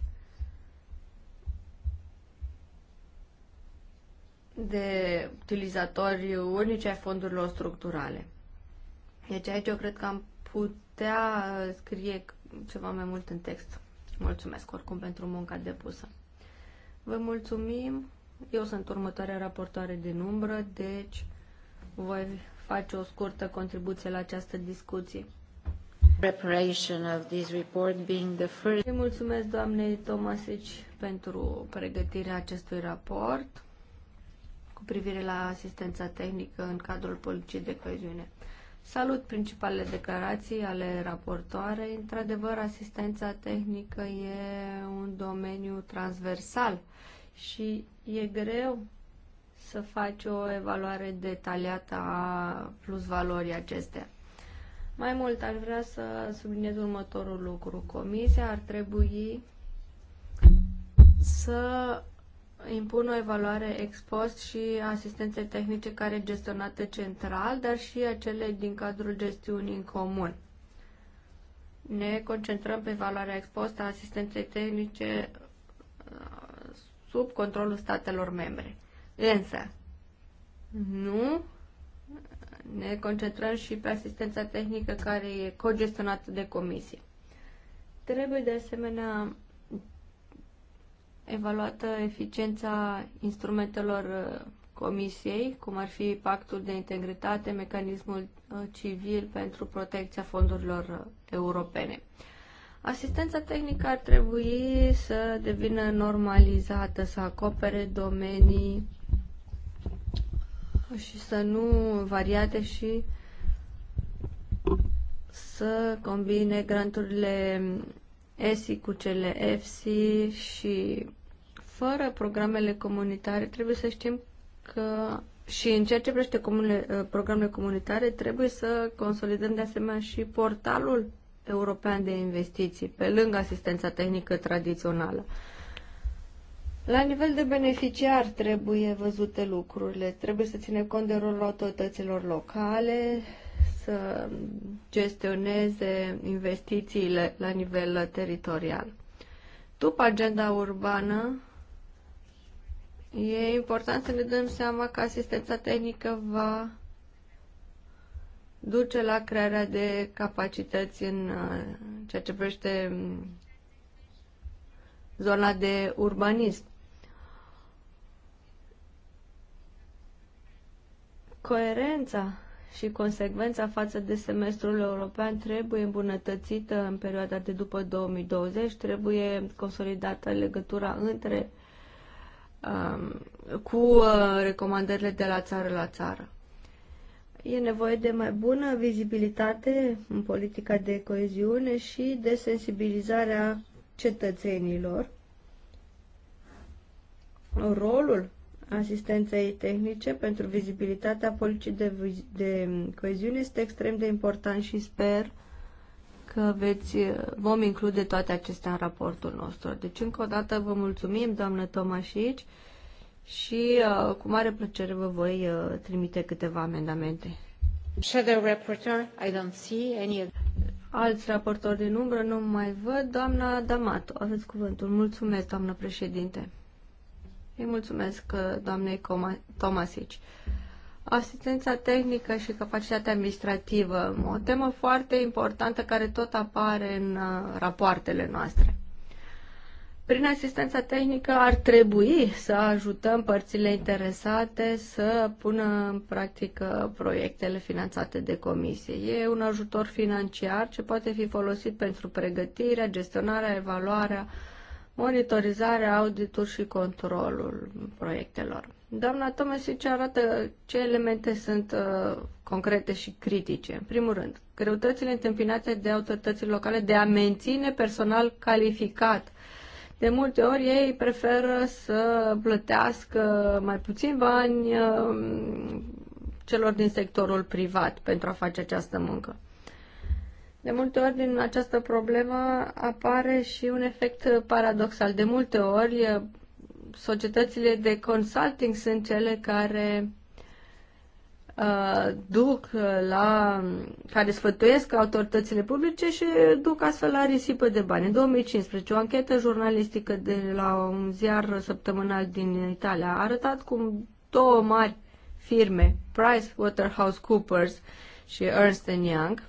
de utilizatori unici ai fondurilor structurale. Deci aici eu cred că am putea uh, scrie ceva mai mult în text. Mulțumesc oricum pentru munca depusă. Vă mulțumim. Eu sunt următoarea raportoare din umbră, deci voi face o scurtă contribuție la această discuție. Preparation of this report being the first... Îi mulțumesc doamnei Tomasici pentru pregătirea acestui raport privire la asistența tehnică în cadrul politicii de coeziune. Salut principalele declarații ale raportoarei. Într-adevăr, asistența tehnică e un domeniu transversal și e greu să faci o evaluare detaliată a plusvalorii acestea. Mai mult, aș vrea să subliniez următorul lucru. Comisia ar trebui să impun o evaluare ex post și asistențe tehnice care gestionate central, dar și acele din cadrul gestiunii în comun. Ne concentrăm pe evaluarea ex post a asistenței tehnice uh, sub controlul statelor membre. Însă, nu ne concentrăm și pe asistența tehnică care e cogestionată de comisie. Trebuie de asemenea evaluată eficiența instrumentelor uh, Comisiei, cum ar fi Pactul de Integritate, Mecanismul uh, Civil pentru Protecția Fondurilor uh, Europene. Asistența tehnică ar trebui să devină normalizată, să acopere domenii și să nu variate și să combine granturile ESI cu cele EFSI și fără programele comunitare, trebuie să știm că și în ceea ce privește ă, programele comunitare, trebuie să consolidăm de asemenea și portalul european de investiții, pe lângă asistența tehnică tradițională. La nivel de beneficiar trebuie văzute lucrurile, trebuie să ținem cont de rolul autorităților locale, să gestioneze investițiile la nivel teritorial. După agenda urbană, E important să ne dăm seama că asistența tehnică va duce la crearea de capacități în uh, ceea ce privește um, zona de urbanism. Coerența și consecvența față de semestrul european trebuie îmbunătățită în perioada de după 2020, trebuie consolidată legătura între Um, cu uh, recomandările de la țară la țară. E nevoie de mai bună vizibilitate în politica de coeziune și de sensibilizarea cetățenilor. Rolul asistenței tehnice pentru vizibilitatea politicii de, de coeziune este extrem de important și sper uh, că veți, vom include toate acestea în raportul nostru. Deci, încă o dată, vă mulțumim, doamnă Tomașici, și uh, cu mare plăcere vă voi uh, trimite câteva amendamente. Shadow Reporter, I don't see any... Alți raportori din umbră nu mai văd. Doamna Damato, aveți cuvântul. Mulțumesc, doamnă președinte. Îi mulțumesc uh, doamnei Toma Tomasici. Asistența tehnică și capacitatea administrativă, o temă foarte importantă care tot apare în uh, rapoartele noastre. Prin asistența tehnică ar trebui să ajutăm părțile interesate să pună în practică proiectele finanțate de comisie. E un ajutor financiar ce poate fi folosit pentru pregătirea, gestionarea, evaluarea, monitorizarea, auditul și controlul proiectelor. Doamna ce arată ce elemente sunt uh, concrete și critice. În primul rând, greutățile întâmpinate de autoritățile locale de a menține personal calificat. De multe ori ei preferă să plătească mai puțin bani uh, celor din sectorul privat pentru a face această muncă. De multe ori din această problemă apare și un efect paradoxal. De multe ori societățile de consulting sunt cele care uh, duc la, care sfătuiesc autoritățile publice și duc astfel la risipă de bani. În 2015, o anchetă jurnalistică de la un ziar săptămânal din Italia a arătat cum două mari firme, Price Waterhouse Coopers și Ernst Young,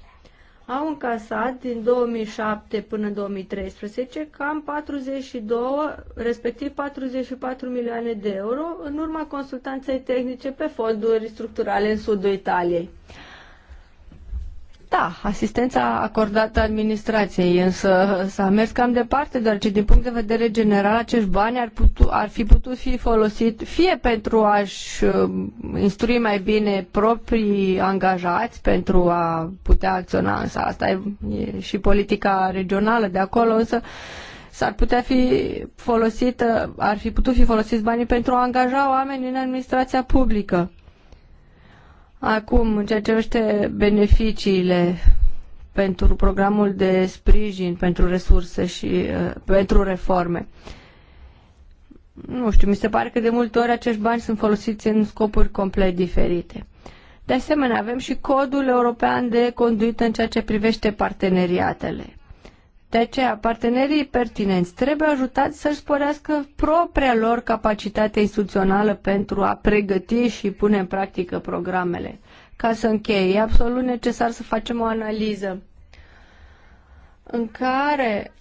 au încasat din 2007 până în 2013 cam 42, respectiv 44 milioane de euro în urma consultanței tehnice pe fonduri structurale în sudul Italiei. Da, asistența acordată administrației, însă s-a mers cam departe, ce din punct de vedere general acești bani ar, putu, ar fi putut fi folosit fie pentru a-și uh, instrui mai bine proprii angajați pentru a putea acționa, însă asta e, e și politica regională de acolo, însă s-ar putea fi folosit, uh, ar fi putut fi folosit banii pentru a angaja oameni în administrația publică Acum, în ceea ce privește beneficiile pentru programul de sprijin pentru resurse și uh, pentru reforme. Nu știu, mi se pare că de multe ori acești bani sunt folosiți în scopuri complet diferite. De asemenea, avem și codul european de conduită în ceea ce privește parteneriatele. De aceea, partenerii pertinenți trebuie ajutați să-și sporească propria lor capacitate instituțională pentru a pregăti și pune în practică programele. Ca să încheie, e absolut necesar să facem o analiză în care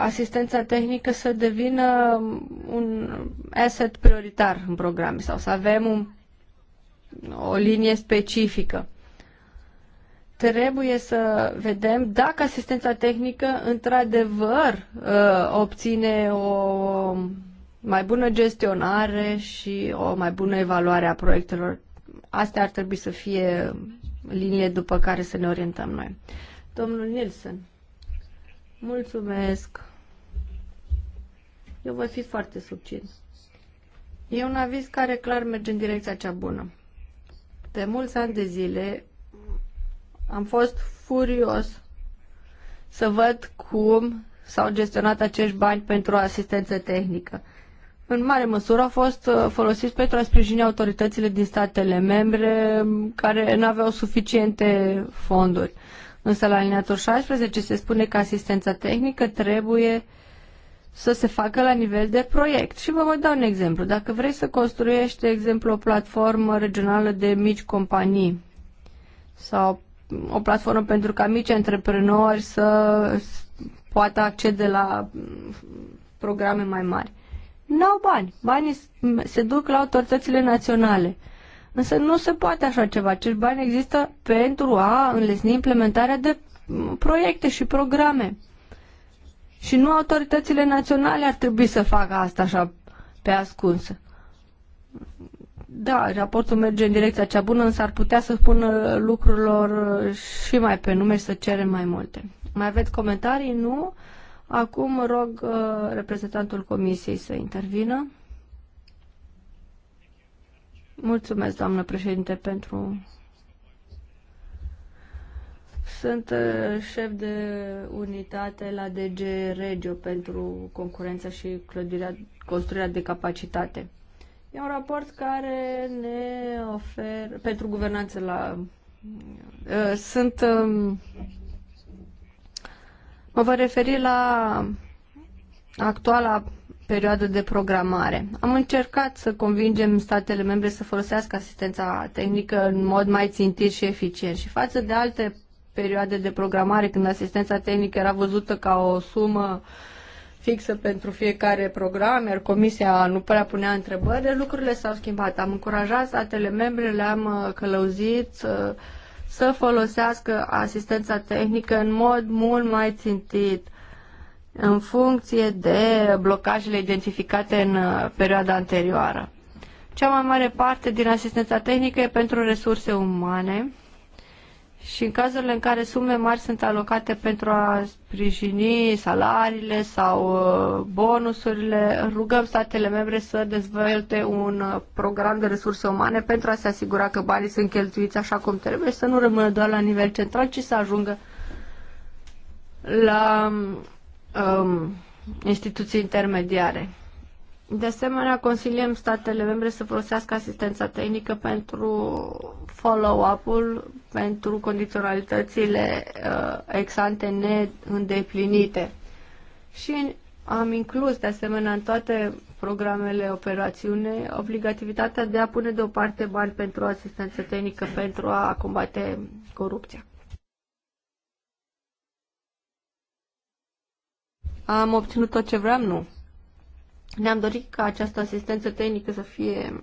asistența tehnică să devină un asset prioritar în programe sau să avem un, o linie specifică trebuie să vedem dacă asistența tehnică într-adevăr uh, obține o mai bună gestionare și o mai bună evaluare a proiectelor. Astea ar trebui să fie linie după care să ne orientăm noi. Domnul Nilsson, mulțumesc. Eu voi fi foarte subțin. E un aviz care clar merge în direcția cea bună. De mulți ani de zile, am fost furios să văd cum s-au gestionat acești bani pentru asistență tehnică. În mare măsură au fost uh, folosiți pentru a sprijini autoritățile din statele membre care nu aveau suficiente fonduri. Însă la alineatul 16 se spune că asistența tehnică trebuie să se facă la nivel de proiect. Și vă mai dau un exemplu. Dacă vrei să construiești, de exemplu, o platformă regională de mici companii sau o platformă pentru ca mici antreprenori să poată accede la programe mai mari. N-au bani. Banii se duc la autoritățile naționale. Însă nu se poate așa ceva. Acești bani există pentru a înlesni implementarea de proiecte și programe. Și nu autoritățile naționale ar trebui să facă asta așa pe ascunsă. Da, raportul merge în direcția cea bună, însă ar putea să pună lucrurilor uh, și mai pe nume și să cerem mai multe. Mai aveți comentarii? Nu? Acum rog uh, reprezentantul Comisiei să intervină. Mulțumesc, doamnă președinte, pentru... Sunt uh, șef de unitate la DG Regio pentru concurență și clădirea, construirea de capacitate. E un raport care ne oferă pentru guvernanță la uh, sunt uh, mă voi referi la actuala perioadă de programare. Am încercat să convingem statele membre să folosească asistența tehnică în mod mai țintit și eficient și față de alte perioade de programare când asistența tehnică era văzută ca o sumă uh, fixă pentru fiecare program, iar comisia nu prea punea întrebări, lucrurile s-au schimbat. Am încurajat statele membre, le-am uh, călăuzit uh, să folosească asistența tehnică în mod mult mai țintit în funcție de blocajele identificate în uh, perioada anterioară. Cea mai mare parte din asistența tehnică e pentru resurse umane, și în cazurile în care sume mari sunt alocate pentru a sprijini salariile sau uh, bonusurile, rugăm statele membre să dezvolte un uh, program de resurse umane pentru a se asigura că banii sunt cheltuiți așa cum trebuie, să nu rămână doar la nivel central, ci să ajungă la um, instituții intermediare. De asemenea, consiliem statele membre să folosească asistența tehnică pentru follow-up-ul, pentru condiționalitățile uh, exante neîndeplinite. Și am inclus, de asemenea, în toate programele operațiune obligativitatea de a pune deoparte bani pentru asistență tehnică pentru a combate corupția. Am obținut tot ce vreau? Nu. Ne-am dorit ca această asistență tehnică să fie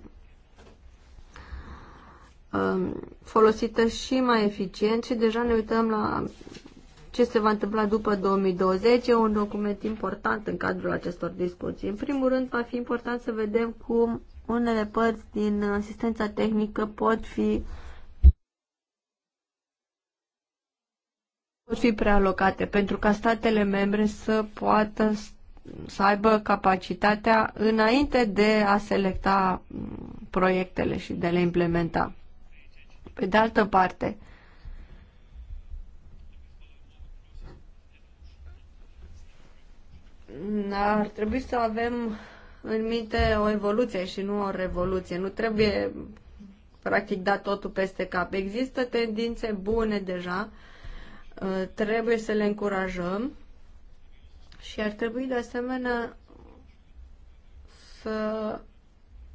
um, folosită și mai eficient și deja ne uităm la ce se va întâmpla după 2020. E un document important în cadrul acestor discuții. În primul rând, va fi important să vedem cum unele părți din asistența tehnică pot fi pot fi prealocate pentru ca statele membre să poată să aibă capacitatea înainte de a selecta mm, proiectele și de a le implementa. Pe de altă parte, ar trebui să avem în minte o evoluție și nu o revoluție. Nu trebuie practic dat totul peste cap. Există tendințe bune deja, trebuie să le încurajăm și ar trebui de asemenea să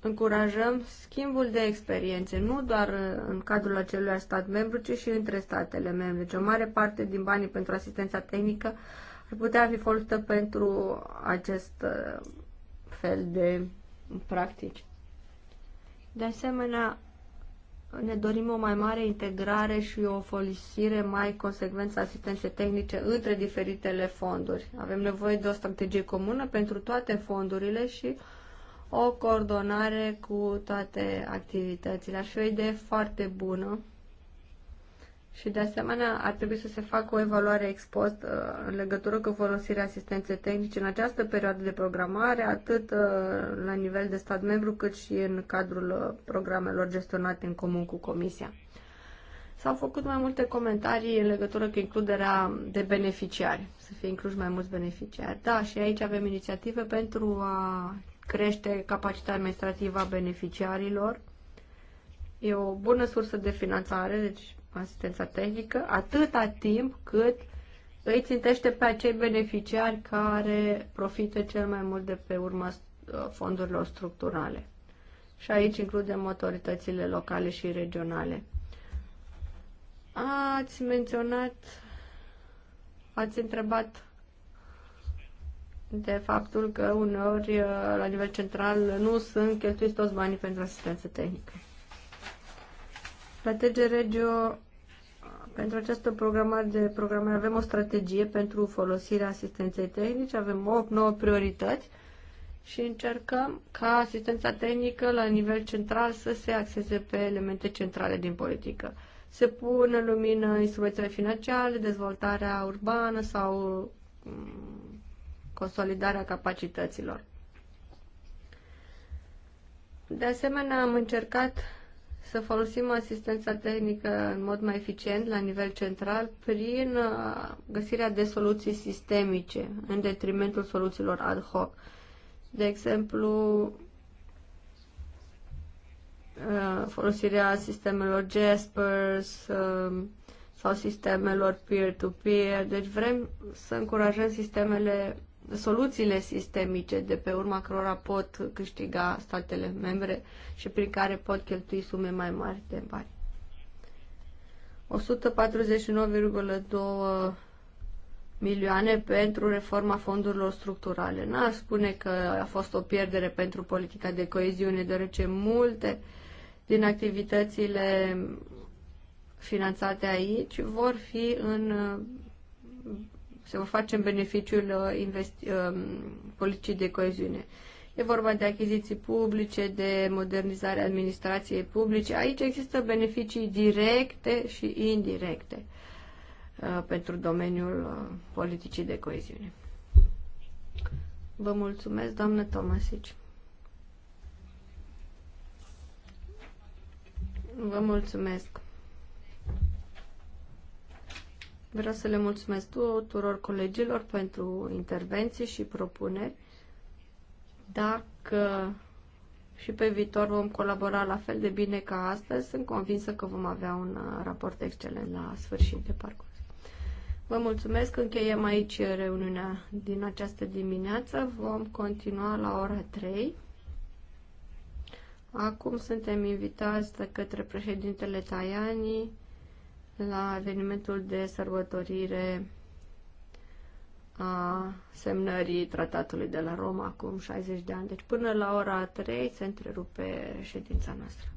încurajăm schimbul de experiențe, nu doar în cadrul acelui stat membru, ci și între statele membre. Deci o mare parte din banii pentru asistența tehnică ar putea fi folosită pentru acest uh, fel de practici. De asemenea, ne dorim o mai mare integrare și o folosire mai consecvență a asistenței tehnice între diferitele fonduri. Avem nevoie de o strategie comună pentru toate fondurile și o coordonare cu toate activitățile. Ar fi o idee foarte bună și de asemenea ar trebui să se facă o evaluare ex post uh, în legătură cu folosirea asistenței tehnice în această perioadă de programare, atât uh, la nivel de stat membru, cât și în cadrul uh, programelor gestionate în comun cu Comisia. S-au făcut mai multe comentarii în legătură cu includerea de beneficiari, să fie incluși mai mulți beneficiari. Da, și aici avem inițiative pentru a crește capacitatea administrativă a beneficiarilor. E o bună sursă de finanțare, deci asistența tehnică atâta timp cât îi țintește pe acei beneficiari care profită cel mai mult de pe urma uh, fondurilor structurale. Și aici includem autoritățile locale și regionale. Ați menționat, ați întrebat de faptul că uneori uh, la nivel central nu sunt cheltuiți toți banii pentru asistență tehnică. La TG Regio pentru această programare de programare avem o strategie pentru folosirea asistenței tehnice, avem 8-9 priorități și încercăm ca asistența tehnică la nivel central să se axeze pe elemente centrale din politică. Se pun în lumină instrumentele financiare, dezvoltarea urbană sau mm, consolidarea capacităților. De asemenea, am încercat să folosim asistența tehnică în mod mai eficient la nivel central prin uh, găsirea de soluții sistemice în detrimentul soluțiilor ad hoc. De exemplu, uh, folosirea sistemelor Jaspers uh, sau sistemelor peer-to-peer. -peer. Deci vrem să încurajăm sistemele soluțiile sistemice de pe urma cărora pot câștiga statele membre și prin care pot cheltui sume mai mari de bani. 149,2 milioane pentru reforma fondurilor structurale. N-ar spune că a fost o pierdere pentru politica de coeziune, deoarece multe din activitățile finanțate aici vor fi în se va face în beneficiul uh, um, politicii de coeziune. E vorba de achiziții publice, de modernizarea administrației publice. Aici există beneficii directe și indirecte uh, pentru domeniul uh, politicii de coeziune. Vă mulțumesc, doamnă Tomasici. Vă mulțumesc. Vreau să le mulțumesc tuturor colegilor pentru intervenții și propuneri. Dacă și pe viitor vom colabora la fel de bine ca astăzi, sunt convinsă că vom avea un uh, raport excelent la sfârșit de parcurs. Vă mulțumesc, încheiem aici reuniunea din această dimineață. Vom continua la ora 3. Acum suntem invitați către președintele Tajani la evenimentul de sărbătorire a semnării tratatului de la Roma acum 60 de ani. Deci până la ora 3 se întrerupe ședința noastră.